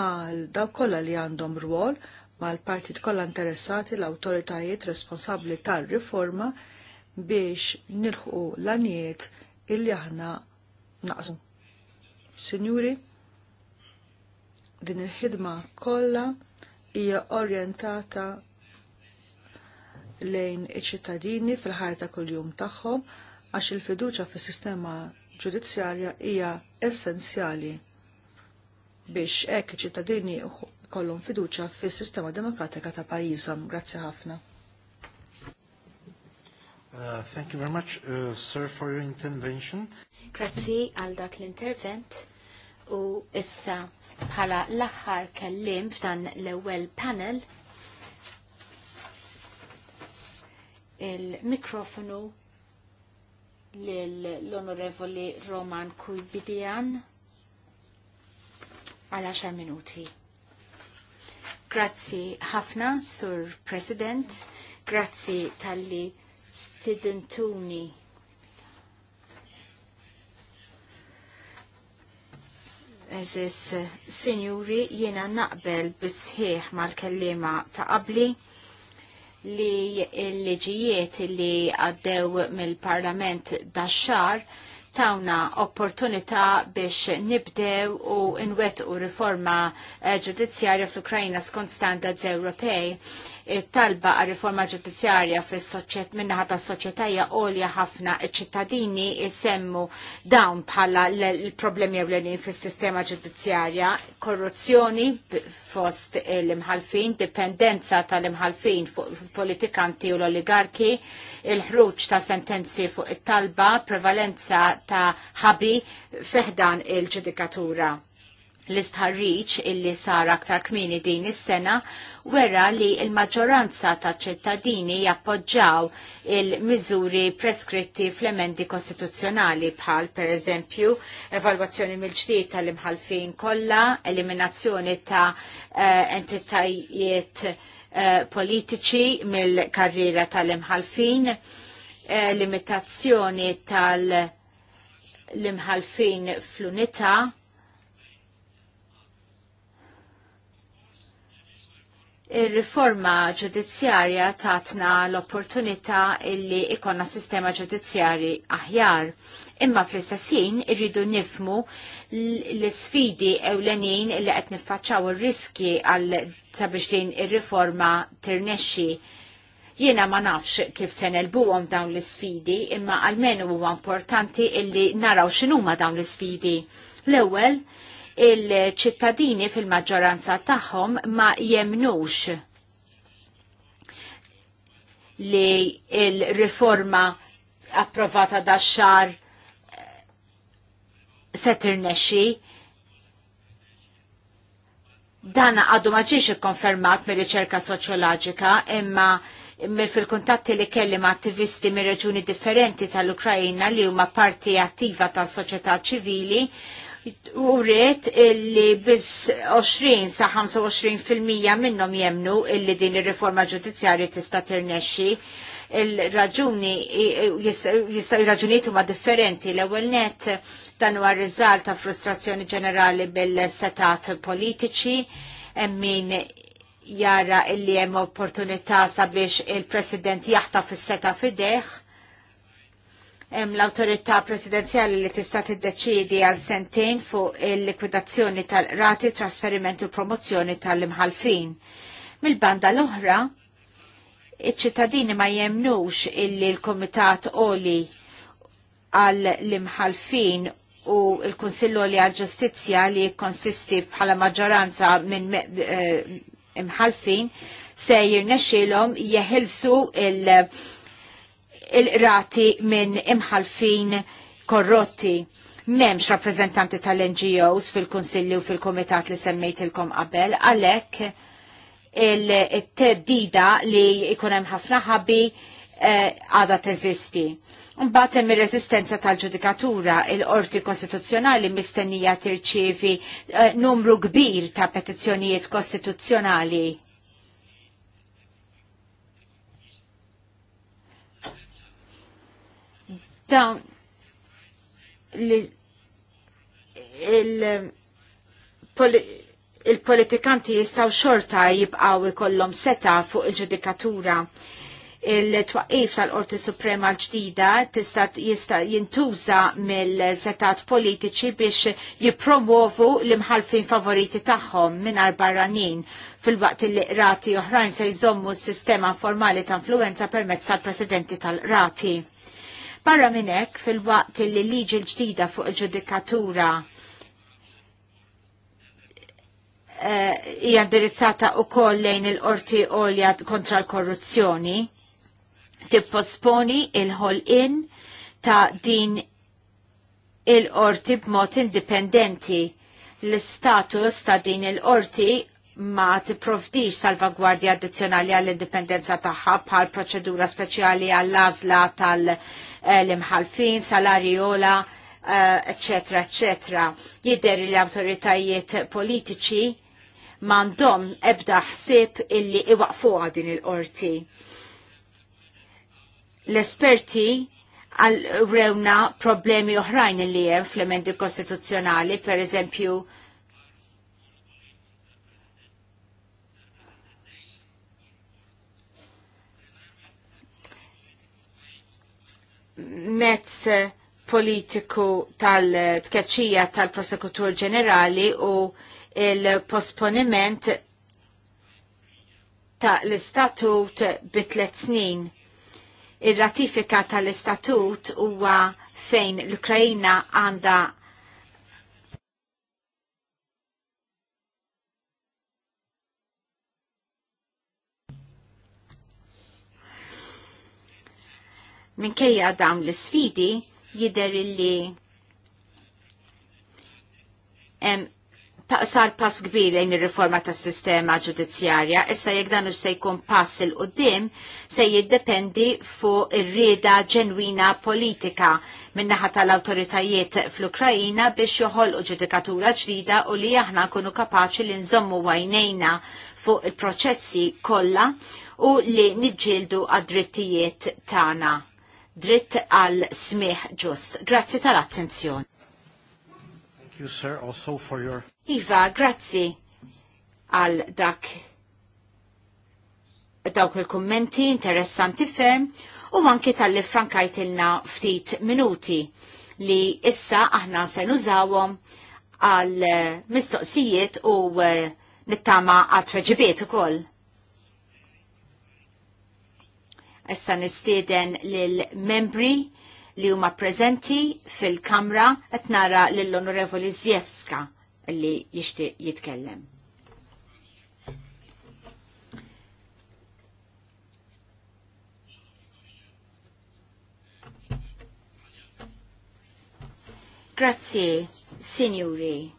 mal dawk kollha li għandhom rwol mal-partit kollha interessati l-awtoritajiet responsabbli tar-riforma biex nilħu l-anijiet illi aħna naqsu. Signuri, din il-ħidma kollha hija orjentata lejn iċ-ċittadini fil-ħajta kuljum tagħhom għax il-fiduċa fis-sistema ġudizzjarja hija essenzjali biex hekk iċ-ċittadini kollhom fiduċa fis-sistema demokratika ta' pajjiżhom. Grazzi ħafna. Uh, thank you very much, uh, sir, for your intervention. Grazzi għal dak l-intervent u issa bħala l-aħħar kellim f'dan l-ewwel panel il-mikrofonu l-Onorevoli Roman Kujbidian għal 10 minuti. Grazzi ħafna, Sur President, grazzi tal-li stidentuni eżis sinjuri jiena naqbel bisħieħ mal-kellima ta' qabli li l-liġijiet li għaddew mill-parlament daċxar tawna opportunità biex nibdew u nwet u riforma eh, ġudizzjarja fl-Ukrajna skont standards Ewropej talba għal riforma ġudizzjarja fis-soċjet minnaħa tas soċetajja għolja ħafna ċittadini jisemmu dawn bħala l-problemi ewlenin fis-sistema ġudizzjarja, korruzzjoni fost l-imħalfin, dipendenza tal-imħalfin fuq politikanti u l-oligarki, il-ħruġ ta' sentenzi fuq it-talba, prevalenza ta' ħabi feħdan il-ġudikatura l-istħarriċ illi sar aktar kmini din is-sena wera li il-maġġoranza ta' ċittadini jappoġġaw il-miżuri preskritti fl-emendi kostituzzjonali bħal per eżempju evalwazzjoni mill-ġdid tal-imħalfin kollha, eliminazzjoni ta' uh, entitajiet uh, politiċi mill-karriera tal-imħalfin, uh, limitazzjoni tal-imħalfin fl-unità, Ir-riforma ġudizzjarja tatna l-opportunità illi ikonna sistema ġudizzjari aħjar. Imma fl-istess ħin irridu nifmu l-sfidi ewlenin li qed niffaċċaw ir-riski għal sabiex din ir-riforma tirnexxi jiena ma nafx kif se nelbuhom dawn l-isfidi, imma għalmenu huwa importanti illi naraw x'inhuma dawn l-isfidi. L-ewwel, il-ċittadini fil-maġġoranza tagħhom ma jemnux li il-riforma approvata da xar eh, setir nexi dan għadu maġiġ konfermat mir riċerka soċjoloġika imma mir fil-kuntatti li kelli ma' attivisti mir reġuni differenti tal-Ukrajina li huma parti attiva tal soċjetà ċivili u illi biz 20 sa 25% minnom jemnu illi din il-riforma ġudizzjarju tista' tirnexxi il-raġuni raġunijiet huma differenti l-ewwel net dan huwa riżalt ta' frustrazzjoni ġenerali bil-setat politiċi min jara illi hemm opportunità sabiex il-President jaħtaf is-seta fideħ hemm l-awtorità presidenzjali li tista' tiddeċiedi għal sentejn fuq il-likwidazzjoni tal-rati trasferiment u promozzjoni tal-imħalfin. Mil-banda l-oħra, iċ-ċittadini ma jemnux illi l-Komitat Oli għal l-imħalfin u l kunsill Oli għal ġustizzja li konsisti bħala maġġoranza minn eh, imħalfin se jirnexxilhom jeħilsu il- il-rati minn imħalfin korrotti. Memx rappresentanti tal-NGOs fil-Konsilju u fil-Komitat li semmejt il-kom qabel, għalek il-teddida li ikunem ħafna ħabi eh, għada teżisti. Mbagħad hemm ir-reżistenza tal-ġudikatura il-Qorti Kostituzzjonali mistennija tirċievi eh, numru kbir ta' petizzjonijiet kostituzzjonali Dawn li il-politikanti jistaw xorta jibqaw ikollom seta fuq il-ġudikatura il-twaqif tal-Qorti Suprema l-ġdida tista' jista' jintuża mill-setat politiċi biex jippromovu l-imħalfin favoriti tagħhom mingħajr barranin fil-waqt li rati oħrajn se jżommu s-sistema formali ta' influenza permezz tal-presidenti tal-rati. Barra minn hekk fil-waqt li liġi l-ġdida fuq il-ġudikatura eh, hija indirizzata wkoll lejn il-qorti għolja kontra l-korruzzjoni tipposponi il in ta' din il-qorti b'mod indipendenti l-istatus ta' din il-qorti ma tipprovdix salvagwardja addizzjonali għall-indipendenza tagħha bħal proċedura speċjali għall-għażla tal-imħalfin, salariola, eccetera, eh, eccetera. Jidher li awtoritajiet politiċi m'għandhom ebda ħsib illi iwaqfuha din il-qorti. L-esperti għal rewna problemi oħrajn li hemm fl-emendi kostituzzjonali, per eżempju, mezz politiku tal-tkeċċija tal-prosekutur ġenerali u il-posponiment ta' l-istatut bitlet snin. Ir-ratifika tal-istatut huwa fejn l ukrajina għanda minkejja dawn l-sfidi jider li em, sar pass kbir lejn ir-riforma tas-sistema ġudizzjarja, issa jekk dan se jkun pass il qudiem se jiddependi fuq ir-rieda ġenwina politika min-naħa tal-awtoritajiet fl-Ukrajina biex joħolqu ġudikatura ġdida u li aħna nkunu kapaċi li nżommu għajnejna fuq il-proċessi kollha u li niġġieldu għad-drittijiet tagħna dritt għal smieħ ġust. Grazzi tal attenzjon Thank you, sir, also for your... Iva, grazzi għal dak dawk il-kommenti interessanti ferm u anki tal-li frankajtilna ftit minuti li issa aħna se nużawhom għal mistoqsijiet u eh, nittama għat tweġibiet ukoll. Issa nistieden lill-membri li huma preżenti fil-Kamra qed nara lill-Onorevoli Zjewska li jixtieq jitkellem. Grazzi, signori.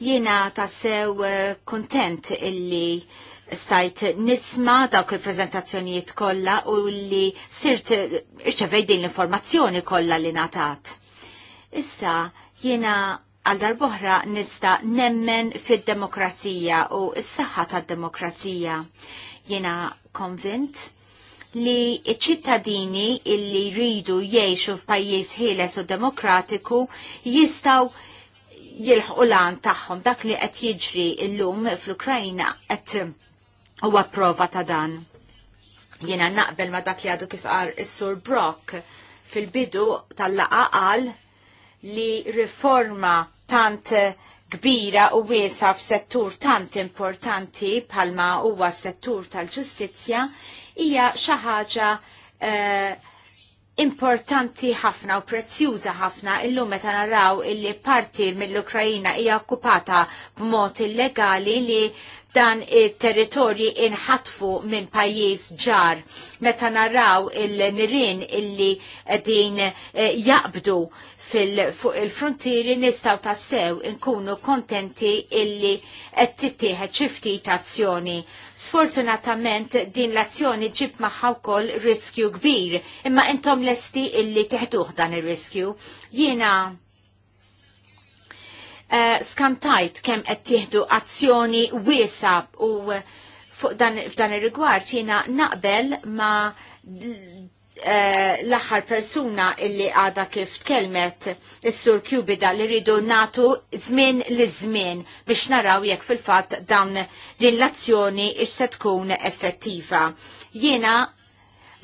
Jiena tassew eh, kontent illi stajt nisma dawk il-prezentazzjonijiet kollha u li sirt irċevej din l-informazzjoni kollha li natat. Issa jiena għal darboħra nista nemmen fid-demokrazija u s-saħħa tad-demokrazija. Jiena konvint li ċittadini illi ridu jiexu f'pajjiż ħieles u demokratiku jistaw jilħqulan taħħom tagħhom dak li qed jiġri llum fl-Ukrajna qed huwa prova ta' dan. Jiena naqbel ma dak li għadu kif għar is-Sur Brock fil-bidu tal-laqa qal li riforma tant kbira u wiesa f'settur tant importanti bħalma huwa settur tal-ġustizzja hija xi ħaġa eh, importanti ħafna u prezzjuża ħafna illum meta naraw illi parti mill-Ukrajina hija okkupata b'mod illegali li dan il-territorji inħatfu minn pajjiż ġar. Meta naraw il-nirin illi din eh, jaqbdu fuq il-frontieri nistaw tassew inkunu kontenti illi qed tittieħed xi ftit azzjoni. Sfortunatament din l-azzjoni ġib magħha wkoll riskju kbir, imma intom lesti illi teħduh dan ir-riskju. Jiena Eh, skantajt kemm qed tieħdu azzjoni wiesa u eh, fuq dan f'dan ir-rigward jiena naqbel ma eh, l-aħħar persuna illi għada kif tkellmet is-sur Kubida li rridu natu żmien li żmien biex naraw jekk fil-fatt dan din l-azzjoni ix se tkun effettiva. Jiena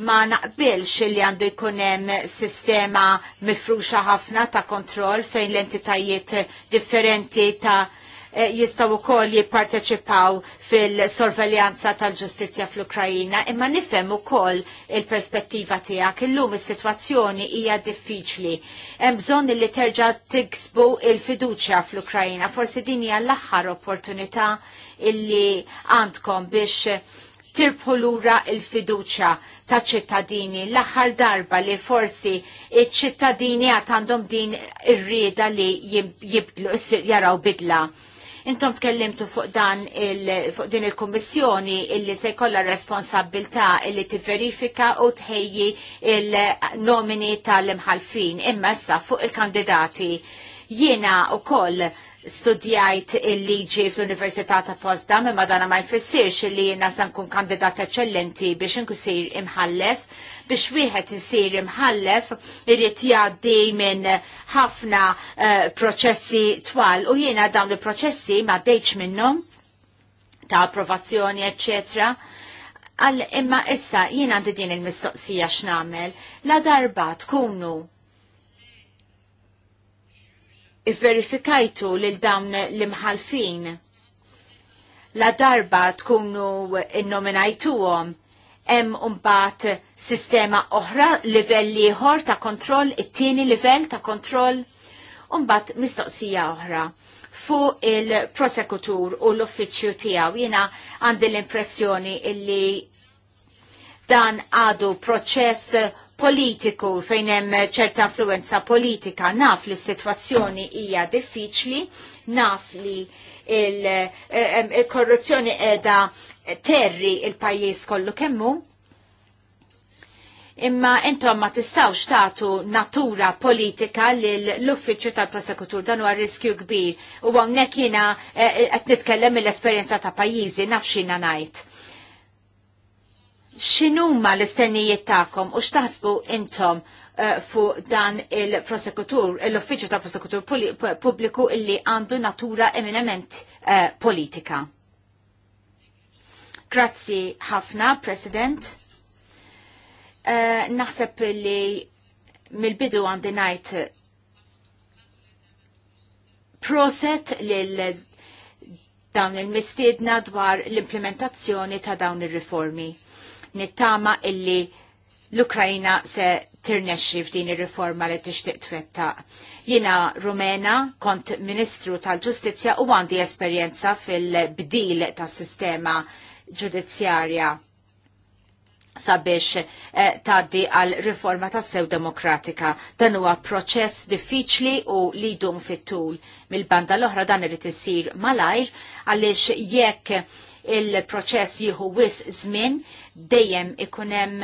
ma naqbilx li għandu jkunem sistema mifruxa ħafna ta' kontroll fejn l-entitajiet differenti ta' eh, jistaw u koll jipparteċipaw fil-sorveljanza tal-ġustizja fl-Ukrajina, imma nifem u koll il-perspettiva tijak, illum il-situazzjoni hija diffiċli. Mbżon li terġa tiksbu il-fiduċja fl-Ukrajina, forsi din hija l-aħħar opportunità illi għandkom biex tirbħu lura il-fiduċa ta' ċittadini l-aħħar darba li forsi iċ-ċittadini għat għandhom din ir-rieda li jibdlu, jaraw bidla. Intom tkellimtu fuq dan il, fuq din il-kommissjoni illi se jkollha responsabilità illi tivverifika u tħejji il-nomini tal-imħalfin imma issa fuq il-kandidati Jiena u koll studjajt il-liġi fl-Università ta' Potsdam imma dana ma jfissirx li jiena san kun kandidat eccellenti biex nkusir imħallef biex wieħed isir imħallef irrid jgħaddi minn ħafna uh, proċessi twal u jiena dawn il-proċessi ma dejċ minnhom ta' approvazzjoni, eccetera għal imma issa jien għandi din il-mistoqsija x'namel la darba tkunu verifikajtu lil dawn l-imħalfin. La darba tkunu innominajtuhom hemm mbagħad sistema oħra livell ieħor ta' kontroll, it-tieni livell ta' kontroll, u mbagħad mistoqsija oħra fuq il-prosekutur u l-uffiċċju tiegħu. Jiena għandi l-impressjoni illi dan għadu proċess politiku fejn hemm ċerta influenza politika naf li s-sitwazzjoni hija diffiċli, naf li il-korruzzjoni qiegħda edha terri il-pajjiż kollu kemmu, imma intom ma tistawx tatu natura politika l-uffiċċju tal-prosekutur dan huwa riskju kbir u hawnhekk jiena eh, qed nitkellem mill-esperjenza ta' pajjiżi nafxina ngħid xinuma l-istennijiet ta'kom u xtaħsbu intom fu eh, fuq dan il-prosekutur, l-uffiċu ta' prosekutur pubbliku illi għandu natura eminament eh, politika. Grazzi ħafna, President. Eh, naħseb li mill-bidu għandi najt proset lil dawn il-mistiedna dwar l-implementazzjoni ta' dawn il-riformi nittama illi l-Ukrajna se tirnexxi f'din ir-riforma li tixtieq twettaq. Jiena Rumena kont Ministru tal-Ġustizzja u għandi esperjenza fil-bdil tas-sistema ġudizzjarja sabiex eh, taddi għal riforma tas sew demokratika. Dan huwa proċess diffiċli u li dum fit-tul. Mill-banda l-oħra dan irid isir malajr għaliex jekk il-proċess jieħu wis żmien dejjem ikun hemm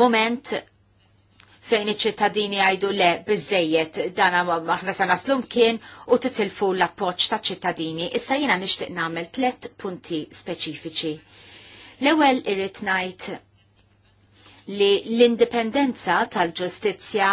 moment fejn iċ-ċittadini għajdu le bizzejiet dan aħna sa naslum kien u titilfu l-appoċ ta' ċittadini. Issa jiena nixtieq nagħmel tliet punti speċifiċi. L-ewwel irrid ngħid li l-indipendenza tal-ġustizzja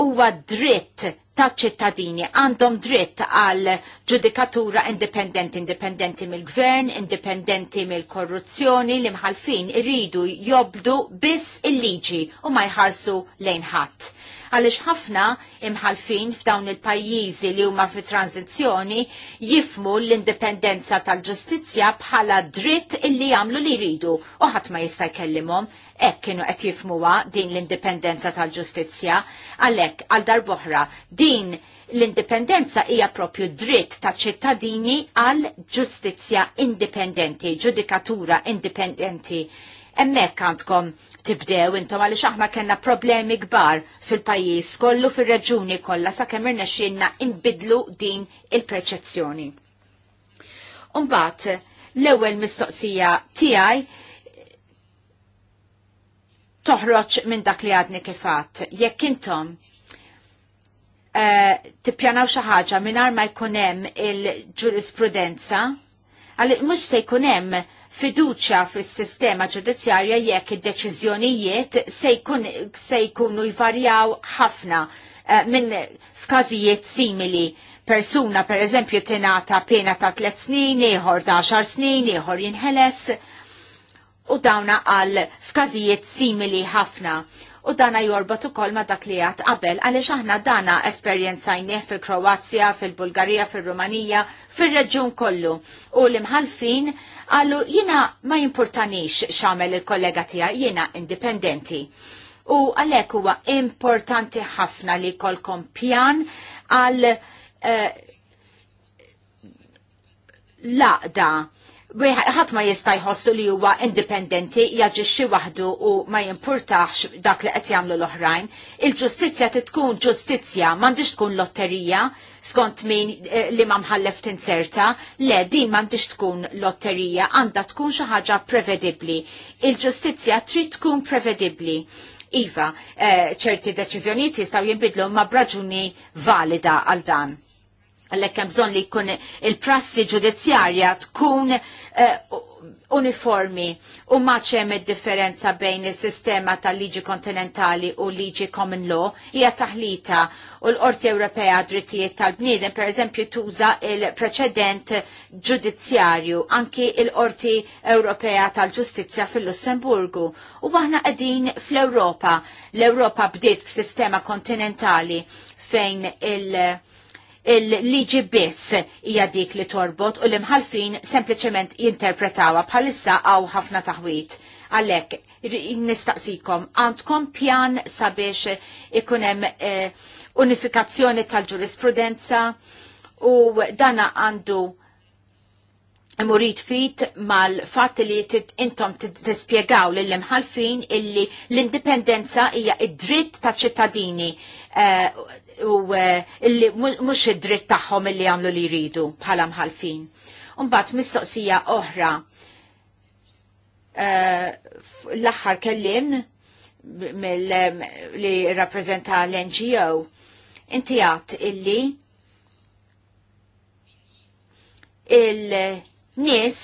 huwa dritt ta' ċittadini għandhom dritt għal ġudikatura indipendenti, indipendenti mill-gvern, indipendenti mill-korruzzjoni li mħalfin irridu jobdu biss il-liġi u ma jħarsu lejn ħadd għaliex ħafna imħalfin f'dawn il-pajjiżi li huma fi tranzizzjoni jifmu l-indipendenza tal-ġustizzja bħala dritt illi jagħmlu li jridu u ħadd ma jista' jkellimhom hekk kienu qed jifmuha din l-indipendenza tal-ġustizzja, għalhekk għal darboħra din l-indipendenza hija propju dritt ta' ċittadini għal ġustizzja indipendenti, ġudikatura indipendenti. Emmek għandkom tibdew intom għaliex aħna kellna problemi kbar fil-pajjiż kollu fir-reġuni kollha sakemm xinna inbidlu din il-perċezzjoni. Umbagħad l-ewwel mistoqsija tiegħi toħroġ minn dak li għadni kifat. Jekk intom uh, tippjanaw xi ħaġa mingħajr ma jkun hemm il-ġurisprudenza, għal mhux se jkun hemm fiduċja fis-sistema ġudizzjarja jekk id-deċiżjonijiet se jkunu jvarjaw ħafna eh, minn f'każijiet simili. Persuna per eżempju tingħata pena ta' tliet snin, ieħor ta' xar snin, ieħor jinħeles u dawna għal f'każijiet simili ħafna u dana jorbot ukoll ma dak li għat qabel għaliex aħna dana jneħ fil-Kroazja, fil-Bulgarija, fil-Rumanija, fil-reġjun kollu. U l-imħalfin Għallu jina ma jimportanix xamel il-kollega tija, jina indipendenti. U għalek huwa importanti ħafna li kolkom pjan għal uh, laqda ħadd ma jista' jħossu li huwa indipendenti jaġixxi waħdu u ma jimpurtax dak li qed jagħmlu l-oħrajn. Il-ġustizzja tkun ġustizzja m'għandix tkun lotterija, skont min eh, li ma mħallef tinserta, le din m'għandix tkun lotterija, għandha tkun xi ħaġa prevedibbli. Il-ġustizzja trid tkun prevedibbli. Iva, eh, ċerti deċiżjonijiet jistgħu jinbidlu ma' braġuni valida għal dan għallek hemm bżonn li jkun il-prassi ġudizzjarja tkun eh, uniformi u maċem id-differenza bejn is-sistema tal-liġi kontinentali u liġi common law hija taħlita u l-Qorti Ewropea drittijiet tal-bniedem per eżempju tuża il-preċedent ġudizzjarju anki l-Qorti Ewropea tal-Ġustizzja fil-Lussemburgu u aħna qegħdin fl-Ewropa. L-Ewropa bdiet b'sistema kontinentali fejn il- il-liġi biss hija dik li torbot u l-imħalfin sempliċement jinterpretawa bħalissa għaw ħafna taħwit. Għalek, nistaqsikom, għandkom pjan sabiex ikunem eh, unifikazzjoni tal-ġurisprudenza u dana għandu murid fit mal-fat li intom tispiegaw l-imħalfin illi l-indipendenza hija id-dritt ta' ċittadini eh, u eh, illi mhux id-dritt tagħhom illi għamlu li jridu bħala mħalfin. Mbagħad mistoqsija oħra eh, l-aħħar kellim li rappreżenta l-NGO inti għat illi il-nies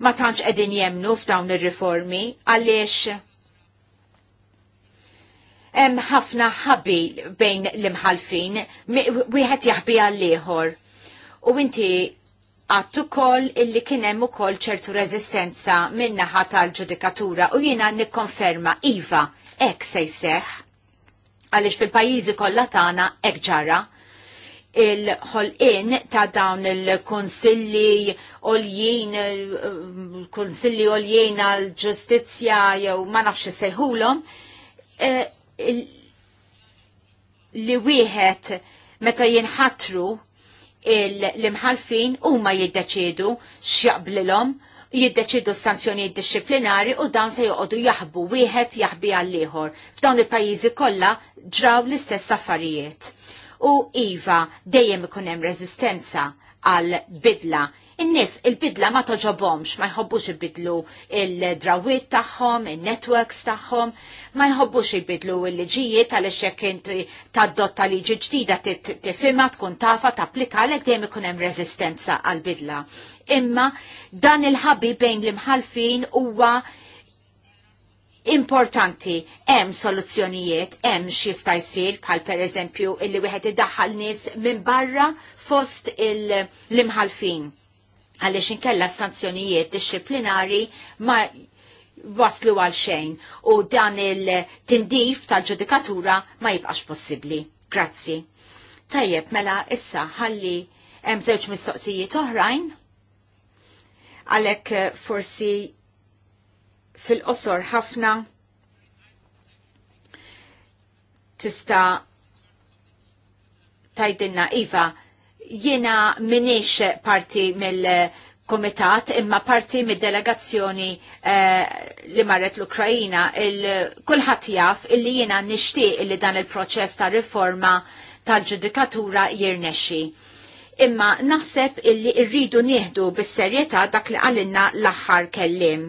ma tantx qegħdin jemnu f'dawn ir-riformi għaliex hemm ħafna ħabi bejn l-imħalfin, wieħed jaħbi għall-ieħor. U inti għattu ukoll illi kien hemm ukoll ċertu min-naħa tal-ġudikatura u jiena nikkonferma Iva, hekk se jseħ. għaliex fil pajjiżi kollha tagħna hekk ġara il-ħolqin ta' dawn il-konsilli oljien, konsilli oljien għal-ġustizja jew ma nafx sejħulhom, eh, li wieħed meta jinħatru l-imħalfin huma jiddeċidu x'jaqblilhom jiddeċidu s-sanzjonijiet dixxiplinari u dan se joqogħdu jaħbu wieħed jaħbi għal ieħor. F'dawn il-pajjiżi kollha ġraw l-istess affarijiet. U iva dejjem ikun hemm reżistenza għal bidla in-nies il-bidla ma toġobomx, ma jħobbux ibidlu il drawit tagħhom, il networks tagħhom, ma jħobbux ibidlu il-liġijiet għaliex jekk inti tadotta liġi ġdida tifhimha tkun tafa tapplika għalhekk dejjem ikun hemm rezistenza għall-bidla. Imma dan il-ħabi bejn l-imħalfin huwa importanti hemm soluzzjonijiet hemm x'jista' jsir bħal pereżempju illi wieħed idaħħal nies minn barra fost l-imħalfin għaliex inkella s-sanzjonijiet disciplinari ma waslu għal xejn u dan il-tindif tal-ġudikatura ma jibqax possibli. Grazzi. Tajjeb, mela issa ħalli hemm żewġ mistoqsijiet oħrajn għalhekk eh, forsi fil-qosor ħafna tista' tajdinna iva Jiena minix parti mill-komitat imma parti mid-delegazzjoni eh, li marret l-Ukrajina. Il Kulħadd jaf illi jiena nishti li dan il-proċess ta' riforma tal-ġudikatura jirnexxi. Imma naħseb illi rridu nieħdu bis-serjetà dak li għalinna l-aħħar kellim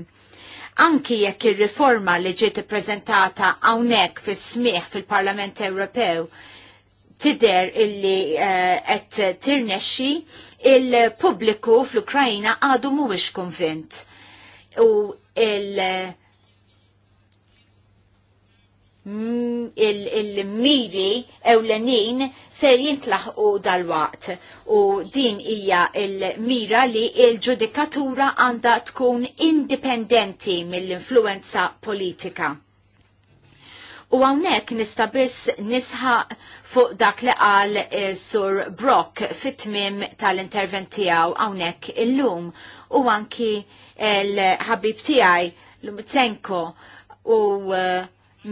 anki jekk ir-riforma li ġiet ippreżentata hawnhekk fis-smieħ fil-Parlament Ewropew tider illi eh, qed tirnexxi il-pubbliku fl-Ukrajna għadu mhuwiex konvint. U mm, il- il-miri ewlenin se jintlaħqu dal-waqt u din hija il-mira li il-ġudikatura għandha tkun indipendenti mill-influenza politika. U għawnek nista biss nisħa fuq dak li qal eh, sur Brock fit-tmim tal-intervent tiegħu hawnhekk illum u anki l-ħabib tiegħi Lumitsenko u eh,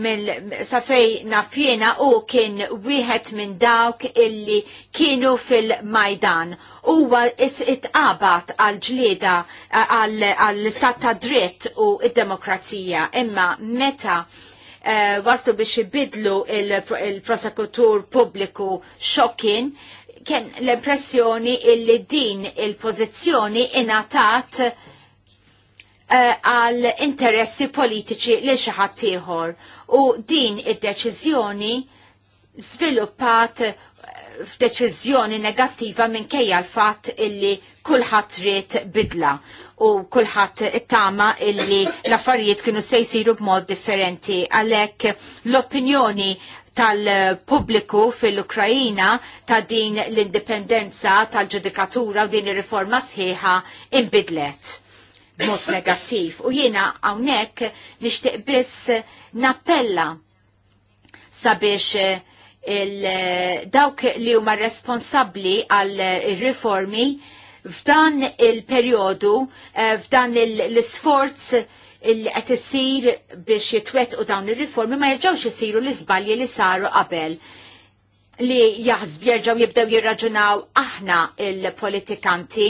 mill safej nafjena u kien wieħed minn dawk illi kienu fil-Majdan. Huwa itqabat eh, għal ġlieda għall istat ta' dritt u id-demokrazija. Imma meta Eh, waslu biex ibidlu il-prosekutur publiku pubbliku xokin kien l-impressjoni illi din il-pozizjoni inatat eh, għal interessi politiċi li xaħat ieħor u din id-deċiżjoni sviluppat eh, f'deċiżjoni negattiva minkejja l fat illi kulħadd rrit bidla u kulħadd it-tama illi l-affarijiet kienu se jsiru b'mod differenti. Għalhekk l-opinjoni tal-pubbliku fil-Ukrajina ta' din l-indipendenza tal-ġudikatura u din ir-riforma sħiħa imbidlet mod negattiv. U jiena hawnhekk nixtieq biss nappella sabiex eh, dawk li huma responsabbli għal riformi f'dan il-perjodu, eh, f'dan l-sforz li qed isir biex jitwettqu dawn ir-riformi ma jerġgħux isiru l-iżbalji li saru qabel li jaħsb jerġgħu jibdew jirraġunaw aħna il-politikanti,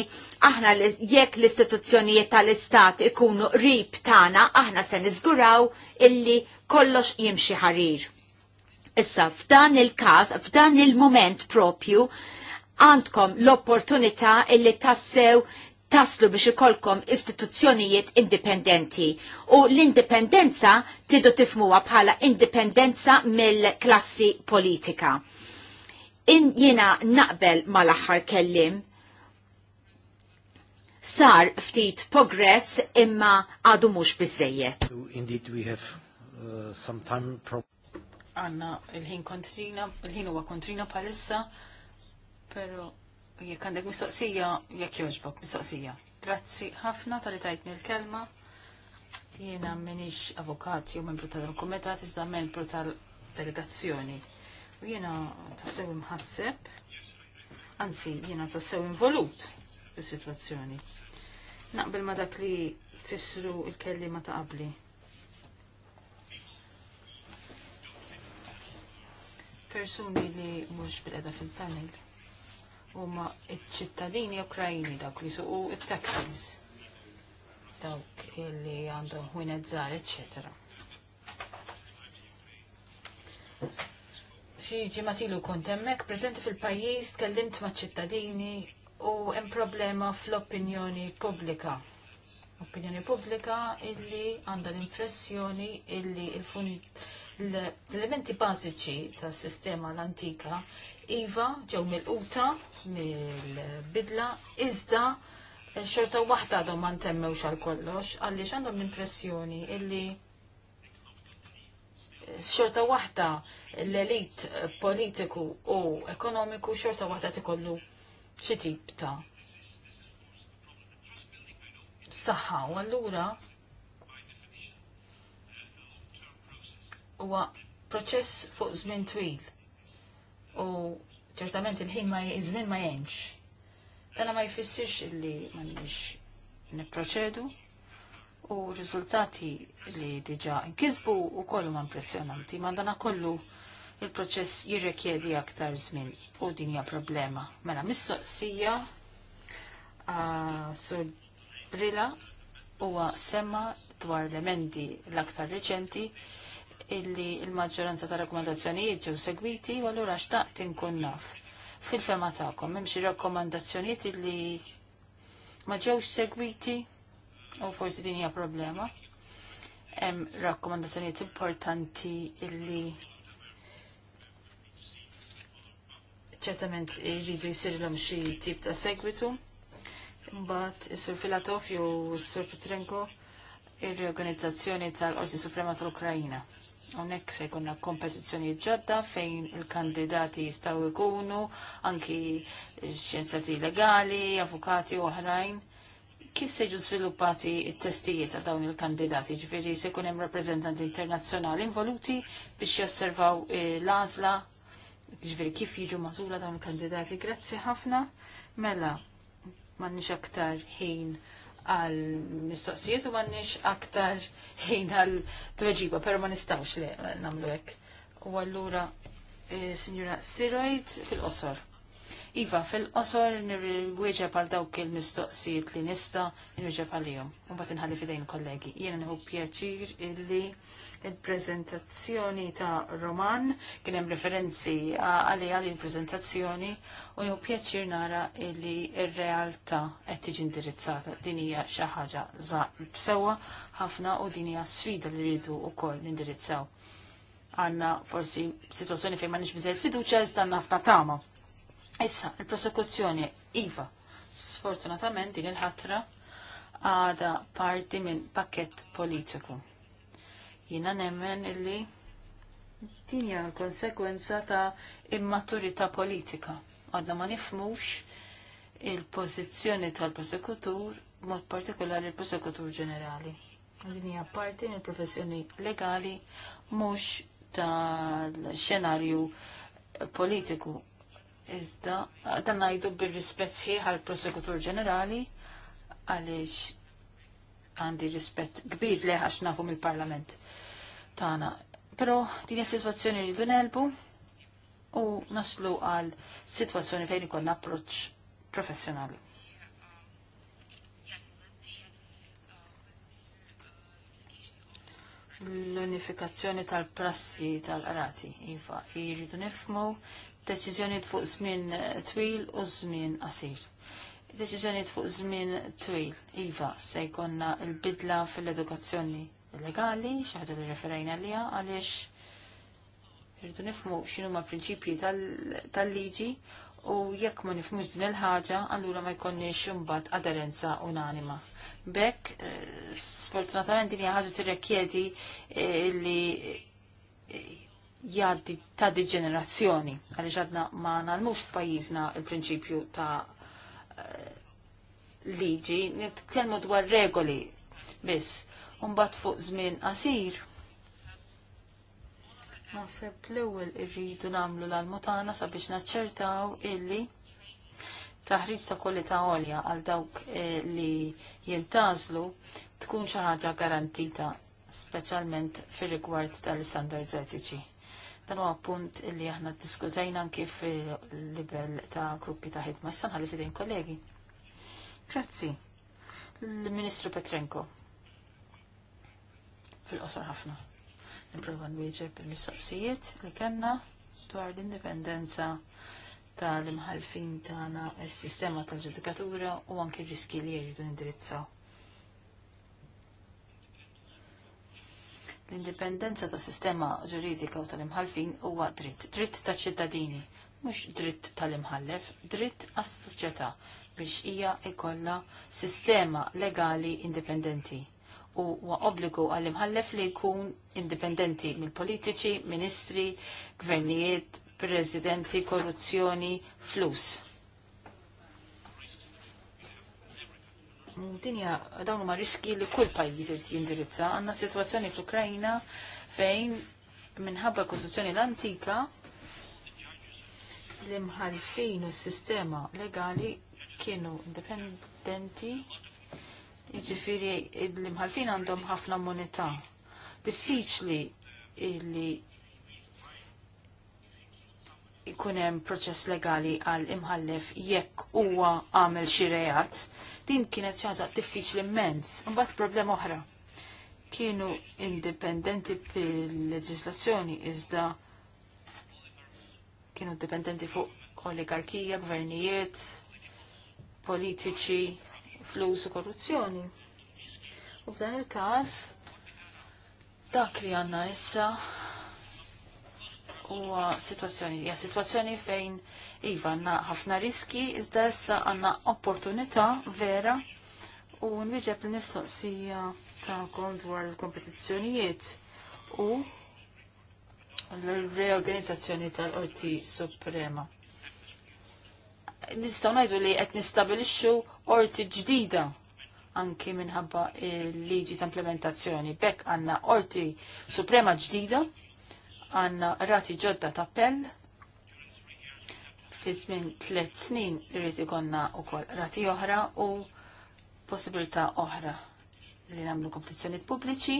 aħna jekk l-istituzzjonijiet tal-istat ikunu rib tagħna, aħna se niżguraw illi kollox jimxi ħarir. Issa, f'dan il-każ, f'dan il-moment propju, għandkom l-opportunità illi tassew taslu biex ikolkom istituzzjonijiet indipendenti u l-indipendenza tidu tifmuwa bħala indipendenza mill-klassi politika. In jina naqbel mal-aħħar kellim sar ftit progress imma għadu mux bizzeje. Indeed we have uh, some time Għanna il-ħin kontrina, il-ħin huwa kontrina palissa Pero jekk għandek mistoqsija, jekk joġbok mistoqsija. Grazzi ħafna tal-li tajtni l-kelma. Jiena minix avokat jew membru tal-komitat iżda membru tal-delegazzjoni. U jiena tassew imħasseb, anzi jiena tassew involut fis-sitwazzjoni. Naqbel ma dak li fissru il-kellima ta' qabli. persuni li mhux bil-edha fil-panel huma ċ-ċittadini Ukrajini dawk li suqu it-taxis dawk li għandhom ħwienet żgħar, eċetera. Xi ġimatilu kont hemmhekk preżenti fil-pajjiż tkellimt maċ-ċittadini u hemm problema fl-opinjoni pubblika. Opinjoni pubblika illi għandha l-impressjoni illi il-fund l-elementi bażiċi tas sistema l-antika Iva ġew mill-quta mill-bidla iżda eh, xorta waħda għadhom ma ntemmewx għal kollox għaliex għandhom l-impressjoni illi eh, xorta waħda l-elit politiku u ekonomiku xorta waħda tikollu xi tip ta' saħħa u allura huwa proċess fuq żmien twil u ċertament il-ħin ma jizmin ma jenx. Tana ma jfissirx ma nix neproċedu u rizultati li diġa nkisbu u kollu ma impressionanti. Ma dana kollu il-proċess jirrekjedi aktar żmien u din hija problema. Mela mistoqsija sur Brilla huwa semma dwar l-emendi l-aktar reċenti illi il-maġġoranza ta' rakkomandazzjonijiet ġew segwiti u allura xtaqt inkun naf. Fil-fema tagħkom hemm xi rakkomandazzjonijiet illi ma ġewx segwiti u forsi din hija problema. Hemm rakkomandazzjonijiet importanti illi ċertament jridu jisirlhom xi tip ta' segwitu. Mbagħad is-Sur Filatov jew is-Sur Petrenko ir-reorganizzazzjoni tal-Qorti Suprema tal-Ukrajina. Hawnhekk se jkunna kompetizzjoni ġodda fejn il-kandidati jistgħu jkunu anki xjenzati legali, avukati u oħrajn. Kif se jiġu sviluppati t-testijiet ta' dawn il-kandidati, ġifieri se jkun hemm rappreżentanti internazzjonali involuti biex jasservaw eh, l-għażla, ġifieri kif jiġu mażula dawn il-kandidati. Grazzi ħafna. Mela, m'għandniex aktar ħin għal mistoqsijiet u għannix aktar ħin għal tweġiba, pero ma nistawx li namlu hekk. U għallura, eh, Signora Siroid fil-qosor. Iva, fil-qosor nirriġa pal dawk il-mistoqsijiet li nista nirriġa pal-jom. Unbat nħalli fidejn kollegi. Jena nħu pjaċir illi il-prezentazzjoni ta' Roman kien hemm referenzi għalli għalli il-prezentazzjoni u nħu pjaċir nara illi il realtà qed tiġi indirizzata. Din hija xi ħaġa sewwa ħafna u din hija sfida li rridu wkoll nindirizzaw. Għanna forsi situazzjoni fejn ma nix biżejt fiduċa iżda nafna tama Issa, il-prosekuzzjoni IVA, sfortunatament din il-ħatra għada parti minn pakket politiku. Jina nemmen illi din hija konsekwenza ta' immaturità politika. Għadna ma nifmux il-pożizzjoni tal-prosekutur, mod partikolari il-prosekutur ġenerali. Din hija parti mill professjoni legali mhux tal-xenarju politiku Iżda, dan ngħidu bir-rispett sħiħ għall prosekutur ġenerali għaliex għandi rispett kbir le għax nafu mill-Parlament tagħna. Però din is-sitwazzjoni rridu nelbu u naslu għal sitwazzjoni fejn ikollna approċċ professjonali. l-unifikazzjoni tal-prassi tal-qrati, iva, jiridu nifmu deċiżjonijiet fuq żmien eh, twil u żmien qasir. Deċiżjonijiet fuq żmien twil, iva, se jkollna l-bidla fil-edukazzjoni legali, xi ħaġa li referajna liha għaliex irridu nifhmu x'inhu ma' prinċipji tal-liġi u jekk ma nifhmux din il-ħaġa, allura ma jkollniex imbagħad aderenza unanima. Bekk, eh, sfortunatament din hija ħaġa tirrekjedi eh, li jaddi ta' diġenerazzjoni, għalli ġadna ma nalmux f'pajjiżna il-prinċipju ta' eh, liġi, nitkellmu dwar regoli biss, unbat fuq żmien qasir. Naħseb l-ewwel irridu nagħmlu l-almutana sabiex naċċertaw illi taħriġ ta' ta' għolja għal dawk eh, li jintazlu tkun xi ħaġa garantita speċjalment fir-rigward tal-istandards etiċi. Dan huwa punt li aħna diskutajna kif fil-livell ta' gruppi ta' ħidma. Issa nħalli fidejn kollegi. Grazzi. L-Ministru Petrenko. Fil-qosor ħafna. Nipprova nwieġeb il-mistoqsijiet li kellna dwar l-indipendenza tal-imħalfin tagħna s-sistema tal-ġudikatura u anke r-riski li jridu nindirizzaw L-indipendenza ta' sistema ġuridika u tal-imħalfin huwa dritt, dritt ta' ċittadini, mhux dritt tal-imħallef, dritt għas-soċjetà biex hija ikollha sistema legali indipendenti u huwa obbligu għall imħallef li jkun indipendenti mill-politiċi, ministri, gvernijiet, presidenti, korruzzjoni, flus. dinja dawn huma riski li kull pajjiż irid jindirizza. Għandna sitwazzjoni fl-Ukrajna fejn minħabba l-Kostituzzjoni l-antika l mħalfin u s-sistema legali kienu indipendenti jiġifieri l-imħalfin għandhom ħafna moneta. Diffiċli li ikun hemm proċess legali għal imħallef jekk huwa għamel xi reat Din kienet xaġa diffiċli immens. Mbagħad problema oħra. Kienu indipendenti fil-leġislazzjoni iżda kienu dipendenti fuq oligarkija, gvernijiet, politiċi, flus u korruzzjoni. U f'dan il-każ dak li għanna issa huwa situazzjoni, hija situazzjoni fejn Iva, għanna ħafna riski, iżda issa għanna opportunità vera u nwiġeb l-nistoqsija ta' dwar l-kompetizzjonijiet u l-reorganizzazzjoni tal-Qorti Suprema. Nistaw najdu li qed nistabilixxu orti ġdida anki minħabba il-liġi ta' implementazzjoni. Bekk għanna Qorti suprema ġdida, għanna rati ġodda ta' pell, fi żmien tliet snin irrid ikonna wkoll rati oħra u possibilità oħra li nagħmlu kompetizzjonijiet pubbliċi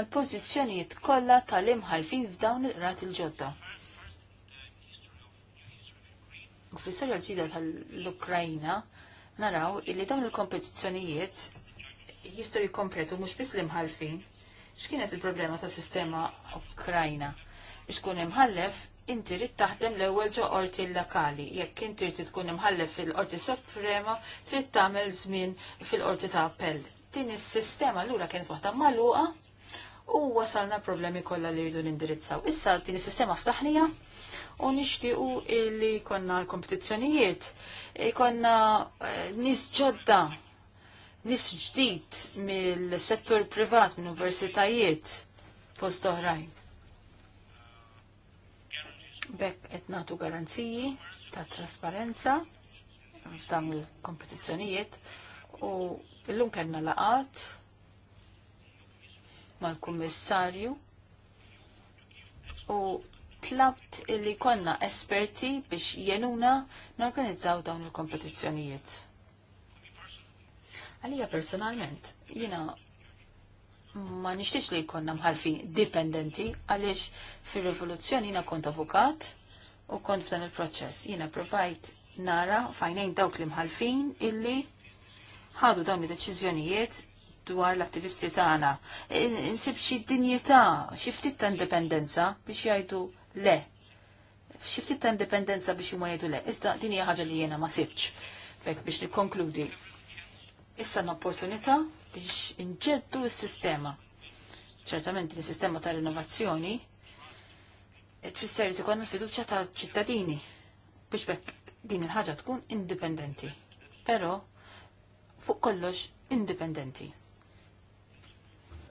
għal pożizzjonijiet kollha tal-imħalfin f'dawn ir-rati l-ġodda. U fl-istorja l ġida tal-Ukrajna naraw illi dawn il-kompetizzjonijiet jistgħu jikkompletu mhux biss l-imħalfin x'kienet il-problema tas sistema Ukrajna biex tkun imħallef inti rrid taħdem l-ewwel ġo qorti lokali. Jekk inti rrit tkun imħallef fil-Qorti Suprema, trid tagħmel żmien fil-Qorti ta' Appell. Din is-sistema lura kienet waħda magħluqa u wasalna problemi kollha li rridu nindirizzaw. Issa din is-sistema ftaħnija u nixtiequ li konna kompetizzjonijiet, konna eh, nis ġodda nis ġdid mill-settur privat, mill universitajiet, post oħrajn. Bekk qed nagħtu garanziji ta' trasparenza f'dawn il-kompetizzjonijiet u llum kellna laqat mal-kummissarju u tlabt li konna esperti biex jenuna norganizzaw dawn il-kompetizzjonijiet. Għalija personalment, jina ma nixtiex li jkollna mħalfin dipendenti għaliex fir-rivoluzzjoni jiena kont avukat u kont f'dan il-proċess. Jiena provajt nara fajnejn dawk li mħalfin illi ħadu dawn id-deċiżjonijiet dwar l-attivisti tagħna. Insib xi dinjità, xi ftit ta' indipendenza biex jgħidu le. Xi ftit ta' indipendenza biex jumma jgħidu le. Iżda din hija ħaġa li jiena ma sibx. Bek biex nikkonkludi. Issa n-opportunità biex inġeddu s-sistema. Ċertament il sistema tal-innovazzjoni e tfisser li tkun il-fiduċja tal-ċittadini biex bekk din il-ħaġa tkun indipendenti. Però fuq kollox indipendenti.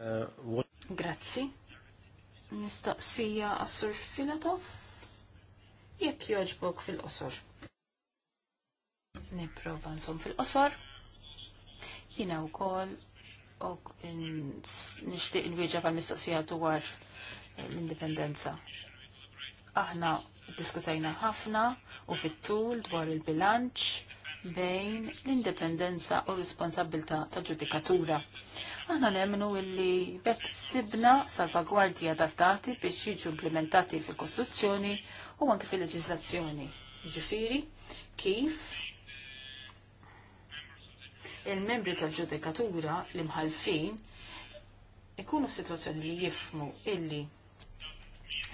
Uh, Grazzi. Nistaqsija għassur sur Filatov jekk joġbok fil-qosor. Niprofa nsom fil-qosor. Jina u kol nishtiq nwieġa pal mistoqsija dwar l-indipendenza. Aħna diskutajna ħafna u fit-tul dwar il-bilanċ bejn l-indipendenza u responsabilta ta' ġudikatura. Aħna nemnu illi bekk sibna salvagwardji adattati biex jiġu implementati fil-Kostituzzjoni u anke fil-leġislazzjoni. Ġifiri, kif il-membri tal-ġudikatura li mħalfin ikunu f'sitwazzjoni li jifmu illi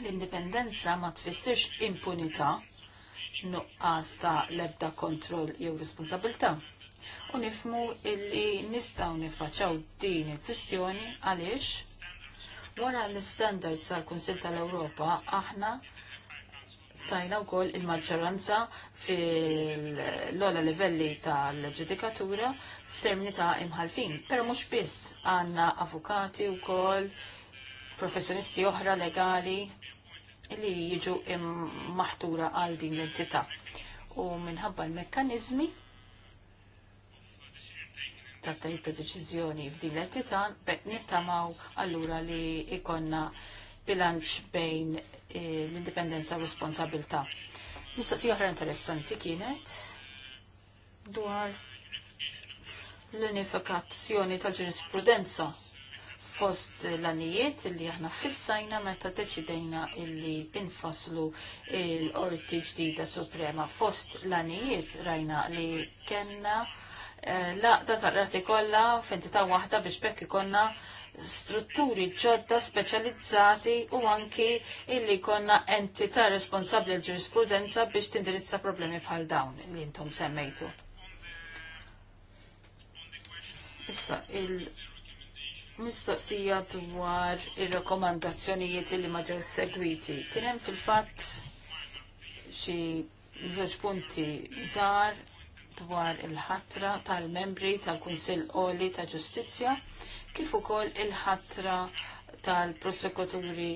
l-indipendenza ma tfissirx impunità nuqqas ta' lebda kontroll jew responsabilta. U nifmu illi nistaw nifaċaw din il-kwistjoni għaliex wara l-standards tal-Kunsil tal-Ewropa aħna tajna wkoll il-maġġoranza fil lola livelli tal-ġudikatura f'termini ta' imħalfin. Pero mhux biss għandna avukati wkoll professjonisti oħra legali li jiġu maħtura għal din l-entità. U minħabba l-mekkanizmi ta' tajt ta' deċizjoni f'din l-entità, nittamaw allura li ikonna bilanċ bejn Eh, l-indipendenza u responsabilta. Mistoqsija oħra interessanti kienet dwar l-unifikazzjoni tal-ġurisprudenza fost l-anijiet li aħna fissajna meta deċidejna illi infaslu l qorti ġdida suprema fost l-anijiet rajna li kena eh, laqda tal-rati kolla f'entità waħda biex bekk ikonna strutturi ġodda speċjalizzati u anki illi konna entità responsabbli l ġurisprudenza biex tindirizza problemi bħal dawn li intom semmejtu. Issa, il mistoqsija dwar ir-rakkomandazzjonijiet li ma ġew segwiti. Kien hemm fil-fatt xi żewġ punti żgħar dwar il-ħatra tal-membri tal-Kunsill Qoli ta' Ġustizzja. Ta kif ukoll il-ħatra tal-prosekuturi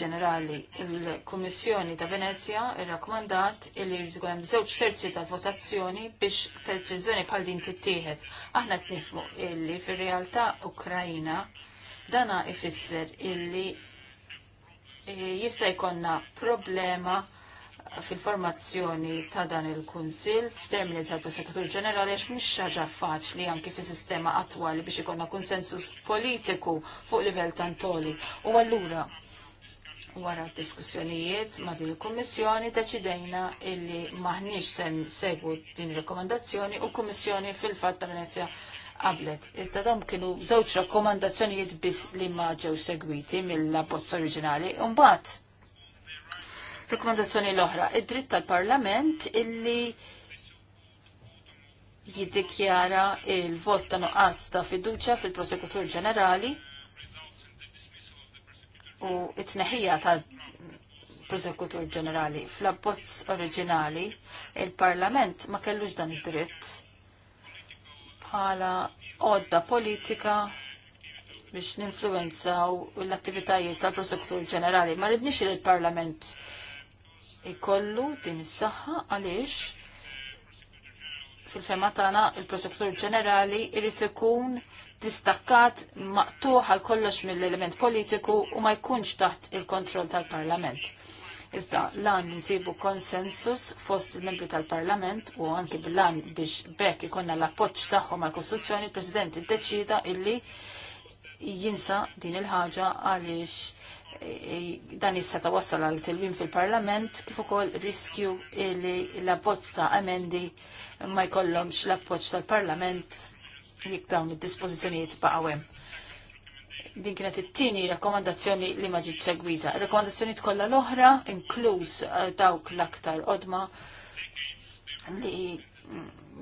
ġenerali. Il-Kummissjoni ta' Venezia irrakkomandat il jrid hemm żewġ terzi tal-votazzjoni biex deċiżjoni bħal din tittieħed. Aħna qed nifhmu illi fir-realtà Ukrajina dana ifisser illi eh, jista' jkollna problema fil-formazzjoni ta' dan il-Kunsil f'termini tal-Prosekutur Ġenerali għax mhix ħaġa faċli anke fis-sistema attwali biex ikollna konsensus politiku fuq livell tantoli. U allura wara d diskussjonijiet ma' din il-Kummissjoni deċidejna illi maħniex sen segwu din rekomandazzjoni u l-Kummissjoni fil-fatt ta' Venezia qablet. Iżda dawn kienu żewġ rakkomandazzjonijiet biss li ma ġew segwiti mill-abbozz oriġinali. mbagħad rekomendazzjoni l-oħra, id-dritt tal-Parlament illi jiddikjara il-vot ta' nuqqas ta' fiduċa fil-Prosekutur Ġenerali u it-tneħija ta' Prosekutur Ġenerali. Fl-abbozz oriġinali, il-Parlament ma kellux dan id-dritt bħala odda politika biex ninfluenzaw l-attivitajiet tal-Prosekutur Ġenerali. Ma rridniex il-Parlament ikollu din is-saħħa għaliex fil-fema tagħna il-Prosektur Ġenerali irid ikun distakkat maqtuħ għal kollox mill-element politiku u ma jkunx taħt il-kontroll tal-Parlament. Iżda lan nsibu konsensus fost il-membri tal-Parlament u anki bil-lan biex bekk ikonna l-appoċ tagħhom għal kostituzzjoni il-President iddeċida illi jinsa din il-ħaġa għaliex dan is-seta wassal għal tilwim fil-Parlament kif ukoll riskju li l-abbozz ta' emendi ma jkollhomx l-appoġġ tal-Parlament jekk dawn id-dispożizzjonijiet baqgħu hemm. Din kienet it-tieni rakkomandazzjoni li ma ġiet segwita. Rakkomandazzjoni kollha l-oħra, inkluż eh, dawk l-aktar qodma li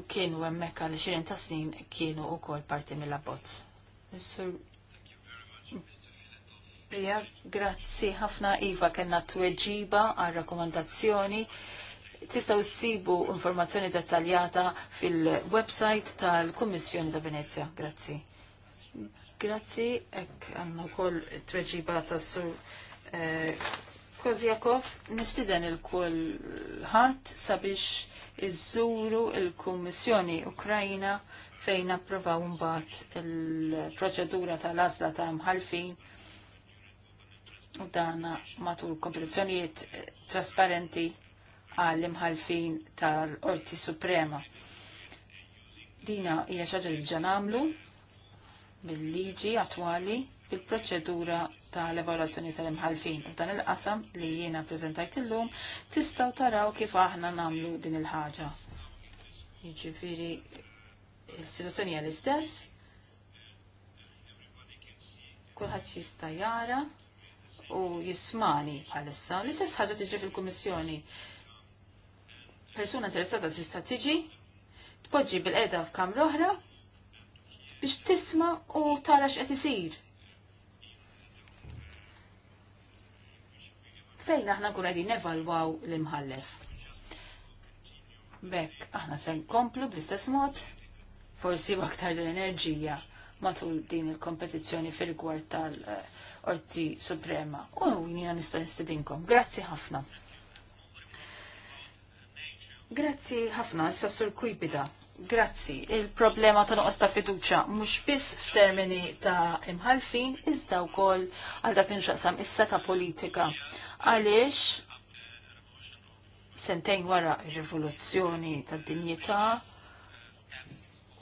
kienu hemmhekk għal 20 ta' snin kienu wkoll parti mill-abbozz. Sur Prija, grazzi ħafna Iva kena tweġiba għal rakomandazzjoni. Tistaw sibu informazzjoni dettaljata fil-website tal-Kummissjoni ta' Venezia. Grazzi. Grazzi, ek għanna kol tweġiba ta' sur eh, Kozjakov, nistiden il-kol ħat sabiex iżżuru il-Kummissjoni Ukrajina fejn approvaw mbagħad il-proċedura tal-għażla ta' mħalfin u dan matul kompetizzjonijiet trasparenti għall-imħalfin tal-Qorti Suprema. Dina hija xaġa li ġan għamlu bil-liġi attwali bil-proċedura tal-evaluazzjoni tal-imħalfin. U dan il-qasam li jiena prezentajt illum tistgħu taraw kif aħna nagħmlu din il-ħaġa. Jiġifieri il-situazzjoni hija l-istess. Kulħadd jista' jara u jismani bħalissa. L-istess ħaġa tiġri fil-Kummissjoni. Persuna interessata tista' tiġi, tpoġġi bil-qeda f'kamra oħra biex tisma' u tara x'qed isir. Fejn aħna kun qegħdin nevalwaw l-imħallef. Bekk, aħna se nkomplu bl-istess mod, forsi waktar l-enerġija matul din il-kompetizzjoni fil-gwar tal- uh, orti suprema. U jina nista nistedinkom. Grazzi ħafna. Grazzi ħafna, issa sur kujbida. Grazzi. Il-problema ta' nuqqas ta' fiduċa mhux biss f'termini ta' imħalfin iżda wkoll għal dak inxaqsam issa ta' politika. Għaliex sentejn wara r-rivoluzzjoni tad dinjità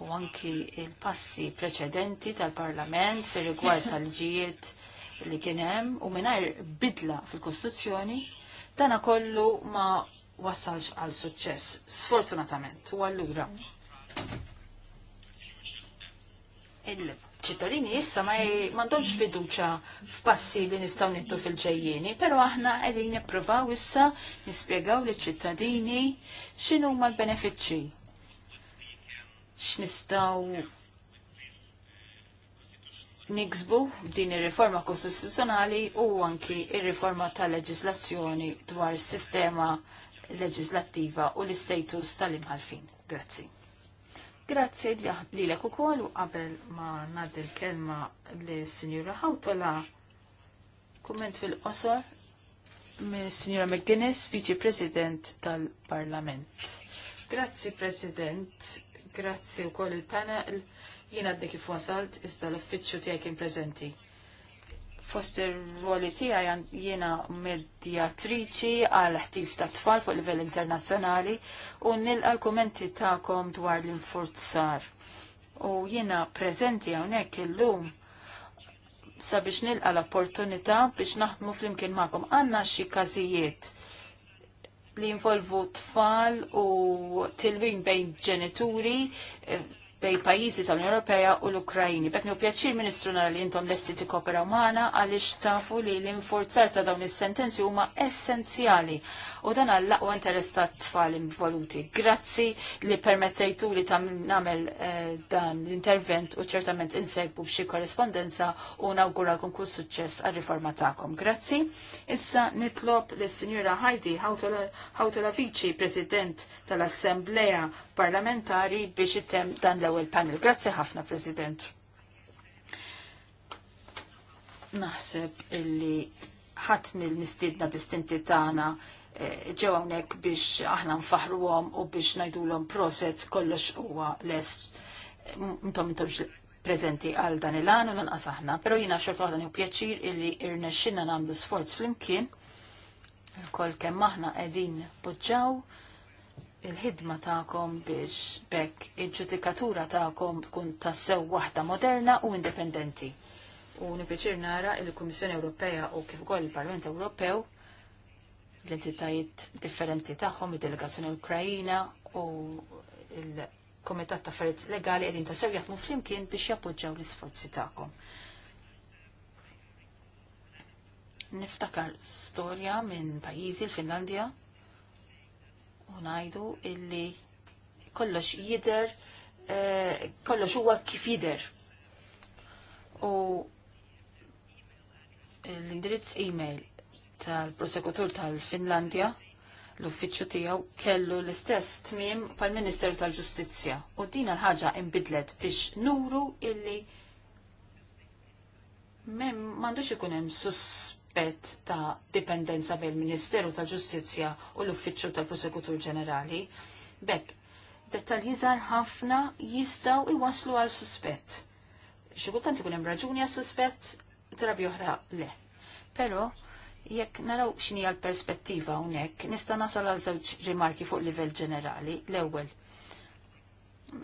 u anki il-passi preċedenti tal-Parlament fir rigward tal-ġijiet li kien hemm u mingħajr bidla fil-Kostituzzjoni dana kollu ma wassalx għal suċċess, sfortunatament, u allura. Il-ċittadini issa ma mandomx fiduċa f'passi li nistaw nittu fil-ġejjieni, pero aħna qegħdin nippruvaw issa nispjegaw liċ ċittadini x'inhuma ma l-benefiċċji. X'nistgħu niksbu din ir-riforma kostituzzjonali u anki ir-riforma tal-leġislazzjoni dwar sistema leġislattiva u l-istatus tal-imħalfin. Grazzi. Grazzi li l ukoll u qabel ma nad il-kelma li sinjura Hawtola kumment fil-qosor minn Sinjura McGuinness, Viċi President tal-Parlament. Grazzi President, grazzi u koll il-panel Jien għadni kif wasalt, iżda l-uffiċċju tiegħi kien preżenti. Fost ir-ruoli tiegħi jiena medjatriċi għal ħtif ta' tfal fuq livell internazzjonali u nilqa l-kumenti tagħkom dwar l-infurzar. U jiena preżenti hawnhekk illum sabiex nilqa l-opportunità biex naħdmu flimkien magħkom. Għandna xi każijiet li involvu tfal u tilwin bejn ġenituri eh, bej pajjiżi tal-Unjoni Ewropea u l-Ukrajni. Bekni u pjaċir Ministru nara li intom ti kopera umana għaliex tafu li l inforzar ta' dawn is-sentenzi huma essenzjali u dan għall interessat tfal involuti. Grazzi li permettejtu li tam namel eh, dan l-intervent u ċertament insegbu b'xi korrespondenza u nawguralkom kull suċċess għal-riforma ta'kom. Grazzi. Issa nitlob s sinjura Heidi Hawtola Vici, President tal-Assemblea Parlamentari biex jittem dan l-ewel panel. Grazzi ħafna, President. Naħseb illi ħadd mill-mistidna distinti tagħna ġew hawnhekk biex aħna nfaħruhom u biex ngħidulhom proset kollox huwa lest intom intomx prezenti għal dan il-għan u lanqas aħna, pero jina xorta għadan ju pjaċir illi irnexxinna nagħmlu sforz flimkien, il kemm aħna qegħdin poġġaw il-ħidma tagħkom biex bekk il-ġudikatura tagħkom tkun tassew waħda moderna u indipendenti. U nipiċir nara il-Kummissjoni Ewropea u kif ukoll il-Parlament Ewropew l-entitajiet differenti tagħhom, id-delegazzjoni Ukrajina u il-Komitat ta' Affarijiet Legali qegħdin ta' sew jaħdmu flimkien biex jappoġġaw l-isforzi tagħhom. Niftakar storja minn pajjiżi l-Finlandja u ngħidu illi kollox jidher eh, kollox huwa kif jidher. U l-indirizz email tal-prosekutur tal-Finlandja l-uffiċċju tiegħu kellu l-istess tmiem pal-Ministeru tal-Ġustizzja u din l-ħaġa inbidlet biex nuru illi mem m'għandux ikun hemm suspett ta' dipendenza bejn ministeru tal-Ġustizzja u l-Uffiċċju tal-Prosekutur Ġenerali. Bekk, dettalji żgħar ħafna jistgħu iwaslu għal suspett. Xi kultant ikun hemm raġuni għas suspett, drabi oħra le. Però Jekk naraw x'inhi l-perspettiva hawnhekk, nista' nasal għal żewġ rimarki fuq livell ġenerali. L-ewwel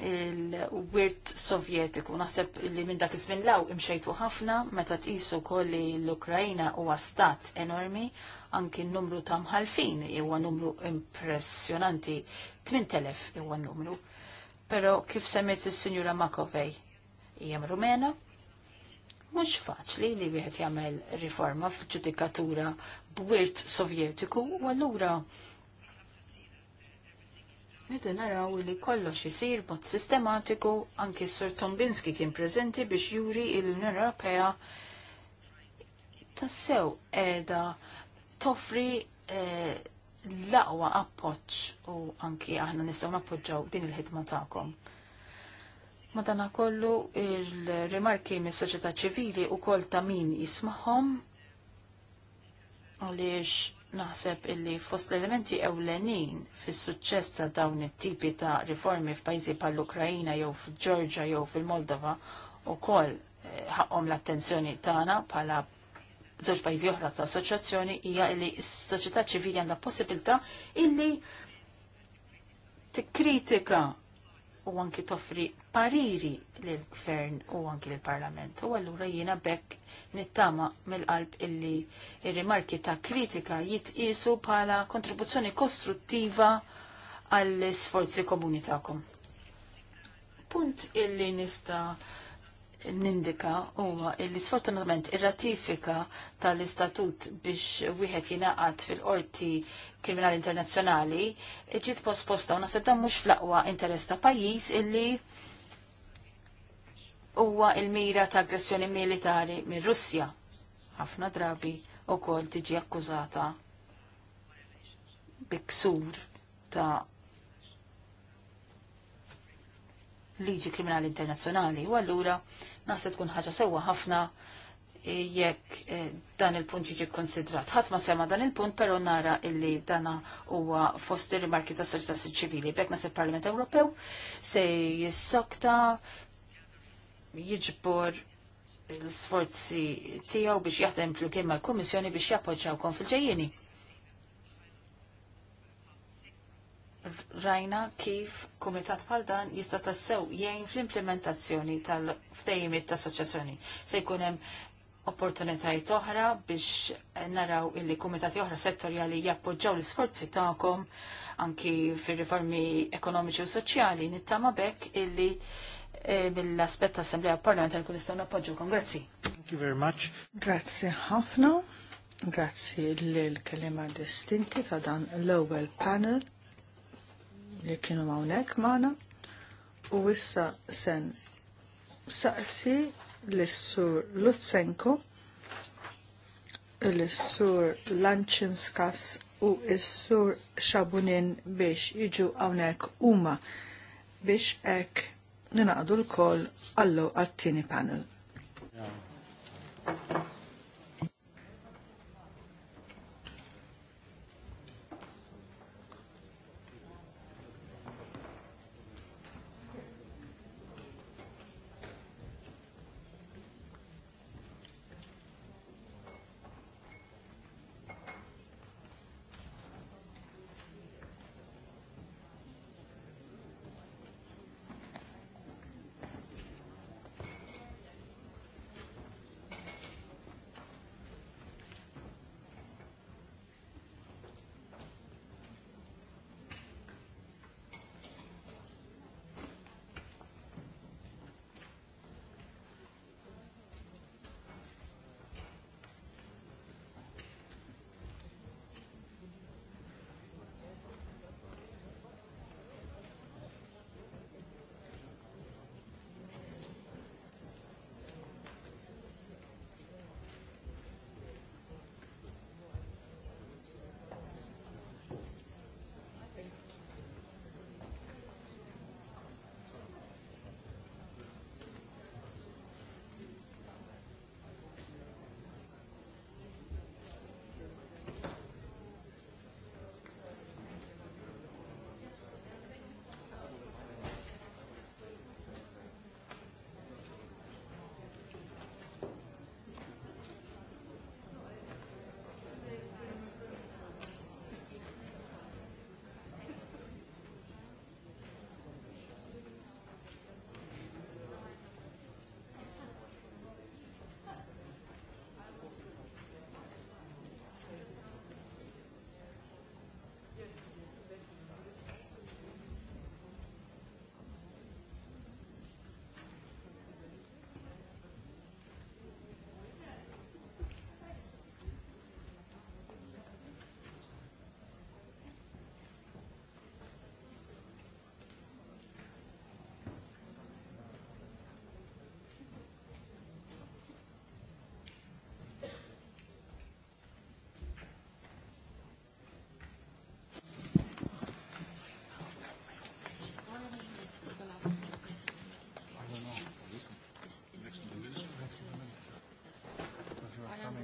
il-wirt sovjetiku. Naħseb li minn dak iż-żmien law imxejtu ħafna meta tqisu wkoll li l-Ukrajna huwa stat enormi anki n-numru ta' mħalfin huwa numru impressjonanti 8000 huwa n-numru. Però kif semmet is-Sinjura Makovej hija Rumena, Mhux faċli li wieħed jagħmel riforma fil-ġudikatura b'wirt sovjetiku u allura Nidu naraw li kollox isir bot sistematiku anki s-Sur Tombinski kien preżenti biex juri l-Unjoni Ewropea tassew edha toffri eh, l-aqwa appoġġ u anki aħna nistgħu nappoġġaw din il-ħidma tagħkom. Madana kollu il-rimarki mis soċjetà ċivili u kol ta' min jismahom għaliex naħseb illi fost l-elementi ewlenin fis suċċess ta' dawn it-tipi ta' riformi f'pajjiżi bħal ukraina jew fil jew fil-Moldova u kol eh, ħaqhom l-attenzjoni tagħna bħala żewġ pajjiżi oħra ta' assoċjazzjoni hija li s-soċjetà ċivili għandha possibilità illi tikkritika u anki toffri pariri lill-gvern u anki lill-parlament. U allura jiena bekk nittama mill-qalb illi il rimarki ta' kritika jitqisu bħala kontribuzzjoni kostruttiva għall sforzi komuni tagħkom. Punt illi nista' nindika huwa li sfortunatament ir-ratifika tal-istatut biex wieħed jingħaqad fil-qorti kriminali internazzjonali ġiet posposta u naħseb dan mhux fl-aqwa interess ta' pajjiż illi huwa il-mira ta' aggressjoni militari minn Russja ħafna drabi wkoll tiġi akkużata bi ksur ta' liġi kriminali internazzjonali. U allura nasa tkun ħaġa sewwa ħafna jekk eh, dan il-punt jiġi konsidrat. Ħadd ma sema dan il-punt, però nara illi dana huwa fost ir-rimarki ta' soċjetà ċivili. Bekk nas il-Parlament Ewropew se jissokta jiġbor l-sforzi tiegħu biex jaħdem fl-kien mal-Kummissjoni biex jappoġġawkom fil-ġejjieni. rajna kif kumitat bħal dan jista' tassew jgħin fl-implementazzjoni tal-ftejimiet ta' assoċjazzjoni. Se jkun hemm opportunitajiet oħra biex naraw illi kumitati oħra settorjali jappoġġaw l-isforzi tagħkom anki fir-riformi ekonomiċi u soċjali nittama bekk illi eh, mill-aspett ta' Assemblea Parlamentari kun nistgħu nappoġġukom. Grazzi. Thank you very much. Grazzi ħafna. Grazzi lill kelima distinti ta' dan l-ewwel panel li kienu mawnek maħna u wissa sen saqsi l-sur Lutsenko l-sur Lanchinskas u s-sur Xabunin biex iġu għawnek huma biex ek ninaqdu l-kol għallu għattini panel. Yeah.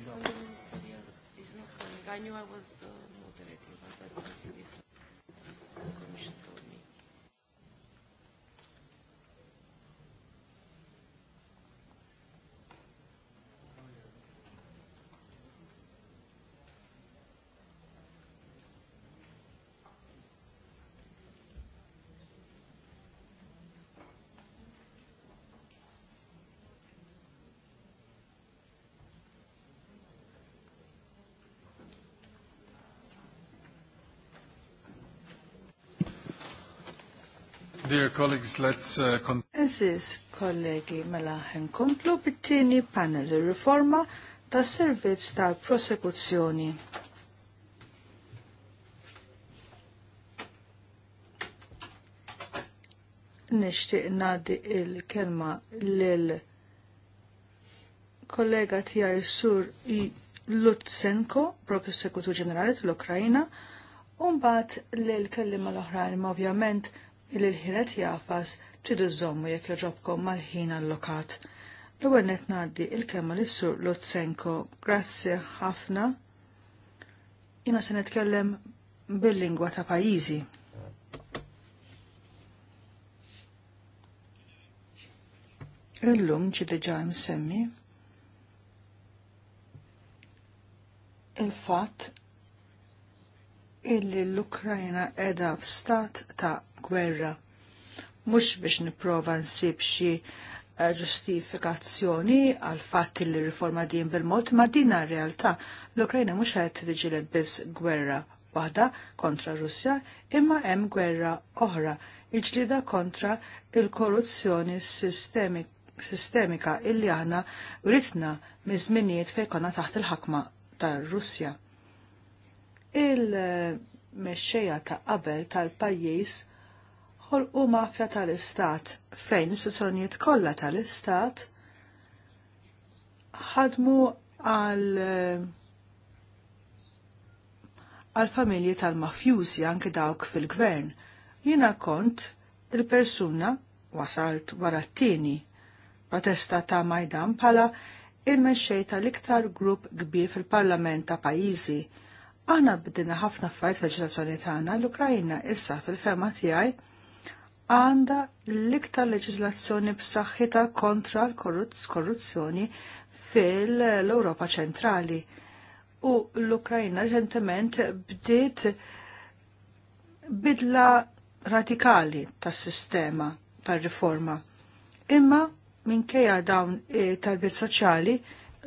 from the minister. is not coming. I knew I was. Uh, Dear colleagues, let's uh, Eżis, kollegi, mela ħenkomplu bit-tieni panel riforma tas servizz tal-prosekuzzjoni. Nixtieq ngħaddi il-kelma lil kollega tiegħi sur Lutsenko, prosekutur ġenerali tal ukrajina u mbagħad lil kelliema l-oħrajn ovvjament illi l ħiret jafas tridu żommu jekk joġobkom mal-ħin allokat. L-ewwel qed ngħaddi il-kelma lis-sur Lutsenko. Grazzi ħafna. Jiena se nitkellem bil-lingwa ta' pajjiżi. Illum ġi diġà msemmi il-fatt illi l-Ukrajna edha stat ta' gwerra. Mhux biex nipprova nsib xie eh, ġustifikazzjoni għal fatt li riforma din bil-mod ma din realtà l-Ukrajna mhux qed tiġilet biss gwerra waħda kontra Russja imma hemm gwerra oħra iġlida kontra il-korruzzjoni sistemika illi aħna ritna miż-żminijiet konna taħt il-ħakma tar-Russja. Il-mexxejja ta' qabel tal-pajjiż ħolqu mafja tal-istat fejn istituzzjonijiet kollha tal-istat ħadmu għal eh, għal familji tal-mafjużi anki dawk fil-gvern. Jiena kont il-persuna wasalt wara t-tieni protesta ta' Majdan pala il-mexxej l iktar grupp kbir fil-parlament ta' pajjiżi. Aħna bdina ħafna fajt fil-ġitazzjoni tagħna l-Ukrajna issa fil-fema tiegħi għanda l-iktar leġislazzjoni b'saħħita kontra l-korruzzjoni fil-Europa ċentrali. U l-Ukrajna reċentement bdiet bidla radikali tas sistema tar riforma Imma minkejja dawn eh, tal-bit soċjali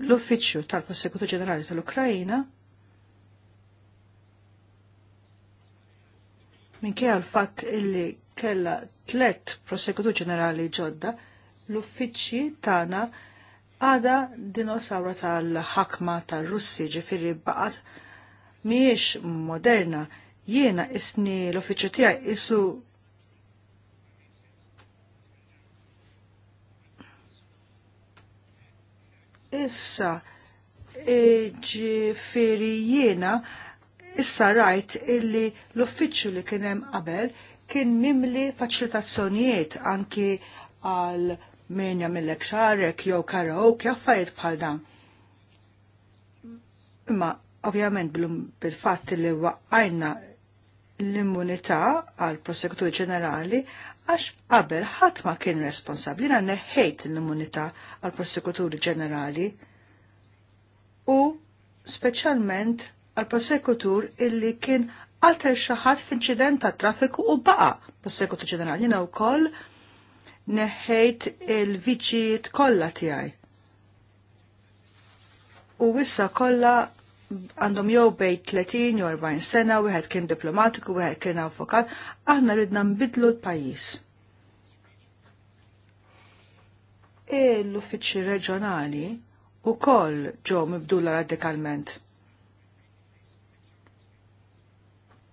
l-Uffiċċju tal-Prosekutu Ġenerali tal-Ukrajna Minkejja l-fatt illi kella tlet prosekutur ġenerali ġodda, l-uffiċċji tagħna għada dinosawra tal-ħakma tal-Russi ġifiri baqat miex moderna jiena isni l-uffiċċju tiegħi isu Issa, e ġifiri jiena issa rajt illi l-uffiċċju li kien hemm qabel kien mimli faċilitazzjonijiet anki għal min jagħmilek xarek jew karaoke affarijiet bħal dan. Imma ovvjament bil-fatt li waqqajna l-immunità għal prosekutur ġenerali għax qabel ħadd ma kien responsabbli jiena neħħejt l-immunità għal prosekuturi ġenerali u speċjalment għal prosekutur illi kien għalter xaħat f'inċident ta' traffiku u baqa prosekutur ġenerali jina u koll neħejt il-viċijiet kollha tiegħi. U wissa kollha għandhom jow bej 30 jew 40 sena, wieħed kien diplomatiku, wieħed kien avokat, aħna ridna nbidlu l-pajjiż. E l-uffiċċji reġjonali u koll ġew mibdula radikalment.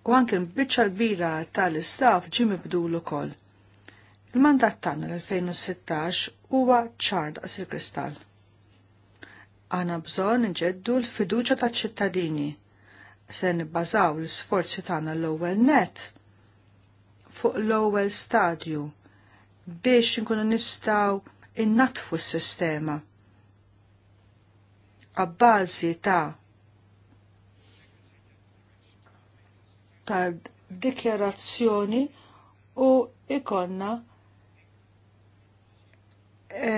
u anke l-biċċa l-bira tal-istaff ġie mibdul ukoll. Il-mandat tagħna l-2016 huwa ċar daqs il-kristall. Għana bżonn nġeddu l-fiduċa taċ-ċittadini se nibbażaw l-sforzi tagħna l-ewwel net fuq l-ewwel stadju biex inkunu nistgħu innatfu s-sistema. Abbażi ta' tal-dikjarazzjoni u ikonna e,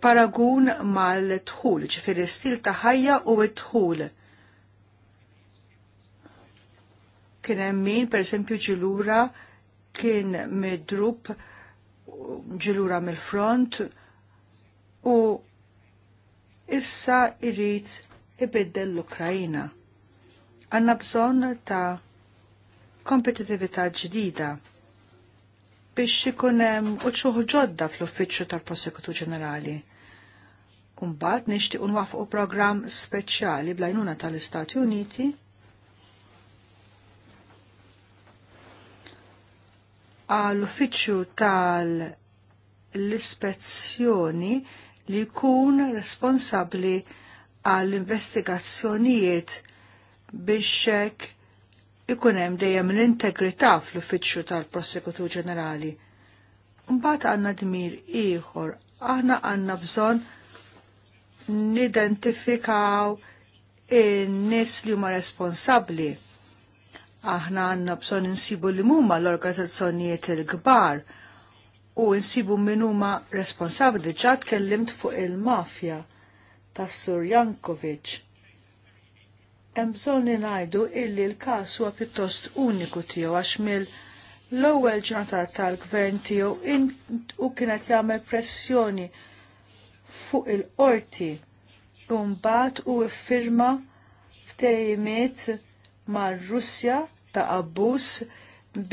paragun mal-tħul, ċifir stil ta' ħajja u t-tħul. Kien hemm min, esempio, ġilura kien midrup ġilura mill-front u issa irrit ibeddel l-Ukrajina. Għanna bżonn ta' kompetitività ġdida biex ikun hemm uċċuħ ġodda fl-Uffiċċju tal-Prosekutur Ġenerali. Umbat nixtieq unwafqu programm speċjali blajnuna tal-Istati Uniti għal uffiċċju tal-Ispezzjoni li jkun responsabbli għall-investigazzjonijiet biex hekk ikun hemm dejjem l-integrità fl-uffiċċju tal-Prosekutur Ġenerali. Mbagħad għandna dmir ieħor, aħna għandna bżonn nidentifikaw in-nies li huma responsabbli. Aħna għandna bżonn insibu li huma l-organizzazzjonijiet il-kbar u insibu min huma responsabbli Ġad kellimt fuq il-mafja tas-Sur Jankovic hemm bżonn ngħidu illi l-każ huwa pjuttost uniku tiegħu għax mill l-ewwel ġurnata tal-gvern tiegħu u kienet jagħmel pressjoni fuq il-qorti u mbagħad u iffirma ftejmiet mar-Russja ta' abbuż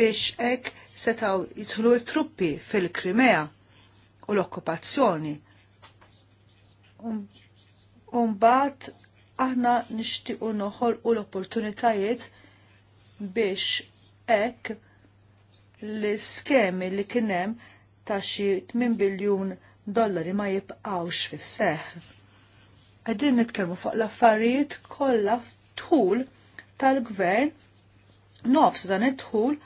biex hekk setgħu jidħlu t-truppi fil-Krimea u l-okkupazzjoni. Umbat aħna nixtiequ noħolqu l-opportunitajiet biex hekk l-iskemi li kien hemm ta' xi 8 biljun dollari ma jibqgħux fis-seħħ. Qegħdin nitkellmu fuq l-affarijiet kollha tħul tal-gvern nofs dan it-tħul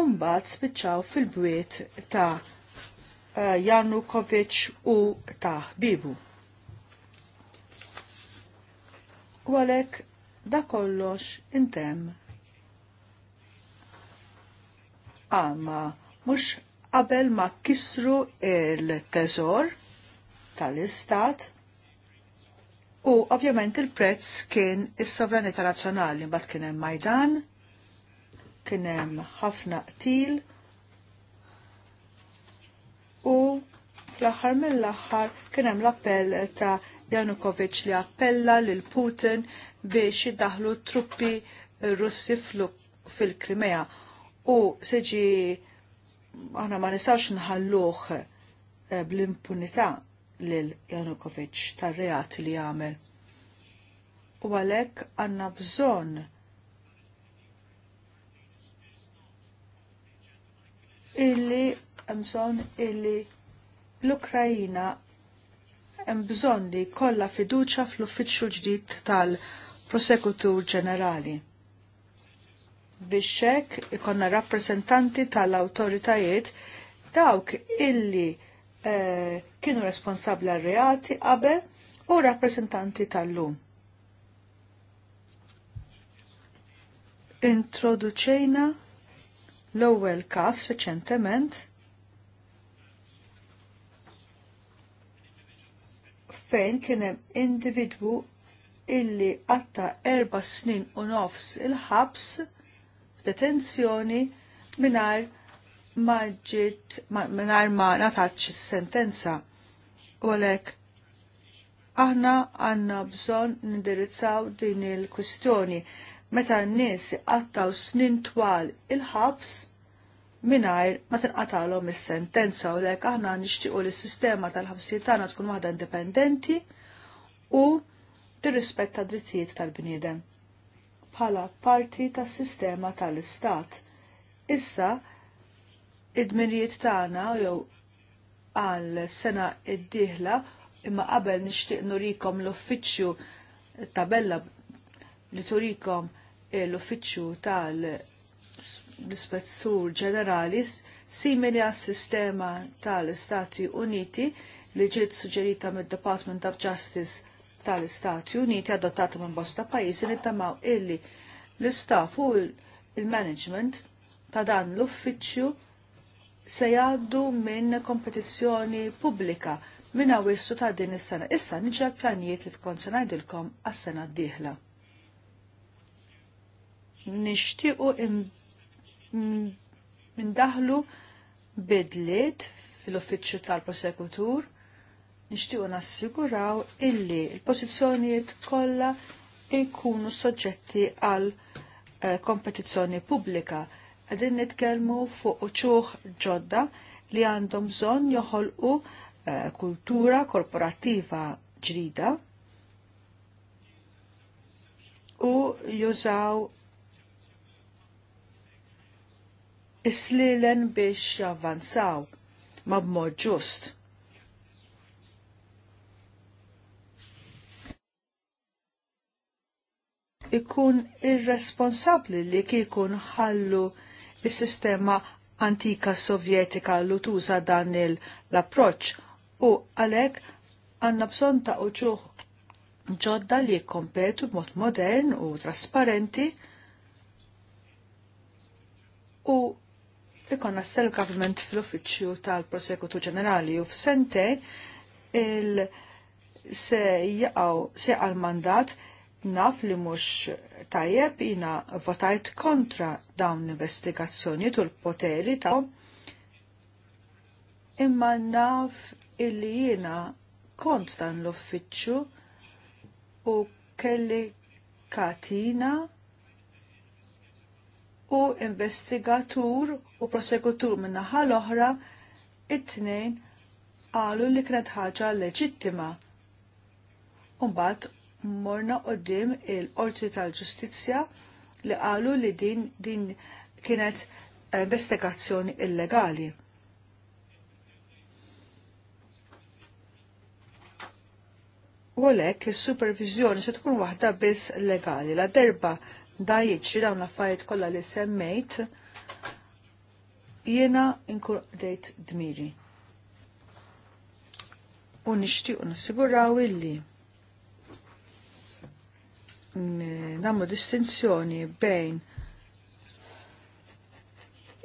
mbagħad spiċċaw fil-bwiet ta' eh, Janukovic u ta' Bibu. U għalek da kollox intem. Għama, ah, mux qabel ma kisru il-teżor tal-istat u ovvjament il-prezz kien is-sovranità il nazzjonali mbagħad kien hemm Majdan, kien hemm ħafna qtil u fl-aħħar mill-aħħar kien hemm l-appell ta' Janukovic li appella lil Putin biex jiddaħlu truppi russi fil-Krimea u seġi aħna ma nistax nħalluh eh, bl-impunità lil Janukovic tar-reat li għamel. U għalek għanna bżon illi għamżon illi l-Ukrajina hemm bżonn li jkollha fiduċja fl-uffiċċju ġdid tal-Prosekutur Ġenerali biex hekk ikonna rappresentanti tal-awtoritajiet dawk illi eh, kienu responsabbli għal reati qabel u rappresentanti tal-lum. Introduċejna l-ewwel kaf reċentement fejn kien hemm individwu illi għatta erba snin u nofs il-ħabs f'detenzjoni minar ma minar ma nataċ sentenza u għalek aħna għanna bżon nindirizzaw din il-kustjoni meta n-nies għattaw snin twal il-ħabs minajr ma tinqatalhom is-sentenza u lek aħna nixtiequ li s-sistema tal-ħabsijiet tagħna tkun waħda indipendenti u tirrispetta drittijiet tal-bniedem bħala parti tas-sistema tal-istat. Issa id-dmirijiet tagħna jew għal sena id-dieħla imma qabel nixtieq nurikom l-uffiċċju tabella li turikom eh, l-uffiċċju tal- l-Ispettur Ġenerali simili għas sistema tal-Istati Uniti li ġiet suġġerita mid department of Justice tal-Istati Uniti adottata minn bosta pajjiżi li tamaw illi l-istaff u il-management ta' dan l-uffiċċju se jgħaddu minn kompetizzjoni pubblika minn għawissu ta' din is-sena. Issa niġa pjanijiet li fkont se ngħidilkom għas-sena d-dieħla. Nixtiequ daħlu bidliet fil-uffiċċju tal-prosekutur nixtiequ nassiguraw illi l-pożizzjonijiet kollha jkunu soġġetti għal eh, kompetizzjoni pubblika. qegħdin nitkellmu fuq uċuħ ġodda li għandhom bżonn joħolqu eh, kultura korporattiva ġrida u jużaw islilen biex javvanzaw ma b'mod ġust. Ikun irresponsabli li kikun ħallu is-sistema antika sovjetika l tuża dan l-approċ u għalek għanna bżon ta' uċuħ ġodda li kompetu b'mod modern u trasparenti ikonna self-government fl-uffiċċju tal-Prosekutu Ġenerali u f'sentej il se jaqaw se għal mandat naf li mhux tajjeb jina votajt kontra dawn l-investigazzjoni tul poteri ta' imma naf illi jina kont dan l-uffiċċju u kelli katina u investigatur u prosekutur minna l-oħra it-tnejn għalu li kienet ħaġa leġittima. Umbat morna qoddim il-Qorti tal-Ġustizzja li qalu li din, din kienet investigazzjoni illegali. U għalhekk is-supervizjoni se tkun waħda biss legali. La derba xi dawn l-affarijiet kollha li semmejt jiena inkur dejt dmiri. U nixtiequ nassiguraw illi nagħmlu distinzjoni bejn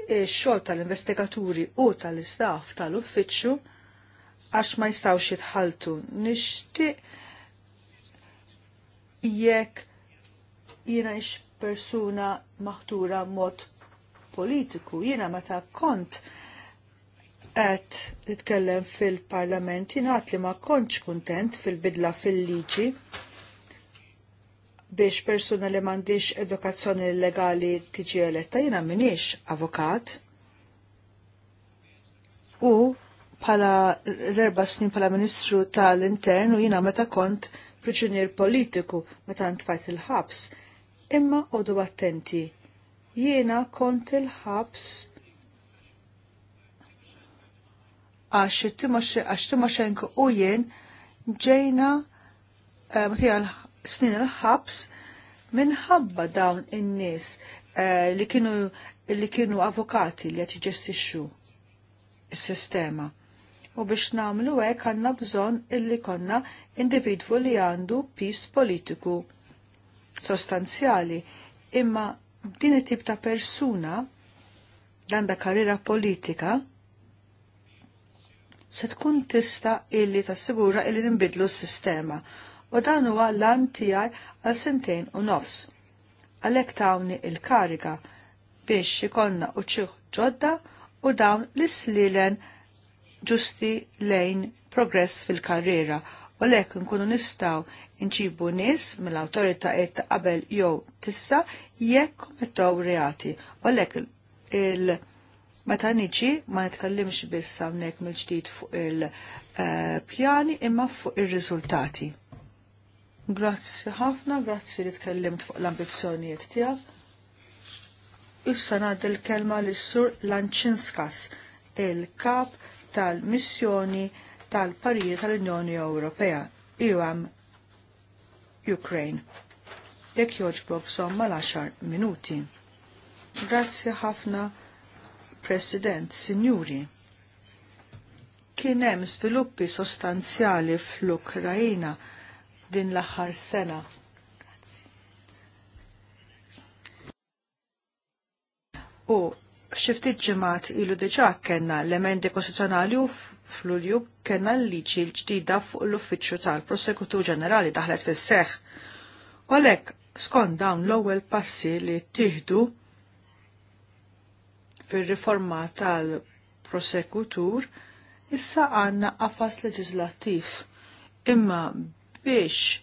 xogħol tal-investigaturi u tal-istaff tal-uffiċċju għax ma jistawx jitħaltu. Nixtieq jekk jiena ix persuna maħtura mod politiku. Jiena meta kont għet nitkellem fil-parlament, jiena għat li ma kontx kontent fil-bidla fil-liġi biex persuna li mandiġ edukazzjoni legali tiġi eletta, jina minix avokat. U pala l-erba snin pala ministru tal-intern u jina meta kont priġunier politiku meta ntfajt il-ħabs imma odu attenti. Jiena kont il-ħabs għax Timoxenko u jien ġejna uh, snin il ħabs minħabba dawn in-nies eh, li kienu li kienu avokati li qed ġestixxu s-sistema. U biex namlu hekk għandna bżonn illi konna individwu li għandu pis politiku sostanzjali, imma din it-tip ta' persuna għanda karriera politika se tkun tista illi tassigura illi nimbidlu s-sistema u dan huwa l-an tiegħi għal sentejn u nofs. Għalhekk tawni il-kariga biex ikonna ċiħ ġodda u dawn l-islilen ġusti lejn progress fil-karriera u lek nkunu nistaw inċibu nis mill-autoritajiet et qabel jew tissa jekk kommettaw reati. Għalhekk il meta niġi ma nitkellimx biss hawnhekk mill-ġdid fuq il-pjani imma fuq ir-riżultati. Grazzi ħafna, grazzi li tkellimt fuq l-ambizzjonijiet tiegħek. Issa ngħaddi l-kelma lis-sur Lanċinskas, il-kap tal-missjoni tal parijiet tal-Unjoni Ewropea, Iwam. Ukraine. Jekk joġbog somma l minuti. Grazzi ħafna, President, Signuri. Kien hemm sviluppi sostanzjali fl-Ukrajina din l-aħħar sena U xiftit ġemat ilu diġa kena l-emendi konstituzjonali u fl-Ulju kena l-liċi l-ġdida fuq l-Uffiċċju tal-Prosekutur Ġenerali daħlet fis seħ U għalek, skont dawn l-ewwel passi li tieħdu fir-riforma tal-prosekutur, issa għandna qafas leġislattiv. Imma biex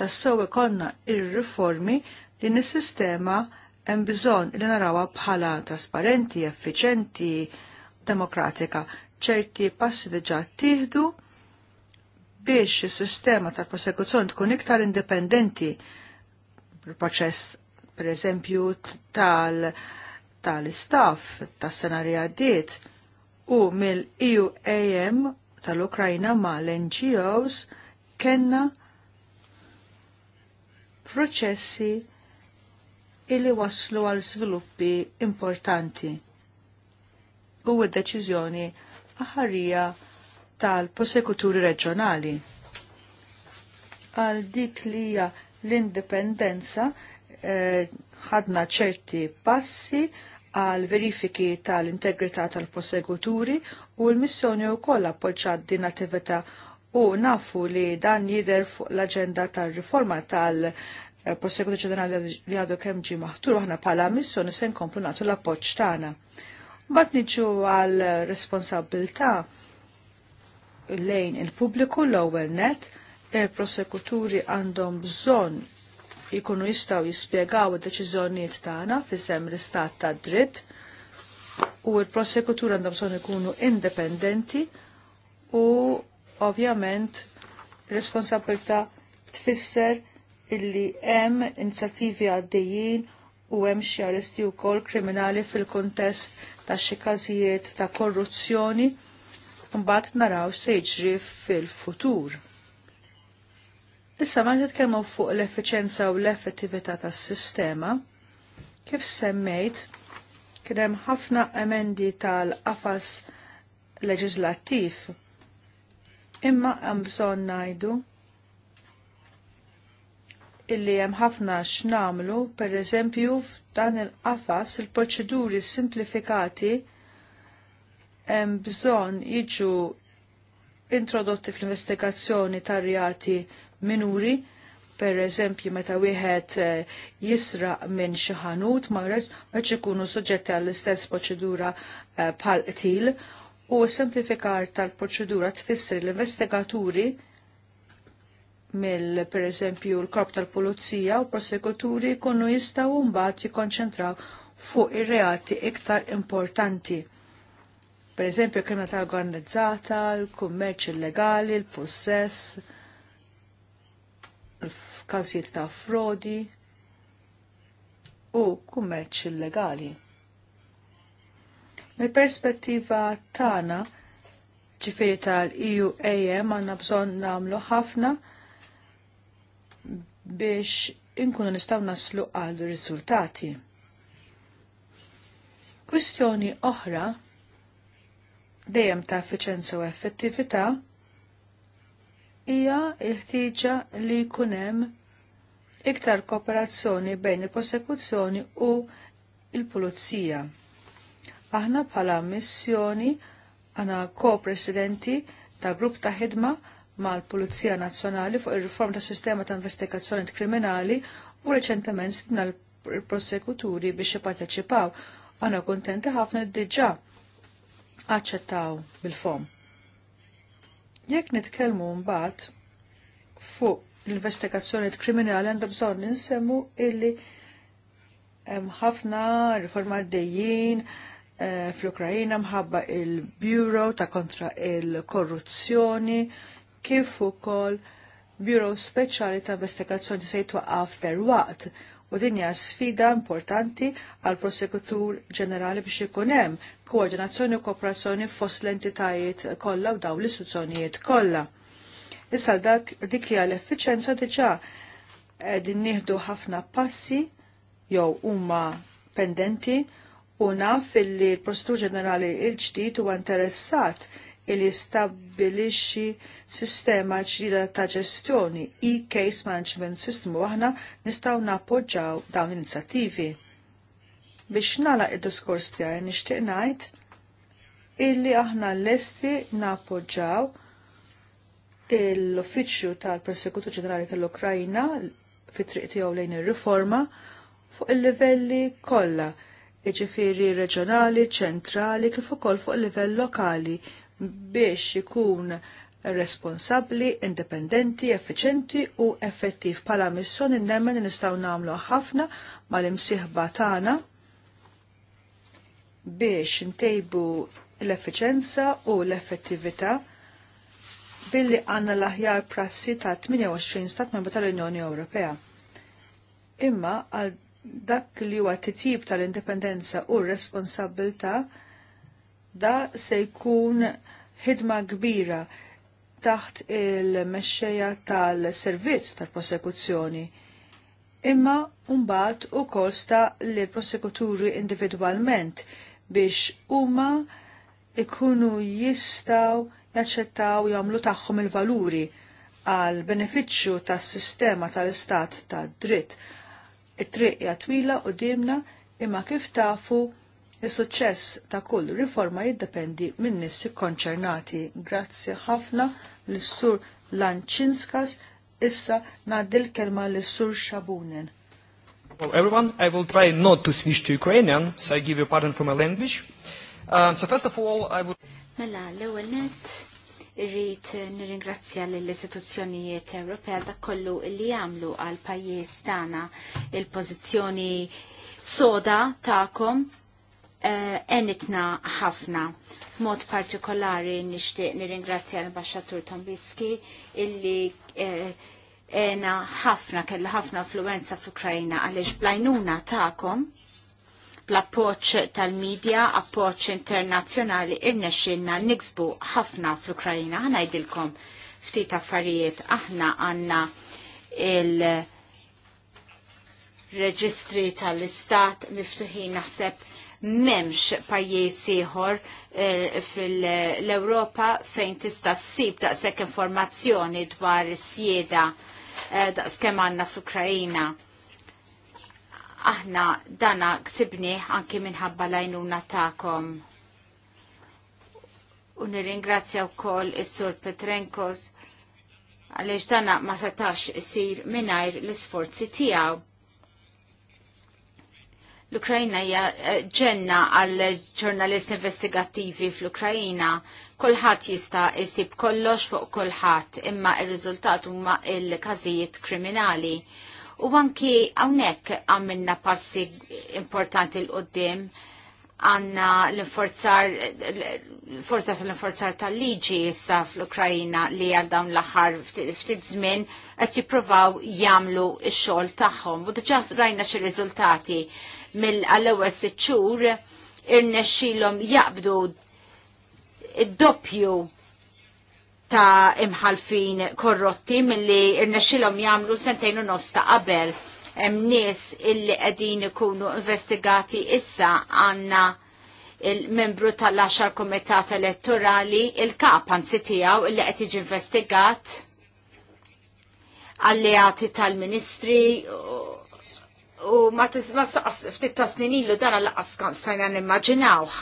tassew ikonna il riformi din is-sistema hemm bżonn li narawha bħala trasparenti, effiċenti, demokratika ċerti passi diġa' tiħdu biex is-sistema tal prosekuzzjoni tkun iktar indipendenti proċess per eżempju tal tal-istaff tas-sena li għaddiet u mill-EUAM tal-Ukrajna ma l-NGOs kenna proċessi illi waslu għal sviluppi importanti u d-deċiżjoni aħarija tal-prosekuturi reġjonali. Għal dik li hija l-indipendenza eh, ħadna eh, ċerti passi għal verifiki tal-integrità tal-prosekuturi u l-missjoni wkoll appoġġjat din attività u nafu li dan jidher fuq l-aġenda tal-riforma tal-, prosekuturi Ġenerali li għadu kemġi maħtur, għahna pala missjoni se nkomplu natu l-appoċ tagħna. Bat niġu għal responsabilta lejn il-pubbliku l-ewwel net, il-prosekuturi għandhom bżonn jikunu jistaw jispiegaw id-deċiżjonijiet tagħna fi sem l-istat ta' dritt u l-prosekutur għandhom bżonn ikunu indipendenti u ovvjament responsabilità tfisser illi hemm inizjattivi għaddejjin u hemm xi arresti wkoll kriminali fil-kuntest ta' xi każijiet ta' korruzzjoni mbagħad naraw se jiġri fil-futur. Issa ma nitkellmu fuq l-effiċenza u l-effettività tas-sistema, kif semmejt kien hemm ħafna emendi tal-qafas leġislattiv. Imma hemm bżonn ngħidu illi hemm ħafna x'namlu, pereżempju f'dan il-qafas il-proċeduri simplifikati hemm bżonn jiġu introdotti fl-investigazzjoni tar reati minuri, per eżempju meta wieħed eh, jisraq minn xi ħanut ma rridx ikunu suġġetti għall-istess proċedura eh, bħal qtil u s-simplifikar tal-proċedura tfisser l-investigaturi mill per eżempju l-korp tal-pulizija u prosekuturi kunu jistaw mbagħad jikkonċentraw fuq ir-reati iktar importanti. Per eżempju kriminalità organizzata, l-kummerċ illegali, l-possess, l-każijiet ta' frodi u kummerċ illegali. mil perspettiva tagħna ġifieri tal euam għandna għanna bżon namlu ħafna biex inkunu nistaw naslu għal risultati. Kwistjoni oħra dejjem ta' effiċenza u effettività hija l-ħtieġa li jkun hemm iktar kooperazzjoni bejn il-prosekuzzjoni u il-pulizija. Aħna bħala missjoni għana ko-presidenti ta' grupp ta' ħidma mal-Pulizija Nazzjonali fuq ir-riform tas sistema ta' investigazzjoni kriminali u reċentement sidna l-prosekuturi biex jipparteċipaw. Għana kontenta ħafna diġà aċċettaw bil-fom. Jekk nitkellmu mbagħad fuq l-investigazzjoni kriminali għandha bżonn insemmu illi hemm ħafna riforma dejjin eh, fl-Ukrajina mħabba il-Bureau ta' kontra il-korruzzjoni, kif ukoll Bureau Speċjali ta' Investigazzjoni se after derwaqt u din hija sfida importanti għal prosekutur ġenerali biex ikun hemm koordinazzjoni u kooperazzjoni fost l-entitajiet kollha u dawn l-istituzzjonijiet kollha. Issa dak dik hija l-effiċenza diġà qegħdin nieħdu ħafna passi jew huma pendenti u naf li l-Prostur Ġenerali l ġdid huwa interessat illi stabbilixi sistema ġdida ta' ġestjoni e-case management system u aħna nistgħu nappoġġaw dawn l-inizjattivi. Biex nala id-diskors tiegħi nixtieq ngħid illi aħna lesti nappoġġaw l-Uffiċċju tal persekutu Ġenerali tal-Ukrajna fit-triq tiegħu lejn ir-riforma fuq il-livelli kollha, jiġifieri reġjonali, ċentrali, kif ukoll fuq il-livell lokali biex ikun responsabli, indipendenti, effiċenti u effettiv pala missjoni nemmen nistaw namlu ħafna mal-imsiħba tagħna biex ntejbu l-effiċenza u l-effettività billi għanna l-aħjar prassi ta' 28 stat membru tal-Unjoni Ewropea. Imma għal dak li huwa titjib tal-indipendenza u r-responsabilta' Da se jkun ħidma kbira taħt il-mexxejja tal-servizz tal-prosekuzzjoni. Imma mbagħad ukoll sta li prosekuturi individwalment biex huma ikunu jistaw jaċċettaw jagħmlu tagħhom il-valuri għal benefiċċju tas-sistema tal-istat tad-dritt. It-triq hija twila dimna imma kif tafu Is-suċċess ta' kull riforma jiddependi minn nies konċernati. Grazzi ħafna l-Sur Lanċinskas, issa ngħaddi l-kelma l-Sur Shabunen. Hello, everyone, I will try not to switch to Ukrainian, so I give you pardon for my language. Um, so first of all, I would... Mela, l-ewel net, irrit nirringrazzja l-istituzzjonijiet Ewropea da kollu li jamlu għal pajjiż tagħna il-pożizzjoni soda tagħkom Eh, enitna ħafna. Mod partikolari nishtiq nir-ingrazzja l-Baxxatur Tombiski illi eh, ena ħafna kella ħafna affluenza fl-Ukrajna għaliex blajnuna ta'kom bl-appoċ tal-medja, appoċ internazzjonali irnexxinna niksbu ħafna fl-Ukrajna. Ħanajdilkom ftit affarijiet aħna għanna il- reġistri tal-istat miftuħin naħseb memx pajjiż ieħor eh, fil-Ewropa fejn tista' ssib daqshekk informazzjoni dwar is-sjeda eh, daqskemm għandna fl-Ukrajina. Aħna dana ksibni anki minħabba lajnuna ta'kom. U nirringrazzja wkoll is-Sur Petrenkos għaliex dana ma setax isir mingħajr l-isforzi tiegħu L-Ukrajna hija eh, ġenna għal ġurnalisti investigattivi fl-Ukrajna. Kulħadd jista' jsib kollox fuq kulħadd, imma r-riżultat huma l-każijiet kriminali. U anki hawnhekk għamilna passi importanti l qoddim għanna l-inforzar, forza tal-inforzar tal-liġi issa fl-Ukrajina li għal dawn l-axar ftit żmien qed jippruvaw jagħmlu x-xogħol tagħhom u diġà rajna xi riżultati mill-għall-ewwel sitt xhur irnexxilhom jaqbdu id-doppju ta' imħalfin korrotti mill-li irnexxilom jagħmlu sentejn u nofs ta' qabel hemm nies illi qegħdin ikunu investigati issa għandna il-membru tal-10 Kumitat Elettorali, il-kap anzi tiegħu illi qed jiġi investigat alleati tal-ministri U ma tizmas ftit ta' snin ilu dan laqas kan sajna nimmaġinawh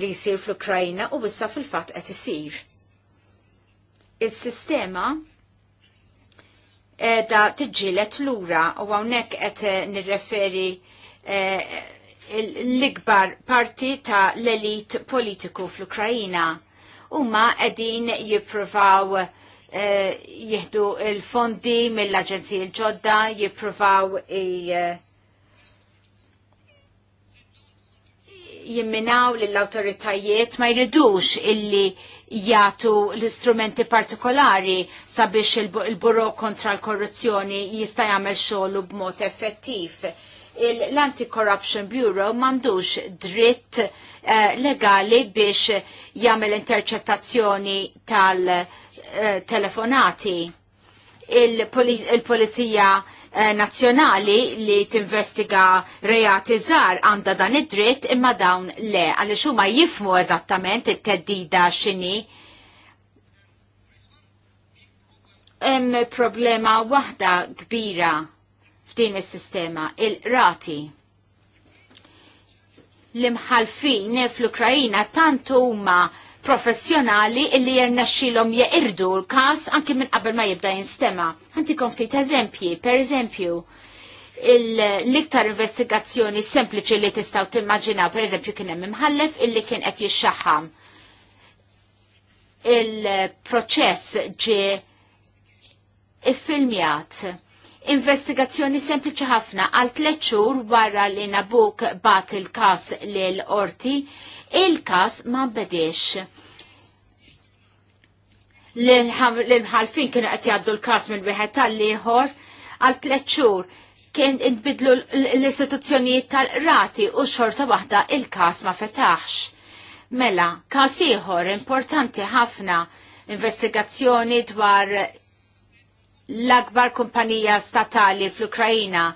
li jisir fl-Ukrajna u issa fil-fatt qed isir. Is-sistema edha tiġġilet lura u hawnhekk qed nirreferi eh, l-ikbar parti ta' l-elit politiku fl-Ukrajina huma qegħdin jippruvaw eh, jihdu il-fondi mill aġenzija l-ġodda, jippruvaw eh, jimminaw l-autoritajiet ma jridux illi jgħatu l-istrumenti partikolari sabiex il-buro kontra l-korruzzjoni jista' jagħmel xogħlu b'mod effettiv. L-Anti-Corruption Bureau mandux dritt uh, legali biex jagħmel interċettazzjoni tal-telefonati. Eh, uh, il-polizija il Eh, nazzjonali li tinvestiga reati żgħar għandha dan id-dritt imma dawn le għaliex huma jifmu eżattament it-teddida x'inhi. Hemm problema waħda kbira f'din is-sistema il-rati l-imħalfin fl-Ukrajina tantu huma professjonali illi jirnexxilhom jeqirdu l-każ anki minn qabel ma jibda jinstema. Għanti ftit eżempji, per eżempju, l-iktar investigazzjoni sempliċi li tistaw timmaġinaw, per eżempju, kien hemm imħallef illi kien qed jixxaħħam. Il-proċess ġie iffilmjat investigazzjoni sempliċi ħafna għal tleċċur xhur wara li Nabuk bat il-każ lil Orti, il-każ ma bedex. L-mħalfin kienu qed jgħaddu l-każ minn wieħed tal-ieħor għal tliet kien intbidlu l-istituzzjonijiet tal-rati u xorta waħda il-każ ma fetaħx. Mela, każ ieħor importanti ħafna investigazzjoni dwar l-akbar kumpanija statali fl-Ukrajina,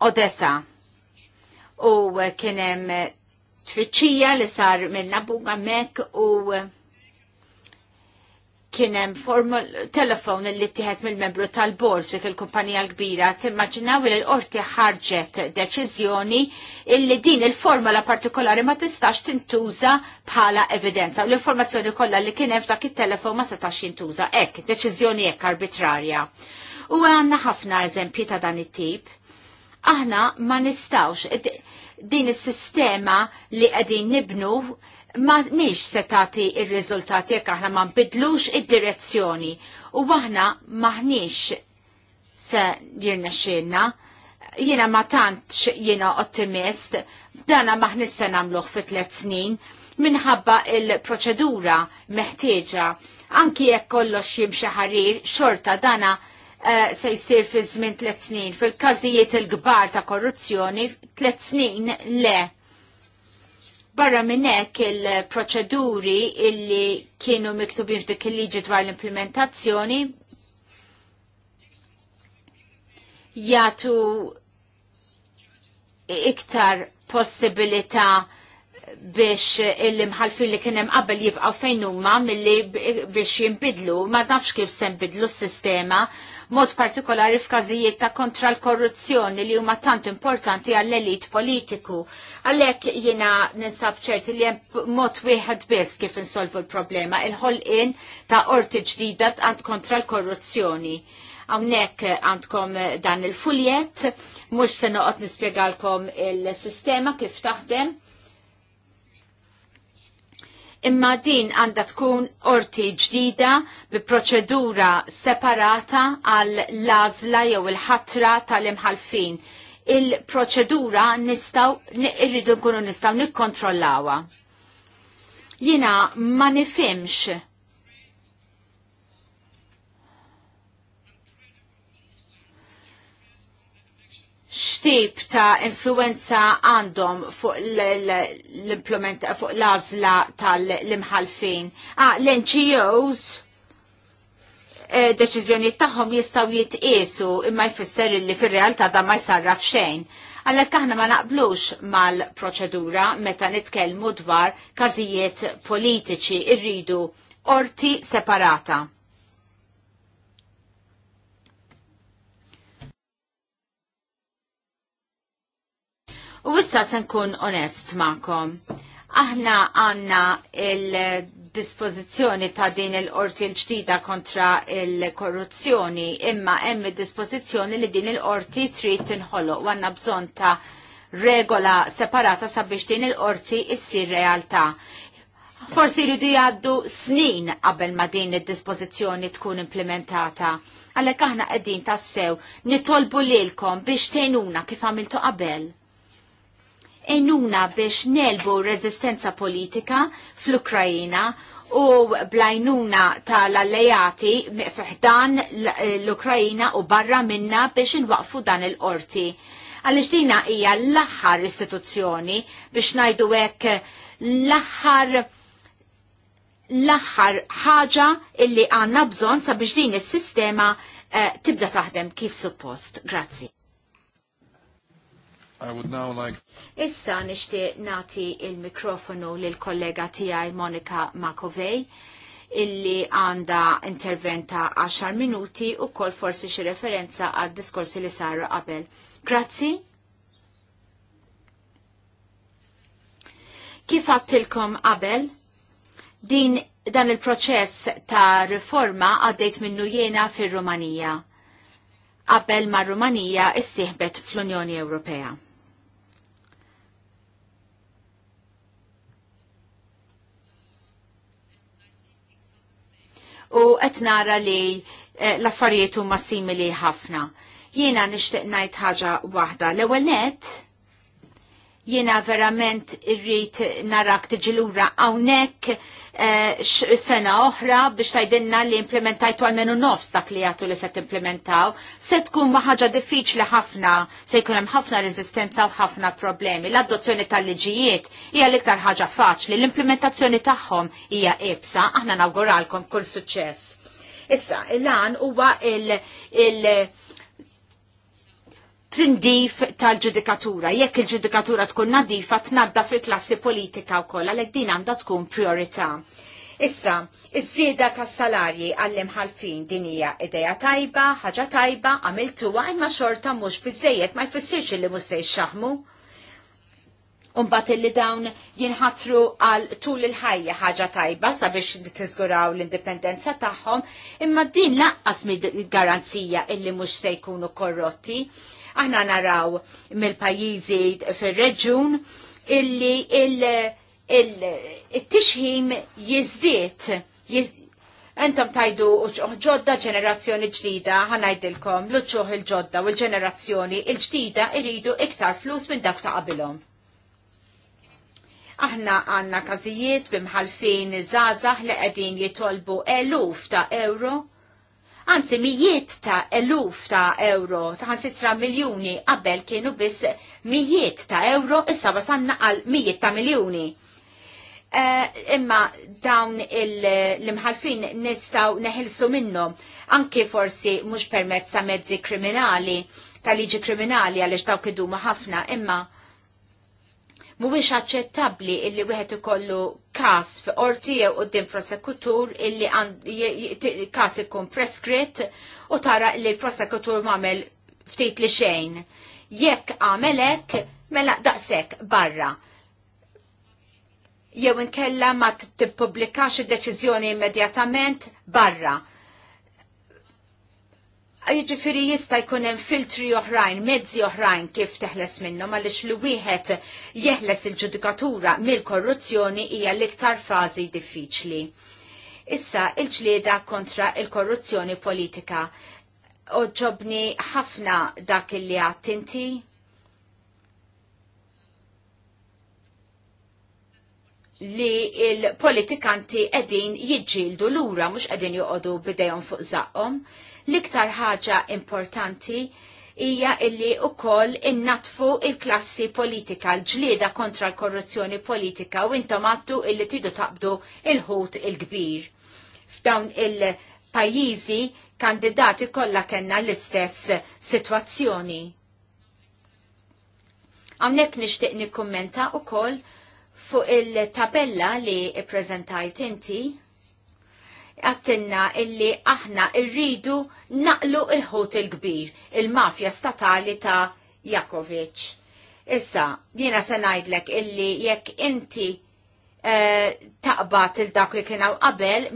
Odessa. U kienem tfittxija li sar minn bunga Mek u kienem telefon li tiħed mill-membru tal-bord dik il-kumpanija l-kbira, timmaġinaw li l-qorti ħarġet deċiżjoni illi din il-formula partikolari ma tistax tintuża bħala evidenza. U l-informazzjoni kollha li kien hemm f'dak it-telefon ma setax jintuża hekk, deċiżjoni hekk arbitrarja. U għandna ħafna eżempji ta' dan it-tip. Aħna ma nistawx din is-sistema li qegħdin nibnu ma nix setati il-rizultati jekk aħna ma nbidlux id-direzzjoni u aħna maħniex se jirna xienna jiena ma tantx jiena ottimist dana maħniex se namluħ fi tliet snin minħabba il-proċedura meħtieġa anki jekk kollox jimxi ħarir xorta dana uh, se jsir fi żmien tliet snin fil-każijiet il-kbar ta' korruzzjoni tliet snin le Barra minnek il-proċeduri illi kienu miktubin f'dik il-liġi dwar l-implementazzjoni jatu iktar possibilita biex il-imħalfin li kienem qabel jibqaw fejn huma milli biex jimbidlu, ma nafx kif se nbidlu s-sistema, mod partikolari f'każijiet ta' kontra l-korruzzjoni li huma tant importanti għall-elit politiku. Għalhekk jiena ninsab ċerti li hemm mod wieħed biss kif insolvu l-problema, il-ħolqien ta' orti ġdida kontra l-korruzzjoni għamnek għandkom dan il-fuljet, mux se noqot nispiegalkom il-sistema kif taħdem, imma din għanda tkun orti ġdida bi proċedura separata għal lażla jew il-ħatra tal-imħalfin. Il-proċedura nistaw, irridu nkunu nistaw nikkontrollawa. Jina ma nifimx xtip ta' influenza għandhom fuq l-implement fuq l-azla tal-imħalfin. Ah, l-NGOs eh, deċizjoni tagħhom jistaw jitqiesu imma jfisser li fir-realtà da ma jsarraf xejn. Għalhekk aħna ma naqblux mal-proċedura meta nitkellmu dwar każijiet politiċi irridu orti separata U issa se nkun onest ma'kom. Aħna għanna il-dispozizjoni ta' din il-qorti l-ġdida kontra il-korruzzjoni, imma hemm il-dispozizjoni li din il-qorti trid tinħoloq u għanna bżon ta' regola separata sabiex din il-qorti issir realtà. Forsi jridu jgħaddu snin qabel ma din id-dispożizzjoni tkun implementata. Għalhekk aħna qegħdin tassew nitolbu lilkom biex tgħinuna kif għamiltu qabel enuna biex nelbu rezistenza politika fl-Ukrajina u blajnuna tal-allejati fiħdan l-Ukrajina u barra minna biex nwaqfu dan il-qorti. Għalix dina hija l-aħħar istituzzjoni biex najdu hekk l-aħħar l-aħħar ħaġa illi għanna bżon sabiex din is-sistema eh, tibda taħdem kif suppost. Grazzi. I would now like... Issa nishtiq nati il-mikrofonu lil-kollega tijaj Monika Makovej illi għanda interventa 10 minuti u kol forsi xi referenza għad diskorsi li saru qabel. Grazzi. Kif għattilkom qabel? Din dan il-proċess ta' riforma għaddejt minnu jena fir-Rumanija. Qabel ma' Rumanija issieħbet fl-Unjoni Ewropea. u qed nara li eh, l-affarijiet huma simili ħafna. Jiena nixtieq ngħid ħaġa waħda. L-ewwel nett Jiena verament irrit narak tiġilura għawnek eh, sena oħra biex tajdenna li implementajtu għalmenu nofs dak li għatu li set implementaw. Se tkun maħħaġa diffiċli ħafna, se jkun hemm ħafna rezistenza u ħafna problemi. L-adozzjoni tal-liġijiet hija l-iktar ħaġa faċli, l-implementazzjoni tagħhom hija ibsa, aħna nawguralkom kull suċċess. Issa, il-lan huwa il-, il, il trindif tal-ġudikatura. Jekk il-ġudikatura tkun nadifa, tnadda fil-klassi politika u koll, għalek din għanda tkun priorità. Issa, iż-żieda tas-salarji għall-imħalfin din hija ideja tajba, ħaġa tajba, għamiltuha imma xorta mhux biżejjed ma jfissirx li mhux se jxaħmu. Umbat illi dawn jinħatru għal tul il-ħajja ħaġa tajba sabiex tiżguraw l-indipendenza tagħhom, imma din laqqas mid garanzija illi mhux se jkunu korrotti Aħna naraw mill-pajjiżi fir-reġjun illi il-tixħim jizdiet. Entom tajdu uċuħ ġodda ġenerazzjoni ġdida, ħanajdilkom l-uċuħ il-ġodda u l-ġenerazzjoni il-ġdida irridu iktar flus minn dak ta' qabilhom. Aħna għanna kazijiet bimħalfin zazah li qegħdin jitolbu eluf ta' euro anzi mijiet ta' eluf ta' euro, ta' sitra miljoni, qabel kienu biss mijiet ta' euro, issa wasanna għal mijiet ta' miljoni. Uh, eh, imma dawn l-imħalfin nistaw neħilsu minnom, anki forsi mux permezz ta' mezzi kriminali, ta' liġi kriminali għalix dawk iduma ħafna, imma Mhuwiex aċċettabbli illi wieħed ikollu każ fi qorti jew qudiem prosekutur illi każ ikun preskritt u tara li l-prosekutur m'għamel ftit li xejn. Jekk għamel hekk, mela daqshekk barra jew inkella ma tippubblikax id-deċiżjoni immedjatament barra Jiġifieri jista' jkun hemm filtri oħrajn, mezzi oħrajn kif teħles minnhom għaliex li wieħed jeħles il-ġudikatura mill-korruzzjoni hija l-iktar fażi diffiċli. Issa il-ġlieda kontra il-korruzzjoni politika oġobni ħafna dak li għattinti. li il-politikanti edin jidġildu l-ura, mux edin juqodu bidejon fuq zaqqom. L-iktar ħaġa importanti hija illi ukoll innatfu il-klassi politika, l-ġlieda kontra l-korruzzjoni politika u intom għattu illi tridu taqbdu il-ħut il-kbir. F'dawn il-pajjiżi kandidati kollha kellna l-istess sitwazzjoni. Hawnhekk nixtieq nikkummenta wkoll fuq il-tabella li ppreżentajt inti għattinna illi aħna irridu naqlu il-ħut il-kbir, il-mafja statali ta' Jakovic. Issa, jiena se ngħidlek illi jekk inti eh, taqbad il-dak li kienaw qabel,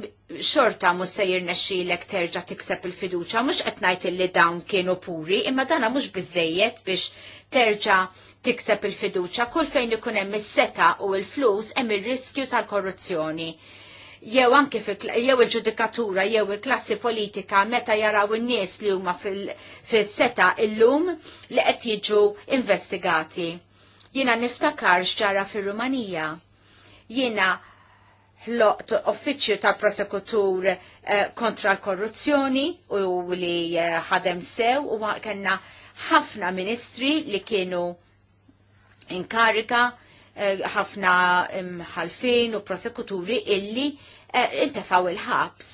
xorta mhux se jirnexxilek terġa' tikseb il-fiduċja, mhux qed illi dawn kienu puri, imma dana mhux biżejjed biex terġa' tikseb il-fiduċja kull fejn ikun hemm is-seta u l-flus hemm ir-riskju tal-korruzzjoni jew anke jew il-ġudikatura jew il-klassi politika meta jaraw in-nies li huma fis-seta illum li qed jiġu investigati. Jiena niftakar x'ġara fir-Rumanija. Jiena ħloqt uffiċċju tal-prosekutur eh, kontra l-korruzzjoni u li eh, ħadem sew u kellna ħafna ministri li kienu inkarika Eh, ħafna mħalfin u prosekuturi illi eh, intafaw il-ħabs.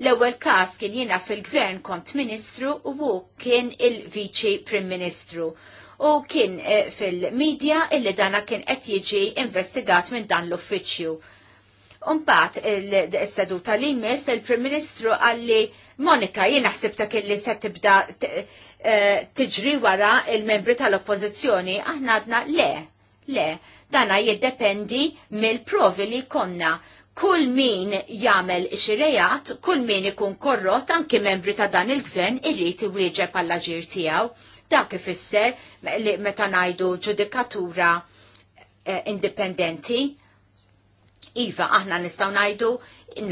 L-ewwel każ kien jina fil-gvern kont ministru u kien il-viċi prim ministru. U kien eh, fil-medja illi dana kien qed jiġi investigat minn dan l-uffiċċju. Umbat il-seduta li jmiss il-Prim Ministru għalli Monika jiena ħsibta li se tibda tiġri wara il-membri tal-Oppożizzjoni aħna għadna le, le, Dana jiddependi mill-provi li konna kull min jagħmel xirejat, kull min ikun korrot anki membri ta' dan il-gvern irrid iwieġeb għall aġir tiegħu. Dak ifisser li meta ngħidu ġudikatura eh, indipendenti. Iva, aħna nistgħu ngħidu,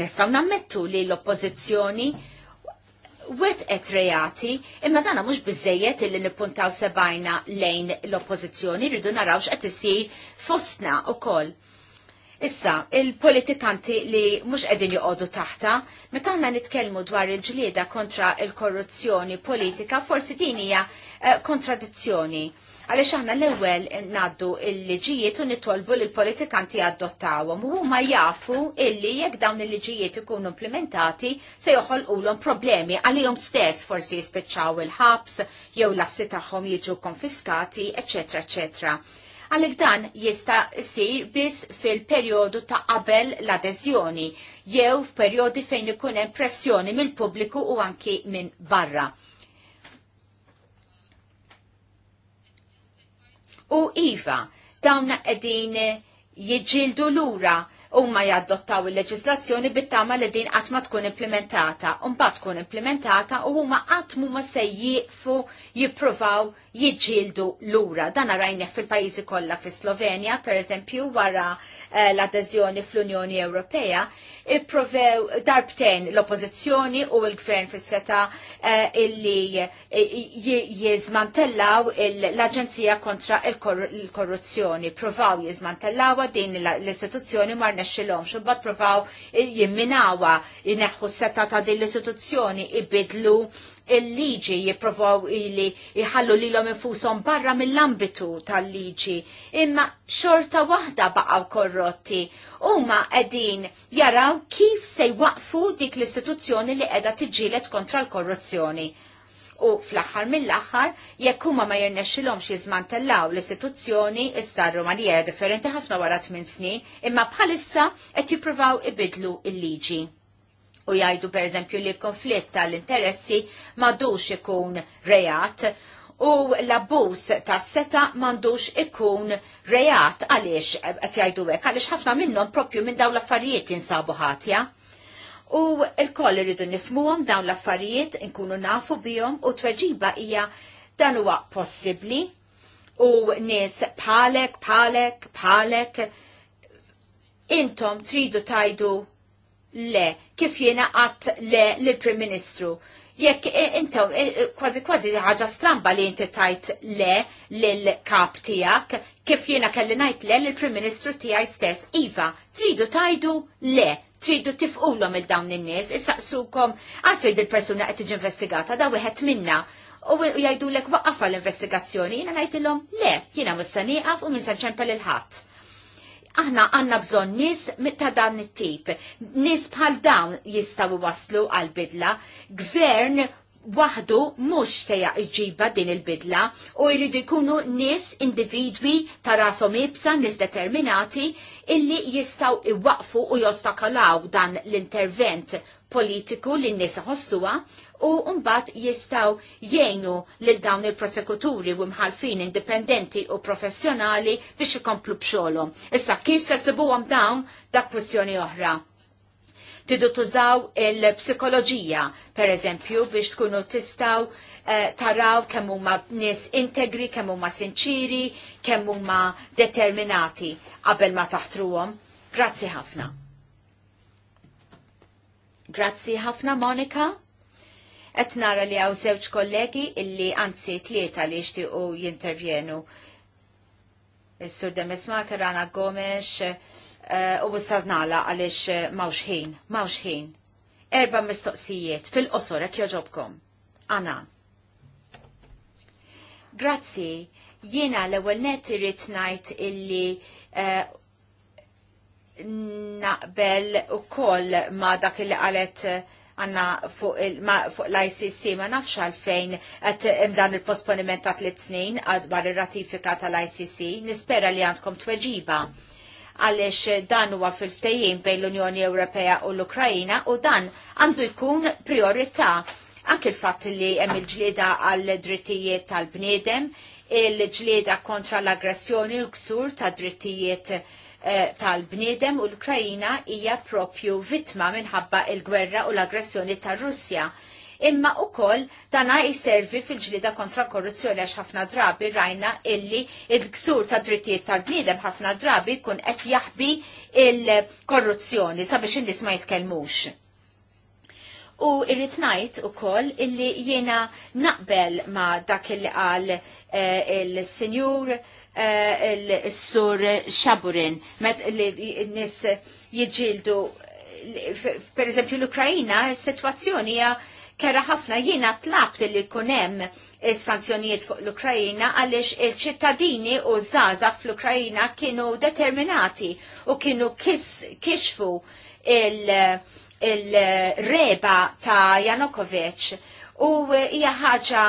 nistgħu nammettu li l-oppożizzjoni wet et reati, imma dana mux bizzejiet illi nippuntaw sebajna lejn l-oppozizjoni, rridu narawx qed isir fostna u koll. Issa, il-politikanti li mux edin juqodu taħta, meta għanna nitkelmu dwar il-ġlieda kontra il-korruzzjoni politika, forsi din hija eh, kontradizzjoni. Għaliex aħna l-ewwel naddu il-liġijiet u nitolbu l politikanti adottawhom u huma jafu illi jekk dawn il-liġijiet ikunu implementati se joħolqulhom problemi għalihom stess forsi jispiċċaw il-ħabs jew l-assi tagħhom jiġu konfiskati, eċetera, eċetera Għalik dan jista sir bis fil-periodu ta' qabel l-adezjoni, jew f'periodi fejn ikun hemm pressjoni mill-pubbliku u anki minn barra. U Iva, dawna qegħdin jiġġieldu lura huma jaddottaw il-leġislazzjoni bittama li din qatt ma tkun implementata. Mbagħad tkun implementata u huma qatt huma se jieqfu jippruvaw l lura. Dan rajnih fil-pajjiżi kollha fi Slovenja, pereżempju wara eh, l adezjoni fl-Unjoni Ewropea, ipprovew darbtejn l-oppożizzjoni u l-gvern fis-seta eh, illi eh, jizmantellaw l-Aġenzija kontra il-korruzzjoni. Provaw jizmantellaw din l-istituzzjoni mar rnexxilhom xo bat provaw jimminawa s seta ta' din l-istituzzjoni ibidlu il-liġi jiprovaw ili jħallu lilhom infushom barra mill-ambitu tal-liġi. Imma xorta waħda baqaw korrotti. Huma qegħdin jaraw kif se jwaqfu dik l-istituzzjoni li qiegħda tiġilet kontra l-korruzzjoni u fl-aħħar mill-aħħar jekk huma ma jirnexxilhomx jiżmantellaw l-istituzzjoni issa r-Rumanija differenti ħafna wara tmien snin imma bħalissa qed jippruvaw ibidlu il-liġi u jajdu per eżempju li konflitt tal-interessi madux ikun rejat u l-abbus ta' seta m'għandux ikun rejat għalix qed jgħidu hekk għaliex ħafna minnhom propju minn dawn l-affarijiet jinsabu ħatja. U il-koll irridu nifmuhom dawn l-affarijiet, nkunu nafu bihom u tweġiba hija dan huwa possibbli u nies palek, palek, palek, intom tridu tajdu le, kif jiena għat le l-Prim Ministru jekk e, intom e, e, kważi kważi ħaġa stramba li inti tajt le lil-kap tijak, kif jiena kelli najt le lill-Prim Ministru tijaj stess, Iva, tridu tajdu le, tridu tifqulhom il-dawn in-nies, issaqsukom għalfejn il-persuna qed tiġi investigata, da wieħed minna u jajdu l waqqafa l-investigazzjoni, jiena ngħidilhom, le, jina mussaniqaf u minsan ċempel il-ħat. Aħna għanna bżon nis ta' dan it-tip. Nis bħal dawn jistaw waslu għal-bidla. Gvern waħdu mux se iġiba din il-bidla u jridu jkunu nis individwi ta' rasom ibsa, nis determinati illi jistaw iwaqfu u jostakalaw dan l-intervent politiku li nis nisa ħossuwa u mbagħad jistgħu jgħinu lil dawn il-prosekuturi u mħalfin indipendenti u professjonali biex ikomplu b'xogħolhom. Issa kif se sibuhom dawn dak kwistjoni oħra. Tidu tużaw il-psikoloġija, per eżempju, biex tkunu tistaw eh, taraw kemm huma nies integri, kemm huma sinċiri, kemm huma determinati qabel ma taħtruhom. Grazzi ħafna. Grazzi ħafna Monika qed nara li hawn żewġ kollegi illi anzi tlieta li u jintervjenu. Is-Sur Demis Marker, Rana Gomes, eh, u s-saznala għalix eh, mawxħin, mawxħin. Erba mistoqsijiet fil-qosor ek joġobkom. Ana. Grazzi, jiena l-ewel net irrit najt illi eh, naqbel u koll ma dak illi għalet uh, għanna fuq l-ICC ma nafx għalfejn għat imdan il-posponiment ta' tliet snin għad bar il-ratifika tal-ICC, nispera li għandkom tweġiba għalix dan huwa fil-ftejjin bejn l-Unjoni Ewropea u l-Ukrajina u dan għandu jkun priorità anke l-fatt li hemm il-ġlieda għal drittijiet tal-bniedem, il-ġlieda kontra l-aggressjoni u l-ksur ta' drittijiet Eh, tal-bniedem u l-Ukrajina hija propju vittma minħabba il-gwerra u l-aggressjoni tar russja Imma u koll dana jiservi fil-ġlida kontra korruzzjoni għax ħafna drabi rajna illi il-ksur ta' drittijiet tal-bniedem ħafna drabi kun qed jaħbi il-korruzzjoni sabiex in-nies ma jitkellmux. U irrit ngħid ukoll illi jiena naqbel ma' dak il qal eh, il-Sinjur Eh, il-sur Xaburin, met nis jġildu. Per eżempju, l-Ukrajina, situazzjoni hija kera ħafna jiena tlabt li kunem sanzjonijiet fuq l-Ukrajina għaliex il-ċittadini u żgħażagħ fl-Ukrajina kienu determinati u kienu kisfu il-reba ta' Janukovic u hija ħaġa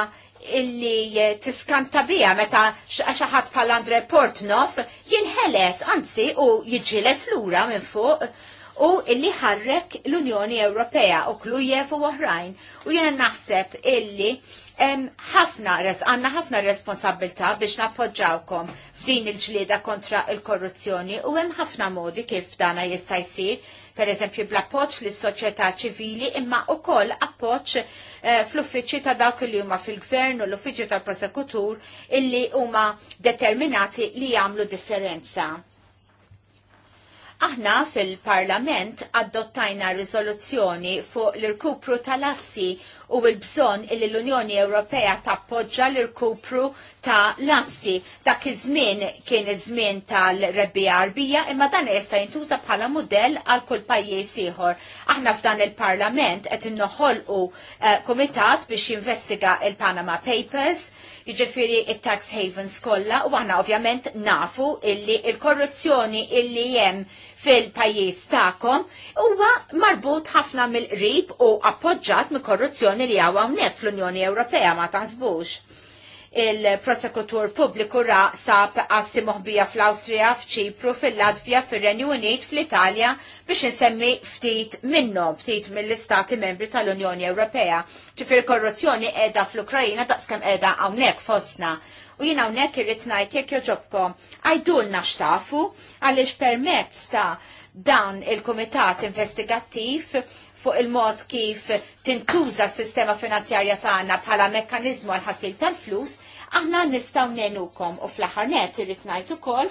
illi tiskanta bija meta xaħat pal Andre Portnov jinħeles anzi u jiġilet lura minn fuq u illi ħarrek l-Unjoni Ewropea u Klujev u oħrajn. U jena naħseb illi ħafna res, għanna ħafna responsabilta biex nappoġġawkom f'din il-ġlieda kontra il-korruzzjoni u hemm ħafna modi kif dana jista' jsir per eżempju bl-appoċ l soċjetà ċivili imma u koll appoċ eh, fl-uffiċi ta' dawk li huma fil-gvern u l-uffiċi tal-prosekutur illi huma determinati li jagħmlu differenza. Aħna fil-Parlament adottajna riżoluzzjoni fuq l-irkupru tal-assi u l-bżon li l-Unjoni Ewropea tappoġġa l-irkupru ta' lassi ta' iż-żmien kien iż-żmien tal rebbi arbija imma dan jista' jintuża bħala mudell għal kull pajjiż ieħor. Aħna f'dan il-Parlament qed innoħolqu eh, kumitat biex jinvestiga il-Panama Papers jiġifieri it tax havens kollha, u aħna ovvjament nafu illi il-korruzzjoni illi hemm fil pajjiż tagħkom huwa marbut ħafna mill-qrib u appoġġat mill korruzzjoni li hawn unnek fl-Unjoni Ewropea ma taħsbux il-prosekutur pubbliku ra sab assi moħbija fl-Awstrija, f'ċipru, fil-Latvija, fil-Renju Unit, fl-Italja biex nsemmi ftit minnhom, ftit mill-istati membri tal-Unjoni Ewropea. Ġifir korruzzjoni edha fl-Ukrajina daqskem edha hawnhekk fostna u jina għawnek irrit najt jek joġobko għajdulna xtafu għalix permezz ta' dan il-komitat investigattiv fuq il-mod kif tintuża s-sistema finanzjarja tagħna bħala mekkaniżmu għal ħasil tal-flus, aħna nistgħu nenukom u fl-aħħar net irrid ngħid ukoll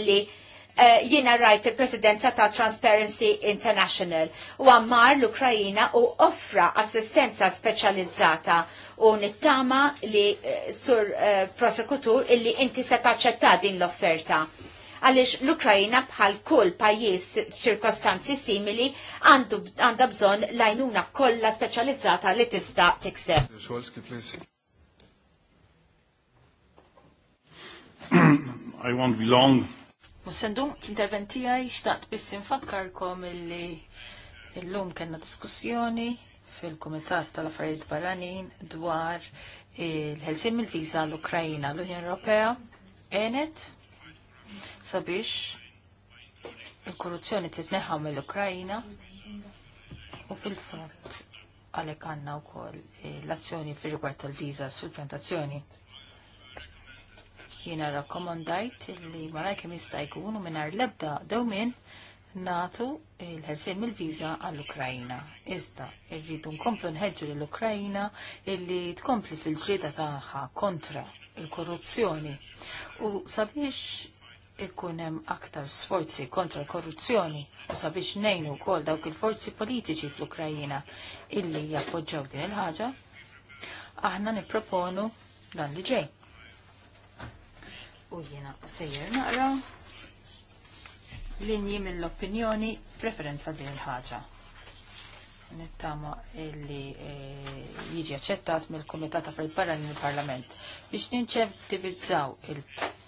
li eh, jiena rajt il-presidenza ta' Transparency International u għammar l-Ukrajina u offra assistenza speċjalizzata u nittama li eh, sur eh, prosekutur illi inti se taċċetta din l-offerta għaliex l ukrajina bħal kull pajjiż f'ċirkostanzi simili għandha bżonn l-għajnuna kollha speċjalizzata li tista' tikseb. I won't be long. Mussendum, interventija jishtaqt biss infakkarkom illi illum kena diskussjoni fil-Komitat tal-Affarijiet Barranin dwar il-ħelsim il visa l-Ukrajina l-Unjon Ewropea. Enet, sabiex il-korruzzjoni titneħħa mill-Ukrajina u fil-fatt għalhekk għandna wkoll eh, l-azzjoni fir-rigward tal viza sul-plantazzjoni. Jiena rakkomandajt li malaj kemm jista' jkunu u mingħajr l-ebda dewmien natu il-ħezim il-viza għall-Ukrajina. Iżda, irridu nkomplu nħedġu l-Ukrajina illi tkompli fil-ġieda tagħha kontra il-korruzzjoni. U sabiex ikun hemm aktar sforzi kontra l-korruzzjoni u sabiex nejnu wkoll dawk il-forzi politiċi fl-Ukrajina illi jappoġġaw din il-ħaġa, aħna nipproponu dan li ġej. U jiena sejjer naqra linji mill-opinjoni preferenza din il-ħaġa nittama illi e, jiġi aċċettat mill komitata Affarijiet Barranin il-Parlament biex ninċevtivizzaw il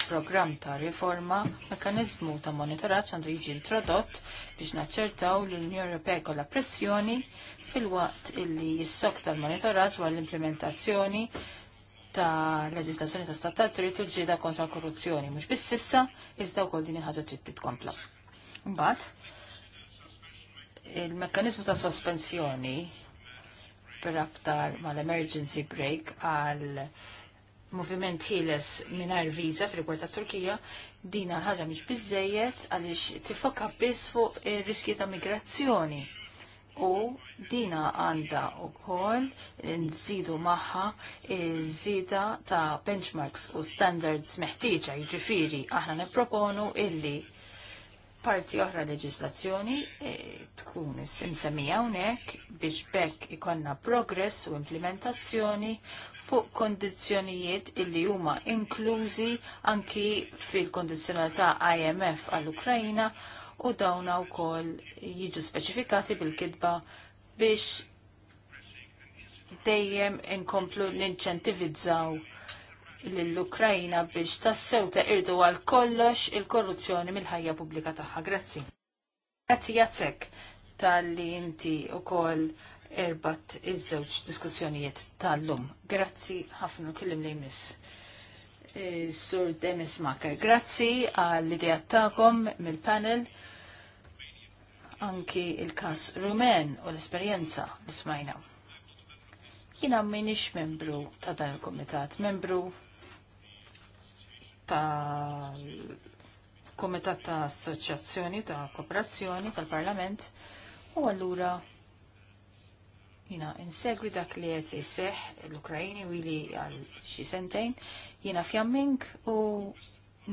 programm ta' riforma, mekanizmu ta' monitoraġġ għandu jiġi introdott biex naċċertaw li l-Unjoni Ewropea kollha pressjoni fil-waqt illi jissok tal-monitoraġġ wara l-implementazzjoni ta' leġislazzjoni ta' stat ta' dritt u ġieda kontra korruzzjoni, mhux biss sissa iżda wkoll din il-ħaġa trid titkompla. Mbagħad il-mekkaniżmu ta' sospensjoni per aktar mal-emergency break għal moviment ħieles mingħajr viża fil-rigward ta' Turkija, dina ħaġa mhix biżejjed għaliex tifoka biss fuq ir-riskji ta' migrazzjoni. U dina għanda u koll nżidu maħħa żida ta' benchmarks u standards meħtieġa jiġifieri aħna nipproponu illi parti oħra leġislazzjoni e, tkun imsemmija hawnhekk biex bekk ikonna progress u implementazzjoni fuq kondizjonijiet illi huma inklużi anki fil-kondizjonalità IMF għall-Ukrajina u dawna kol jiġu speċifikati bil-kidba biex dejjem inkomplu l-inċentivizzaw l-Ukrajna biex tassew irdu għal kollox il-korruzzjoni mill-ħajja pubblika tagħha. Grazzi. Grazzi jazzek tal-li inti u kol erbat iż-żewġ diskussjonijiet tal-lum. Grazzi ħafna kellim li jmiss. Eh, Sur Demis Maker, grazzi għall-idea tagħkom mill-panel anki il-kas rumen u l esperjenza li smajna. Jina minix membru ta' dan il-komitat, membru ta' komitat ta' assoċjazzjoni ta' kooperazzjoni tal-parlament u għallura jina insegwi dak li qed isseħ l-Ukrajini u li għal xi sentejn, jina fjamming u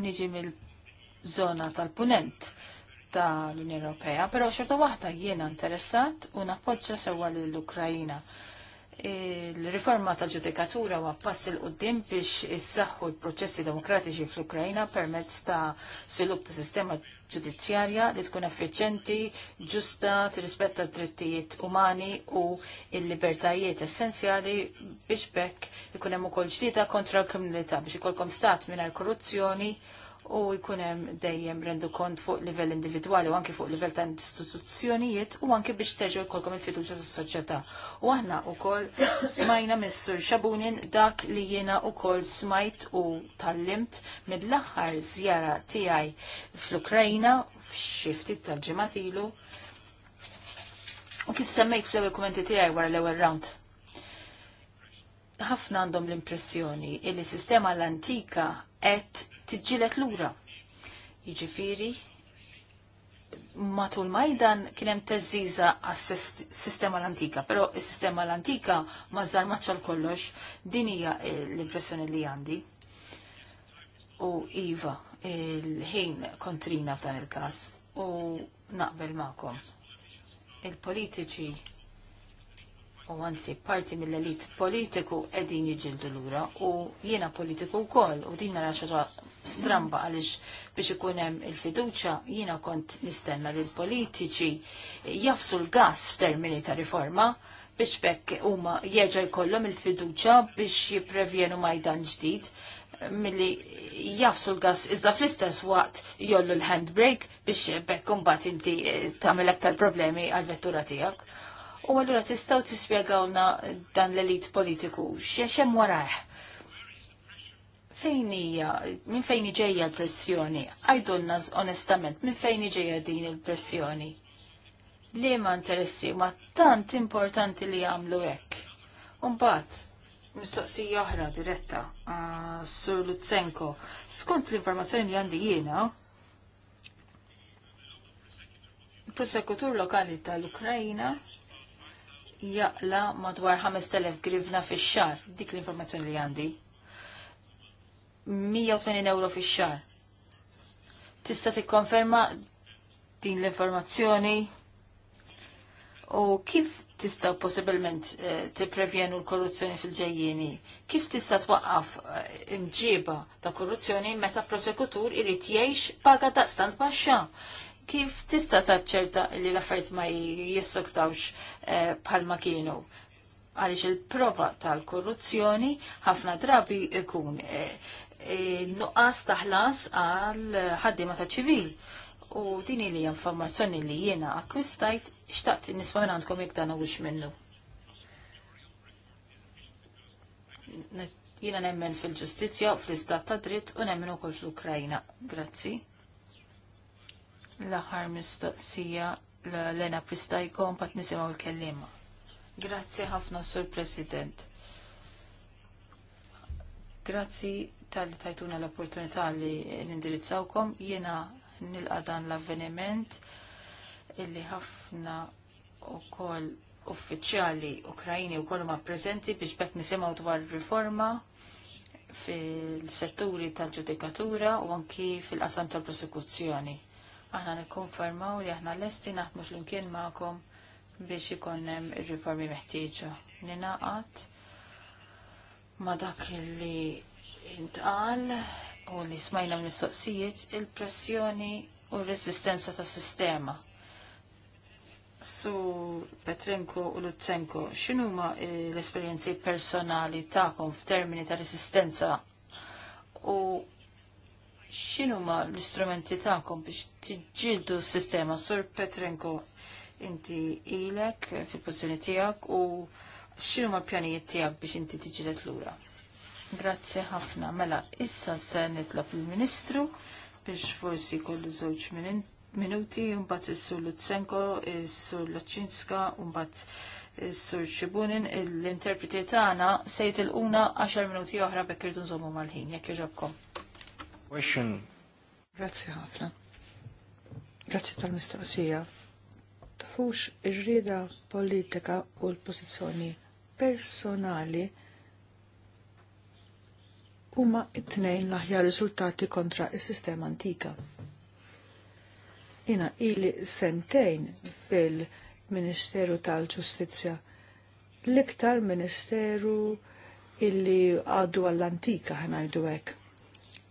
niġi mill-żona tal-punent tal-Unjoni Ewropea, però xorta waħda jiena interessat u nappoġġa sewwa lill-Ukrajina. Il-riforma tal-ġudikatura huwa pass il qudiem biex issaħħu l-proċessi demokratiċi fl ukrajina permezz ta' svilupp ta' sistema ġudizzjarja li tkun effiċenti, ġusta, tirrispetta d-drittijiet umani u l-libertajiet essenzjali biex bekk ikun hemm ukoll ġdida kontra l-kriminalità biex ikolkom stat mingħajr korruzzjoni u jkun hemm dejjem rendu kont fuq livell individwali u anke fuq livell ta' istituzzjonijiet u anke biex terġgħu jkollkom il-fiduċja tas-soċjetà. U aħna wkoll smajna mis-sur Xabunin dak li jiena wkoll smajt u tallimt mill-aħħar żjara tiegħi fl-Ukrajna f'xi ftit tal-ġimgħat ilu U kif semmejt fl-ewwel kumenti tiegħi wara l-ewwel round. Ħafna għandhom l-impressjoni li s sistema l-antika qed tiġġilet lura. Jiġifieri matul Majdan kien hemm teżiża għas-sistema l-antika, però il sistema l-antika ma żar maċċal kollox din hija eh, l-impressjoni li għandi. U iva, il-ħin kontrina f'dan il-każ u naqbel ma'kom. Il-politiċi u għansi parti mill-elit politiku edin jġildu l-ura u jiena politiku u kol u din nara stramba għaliex biex ikun hemm il-fiduċja jiena kont nistenna li l-politiċi jafsu l-gas f'termini ta' riforma biex bekk huma jerġa' jkollhom il-fiduċja biex jipprevjenu majdan ġdid milli jafsu l-gas iżda fl-istess waqt jollu l-handbrake biex bekk imbagħad inti eh, tagħmel aktar problemi għal-vettura tiegħek. U allura tistgħu tispjegawna dan l-elit politiku x'hemm warah fejn hija, minn fejn ġejja l-pressjoni? Għajdulna onestament, minn fejn ġejja din il-pressjoni? Li ma interessi, ma tant importanti li għamlu hekk. Umbat, mistoqsija oħra diretta sur Lutsenko. Skont l-informazzjoni li għandi jiena, il prosekutur lokali tal-Ukrajina jaqla madwar 5,000 grivna fix xar dik l-informazzjoni li għandi. 180 euro fi xar. Tista tikkonferma din l-informazzjoni u kif tista possibilment eh, tipprevjenu l-korruzzjoni fil-ġejjieni? Kif tista twaqqaf eh, imġiba ta' korruzzjoni meta prosekutur irid jgħix paga daqstant baxxa? Kif tista taċċerta li l-affarijiet ma jissoktawx eh, bħalma kienu? għaliex il-prova tal-korruzzjoni ħafna drabi ikun E, nuqqas taħlas għal ħaddiema ta' ċivil. U din li informazzjoni li jiena akkwistajt xtaqt nisma minn għandkom jekk dan għux minnu. Jiena nemmen fil-ġustizja u fl-istat ta' dritt u nemmen ukoll fl-Ukrajna. Grazzi. L-aħħar mistoqsija l-Lena Pristajkom pat nisimaw il-kellima. Grazzi ħafna, Sur President. Grazzi tal tajtuna l-opportunità li nindirizzawkom. Jena nilqa dan l-avveniment illi ħafna u kol uffiċjali Ukrajini u kollu ma prezenti biex bekk nisimaw dwar riforma fil-setturi tal-ġudikatura u anki fil-qasam tal-prosekuzzjoni. Aħna nikkonfermaw li aħna lesti naħdmu flimkien imkien ma'kom biex ikonnem ir-riformi meħtieġa. Ninaqat ma dak li intqal u li smajna mistoqsijiet il-pressjoni u r-resistenza ta' sistema. Su Petrenko u Lutsenko, x'inhuma l-esperjenzi personali tagħkom f'termini ta' resistenza u x'inhuma l-istrumenti tagħkom biex tiġildu s-sistema? Sur Petrenko, inti ilek fil-pożizzjoni tiegħek u x'inhuma l-pjanijiet tiegħek biex inti l lura? Grazzi ħafna. Mela, issa se nitlob il-Ministru biex forsi kollu żewġ minuti, mbagħad is-Sur Lutsenko, is-Sur Laċinska, mbagħad is-Sur Xibunin, l-interpreti tagħna se jitilquna 10 minuti oħra bekk irdu nżommu mal-ħin, jekk iġobkom. Question. Grazzi ħafna. Grazzi tal-mistoqsija. Tafux ir-rieda politika u l-pożizzjoni personali huma t-tnejn l-aħjar riżultati kontra is-sistema antika. Jina ili sentejn fil-Ministeru tal-Ġustizzja l-iktar ministeru illi għaddu għall-antika ħanajdu hekk.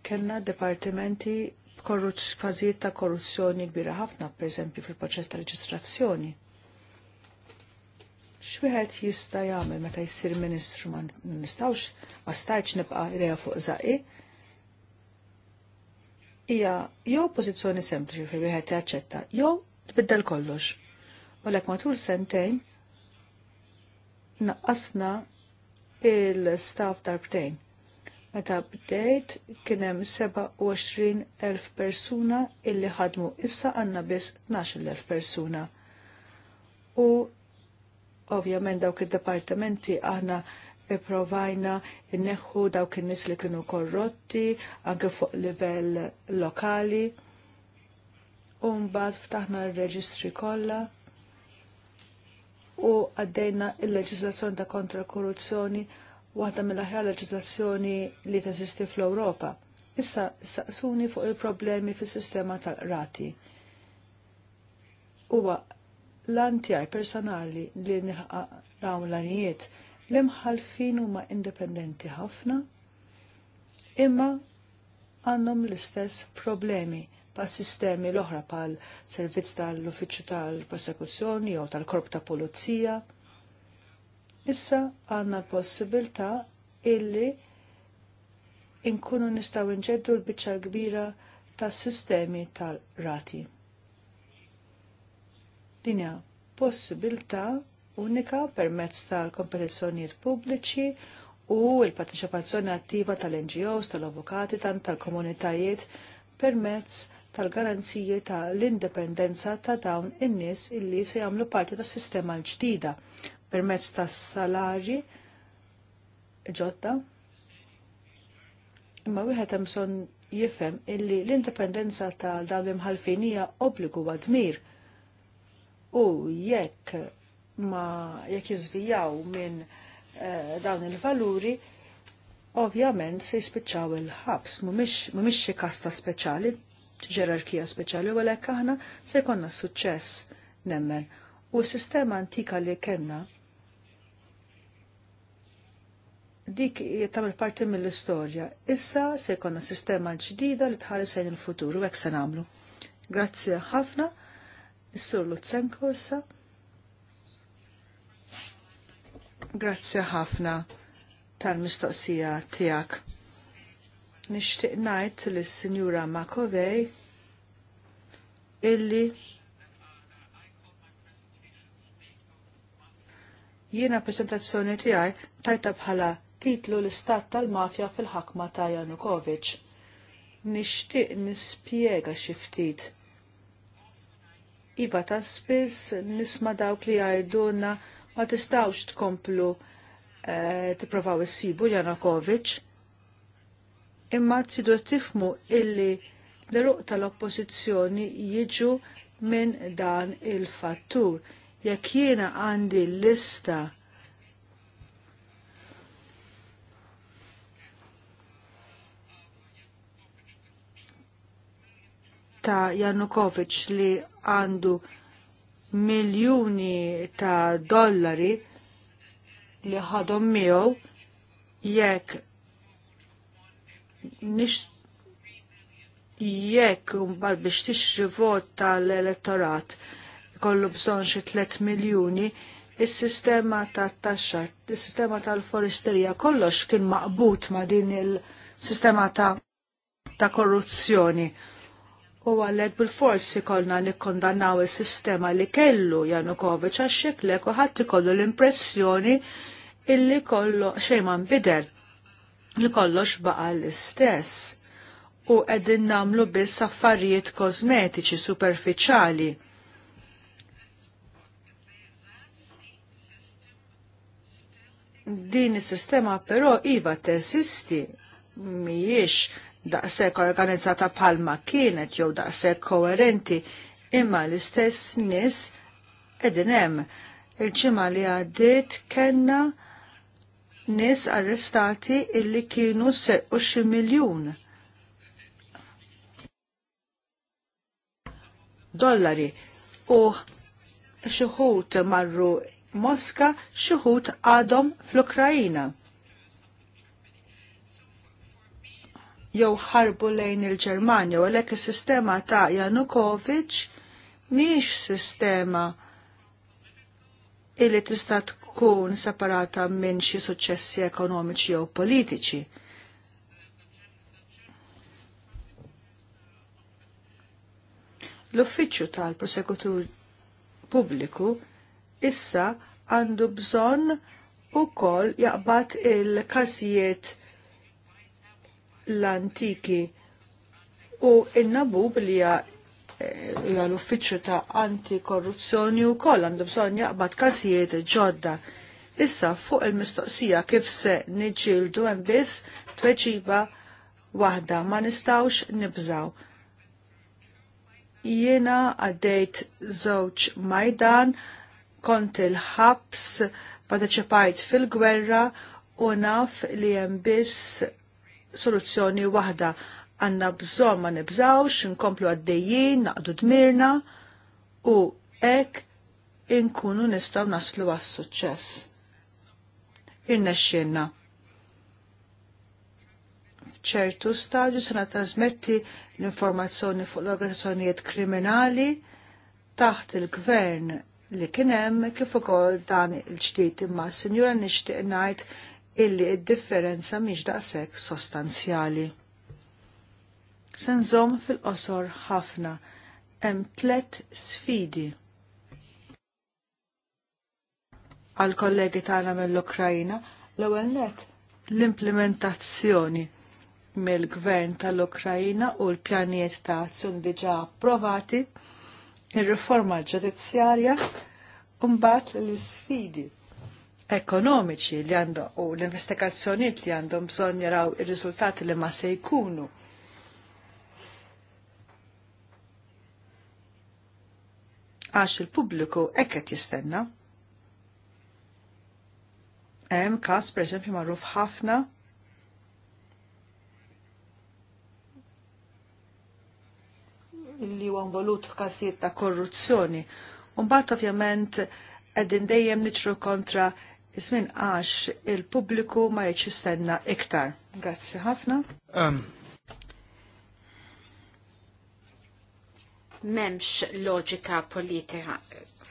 Kenna departimenti każijiet ta' korruzzjoni kbira ħafna, per fil-proċess ta' reġistrazzjoni xwiħet jista' jagħmel meta jisir ministru ma nistawx, ma stajċ nibqa' ideja fuq zaqi. Hija jew pożizzjoni sempliċi fejn wieħed jaċċetta jew tbiddel kollox. U lek matul sentejn naqqasna il-staff darbtejn. Meta bdejt kien hemm 27,000 persuna illi ħadmu issa għandna biss 12,000 persuna. U Ovvjament dawk id-departamenti aħna provajna inneħħu dawk in-nies li kienu korrotti anke fuq livell lokali. U mbagħad ftaħna r-reġistri kollha u għaddejna il-leġislazzjoni ta' kontra korruzzjoni waħda mill-aħjar leġislazzjoni li teżisti fl-Ewropa. Issa saqsuni fuq il-problemi fis-sistema tal-rati. Huwa l-antijaj personali li nħa dawn l-anijiet l-imħalfin huma independenti ħafna imma għandhom l-istess problemi pa' sistemi l-oħra pal servizz tal-uffiċċju tal-prosekuzzjoni jew tal-korp ta' pulizija. Issa għandna l-possibilità illi inkunu nistaw inġeddu l-biċċa kbira tas sistemi tal-rati. Dinja possibilità unika permezz tal-kompetizzjonijiet pubbliċi u l-partiċipazzjoni attiva tal-NGOs, tal-avukati, tal-komunitajiet permezz tal-garanziji tal indipendenza ta' dawn in-nies illi se jagħmlu parti tas-sistema l-ġdida permezz tas salari ġodda. Imma wieħed hemm bżonn jifhem illi l-indipendenza ta' dawn l-imħalfin hija obbligu għadmir u jekk ma jekk jizvijaw minn uh, dawn il-valuri, ovvjament se jispiċċaw il-ħabs, mhumiex xi kasta speċjali, ġerarkija speċjali, u għalhekk aħna se jkollna suċċess nemmen. U s-sistema antika li kellna dik il parti mill-istorja. Issa se jkollna sistema ġdida li tħares sejn il-futur u hekk se nagħmlu. Grazzi ħafna Is-Sur Lutsenko issa. Grazzi ħafna tal-mistoqsija tiegħek. Nixtieq ngħid lis-Sinjura Makovej illi jiena preżentazzjoni tiegħi tajta bħala titlu l-istat tal-mafja fil-ħakma ta' Janukovic. Nixtieq nispjega xi ftit Iva ta' spis nisma dawk li għajduna ma tistawx tkomplu e, eh, tiprofaw issibu Janakovic. Imma tridu tifmu illi l-ruq tal-oppozizjoni jiġu minn dan il-fattur. Jekk jiena għandi l lista ta' Janukovic li għandu miljuni ta' dollari li ħadhom miegħu jekk nix jekk mbagħad biex tixri vot tal-elettorat kollu bżonn xi 3 miljuni, is-sistema tat-taxxa, is-sistema tal-foristerija kollox kien maqbut ma' din il-sistema ta' ta' korruzzjoni. U għallet bil-forsi kolna nikkondannaw il-sistema li kellu Janukovic għax xeklek u ħadd ikollu l-impressjoni illi kollu xejman bidel li kollox baqa l-istess. U qegħdin namlu biss affarijiet kosmetiċi superfiċjali. Din is-sistema però iva tesisti, mhijiex daqshekk organizzata bħalma kienet jew daqshekk koerenti imma l-istess nies qegħdin hemm. Il-ġimgħa li għaddiet kellna nies arrestati illi kienu seqqu xi miljun dollari u xuħut marru Mosca xuħut għadhom fl-Ukrajina jew ħarbu lejn il-Ġermanja u għalhekk is-sistema ta' Janukovic mhix sistema illi tista' tkun separata minn xi suċċessi ekonomiċi jew politiċi. L-uffiċċju tal-prosekutur pubbliku issa għandu bżonn ukoll jaqbad il-każijiet l-antiki u il nabu li eh, hija l-uffiċċju ta' antikorruzzjoni u koll għandu bżonn jaqbad każijiet ġodda. Issa fuq il-mistoqsija kif se niġġieldu hemm biss tweġiba waħda ma nistawx nibżaw. Jiena għaddejt żewġ Majdan kont il-ħabs, parteċipajt fil-gwerra u naf li hemm biss soluzzjoni waħda għanna bżon ma nibżawx, nkomplu għaddejjien, naqdu dmirna u ek inkunu nistaw naslu għas suċċess xienna. ċertu stadju se trasmetti l-informazzjoni fuq l-organizzazzjonijiet kriminali taħt il-gvern li kien hemm kif ukoll dan il-ġdid imma s-sinjura nixtieq ngħid illi id-differenza mhix daqshekk sostanzjali. Senżom fil-qosor ħafna hemm tlet sfidi għal kollegi tagħna mill-Ukrajna l-ewwel net l-implementazzjoni mill-gvern tal-Ukrajina u l-pjanijiet ta' azzjon diġà approvati, ir-riforma ġudizzjarja u mbagħad l-isfidi ekonomiċi li għandhom u l-investigazzjoniet li għandhom bżonn jaraw ir-riżultati li ma se jkunu. Għax il-pubbliku ekket jistenna. Hemm każ pereżempju magħruf ħafna li huwa involut f'każijiet ta' korruzzjoni. Mbagħad ovvjament qegħdin dejjem niċru kontra Ismin, għax il-pubbliku ma jċistenna iktar. Grazzi ħafna. Um, Memx loġika politika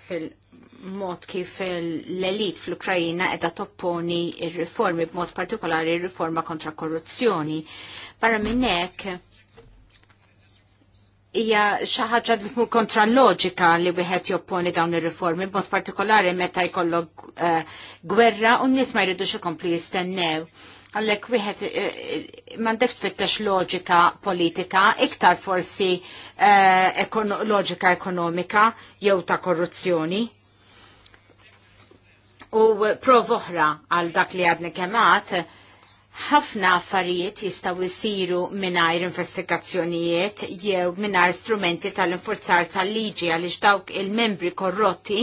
fil-mod kif l-elit fl-Ukrajina edha topponi il-riformi b'mod partikolari il-riforma kontra korruzzjoni. Barra minnek, hija xi ħaġa li kontra loġika li wieħed jopponi dawn ir-riformi b'mod partikolari meta jkollok eh, gwerra u nies ma jridux ikompli jistennew. Għallek wieħed uh, m'għandekx tfittex loġika politika, iktar forsi eh, loġika ekonomika jew ta' korruzzjoni. U prov oħra għal dak li għadni kemat, ħafna affarijiet jistaw jisiru mingħajr investigazzjonijiet jew mingħajr strumenti tal-infurzar tal-liġi għaliex dawk il-membri korrotti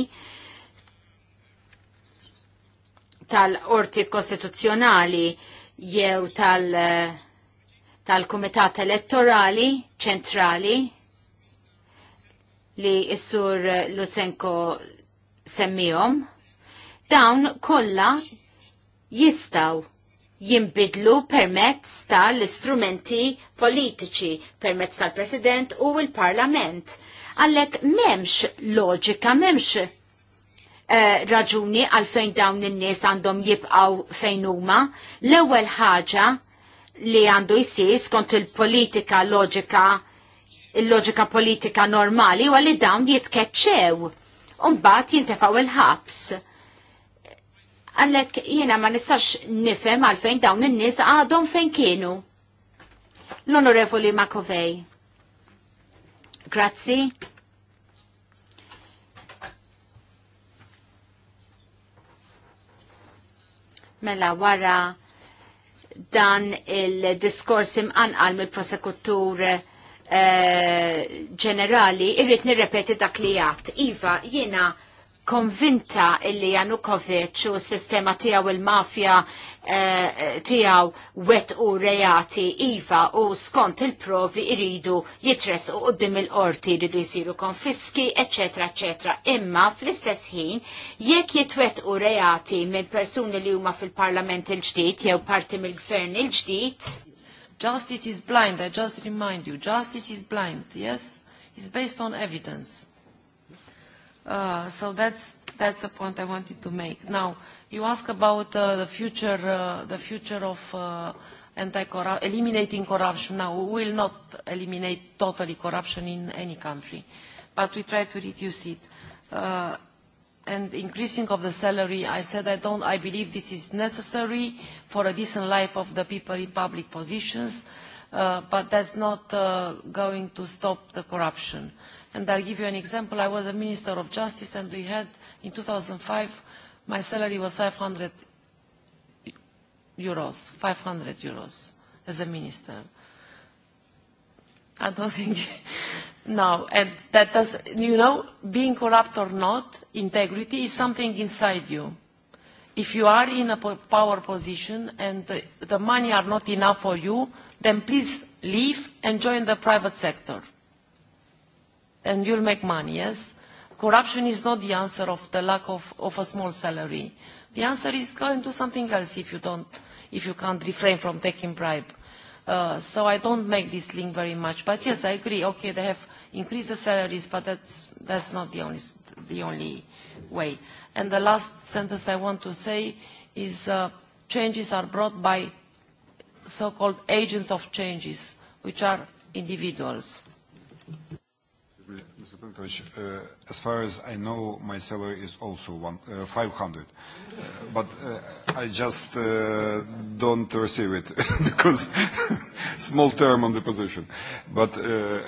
tal-orti kostituzzjonali jew tal- tal-Kumitat Elettorali Ċentrali li s-sur Lusenko semmijom, dawn kollha jistaw jimbidlu permezz tal-istrumenti politiċi, permezz tal-President u il-Parlament. Għallek memx loġika, memx eh, raġuni għalfejn dawn in-nies għandhom jibqaw fejn huma. L-ewwel ħaġa li għandu jsir skont il-politika loġika il-loġika politika normali u għalli dawn jitkeċċew. Umbat jintefaw il-ħabs Għallek jiena ma nistax nifhem għalfejn dawn in-nies għadhom fejn kienu. L-Onorevoli Makovej. Grazzi. Mela wara dan il-diskors imqanqal mill-prosekutur eh, ġenerali, irrit nirrepeti dak li jgħat. Iva, jiena konvinta illi Janukovic u s-sistema tijaw il-mafja eh, tijaw wet u reati iva u skont il-provi iridu jitres u uddim il-qorti iridu jisiru konfiski, ecc. ecc. Imma fl-istess ħin jekk jitwet u reati minn persuni li huma fil-parlament il-ġdid jew parti mill-gvern il-ġdid, Justice is blind, I just remind you, justice is blind, yes? It's based on evidence. Uh, so that's that's a point I wanted to make. Now, you ask about uh, the future, uh, the future of uh, anti-corruption, eliminating corruption. Now, we will not eliminate totally corruption in any country, but we try to reduce it. Uh, and increasing of the salary, I said I don't, I believe this is necessary for a decent life of the people in public positions, uh, but that's not uh, going to stop the corruption. Uh, And I'll give you an example. I was a Minister of Justice and we had, in 2005, my salary was 500 euros, 500 euros as a minister. I don't think, no, and that does, you know, being corrupt or not, integrity is something inside you. If you are in a power position and the, the money are not enough for you, then please leave and join the private sector and you'll make money, yes? Corruption is not the answer of the lack of, of a small salary. The answer is go and do something else if you, don't, if you can't refrain from taking bribe. Uh, so I don't make this link very much. But yes, I agree. Okay, they have increased the salaries, but that's, that's not the only, the only way. And the last sentence I want to say is uh, changes are brought by so-called agents of changes, which are individuals. Mr. Plenkovich. Uh, as far as I know, my salary is also one, uh, 500. Uh, but uh, I just uh, don't receive it because small term on the position. But uh,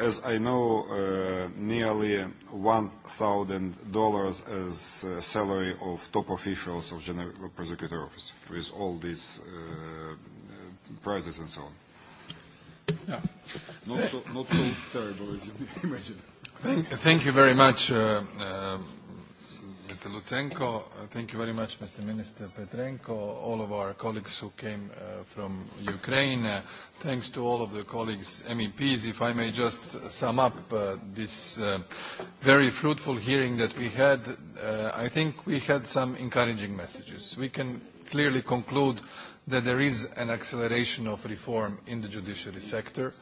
as I know, uh, nearly $1,000 as uh, salary of top officials of General Prosecutor Office with all these uh, prizes and so on. Yeah. Not so, not so terrible as you imagine. Thank, thank you very much, uh, uh, Mr. Lutsenko. Uh, thank you very much, Mr. Minister Petrenko, all of our colleagues who came uh, from Ukraine. Uh, thanks to all of the colleagues, MEPs. If I may just sum up uh, this uh, very fruitful hearing that we had, uh, I think we had some encouraging messages. We can clearly conclude that there is an acceleration of reform in the judiciary sector. Uh,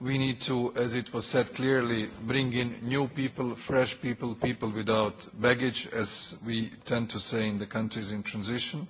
we need to, as it was said clearly, bring in new people, fresh people, people without baggage, as we tend to say in the countries in transition.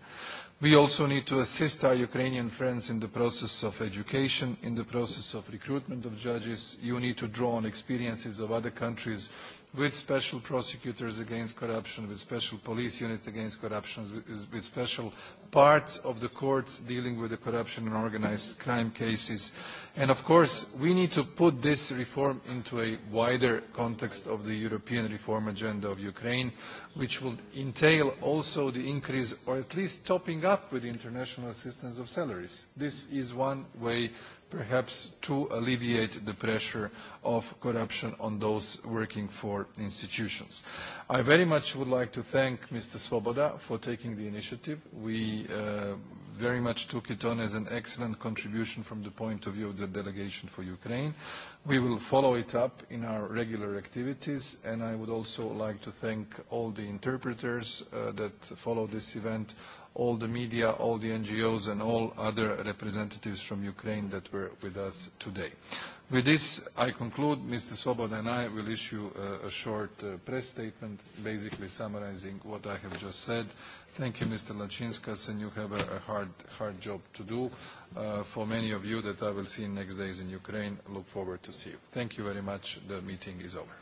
We also need to assist our Ukrainian friends in the process of education, in the process of recruitment of judges. You need to draw on experiences of other countries with special prosecutors against corruption, with special police units against corruption, with, special parts of the courts dealing with the corruption and organized crime cases. And of course, we need to put this reform into a wider context of the European reform agenda of Ukraine, which will entail also the increase or at least topping up with international assistance of salaries. This is one way perhaps to alleviate the pressure of corruption on those working for institutions. I very much would like to thank Mr. Svoboda for taking the initiative. We uh, very much took it on as an excellent contribution from the point of view of the delegation for Ukraine. We will follow it up in our regular activities, and I would also like to thank all the interpreters uh, that follow this event, all the media, all the NGOs, and all other representatives from Ukraine that were with us today. With this, I conclude. Mr. Svoboda and I will issue a, uh, a short uh, press statement, basically summarizing what I have just said Thank you, Mr. Lachinskas, and you have a, a hard, hard job to do. Uh, for many of you that I will see in next days in Ukraine, look forward to see you. Thank you very much. The meeting is over.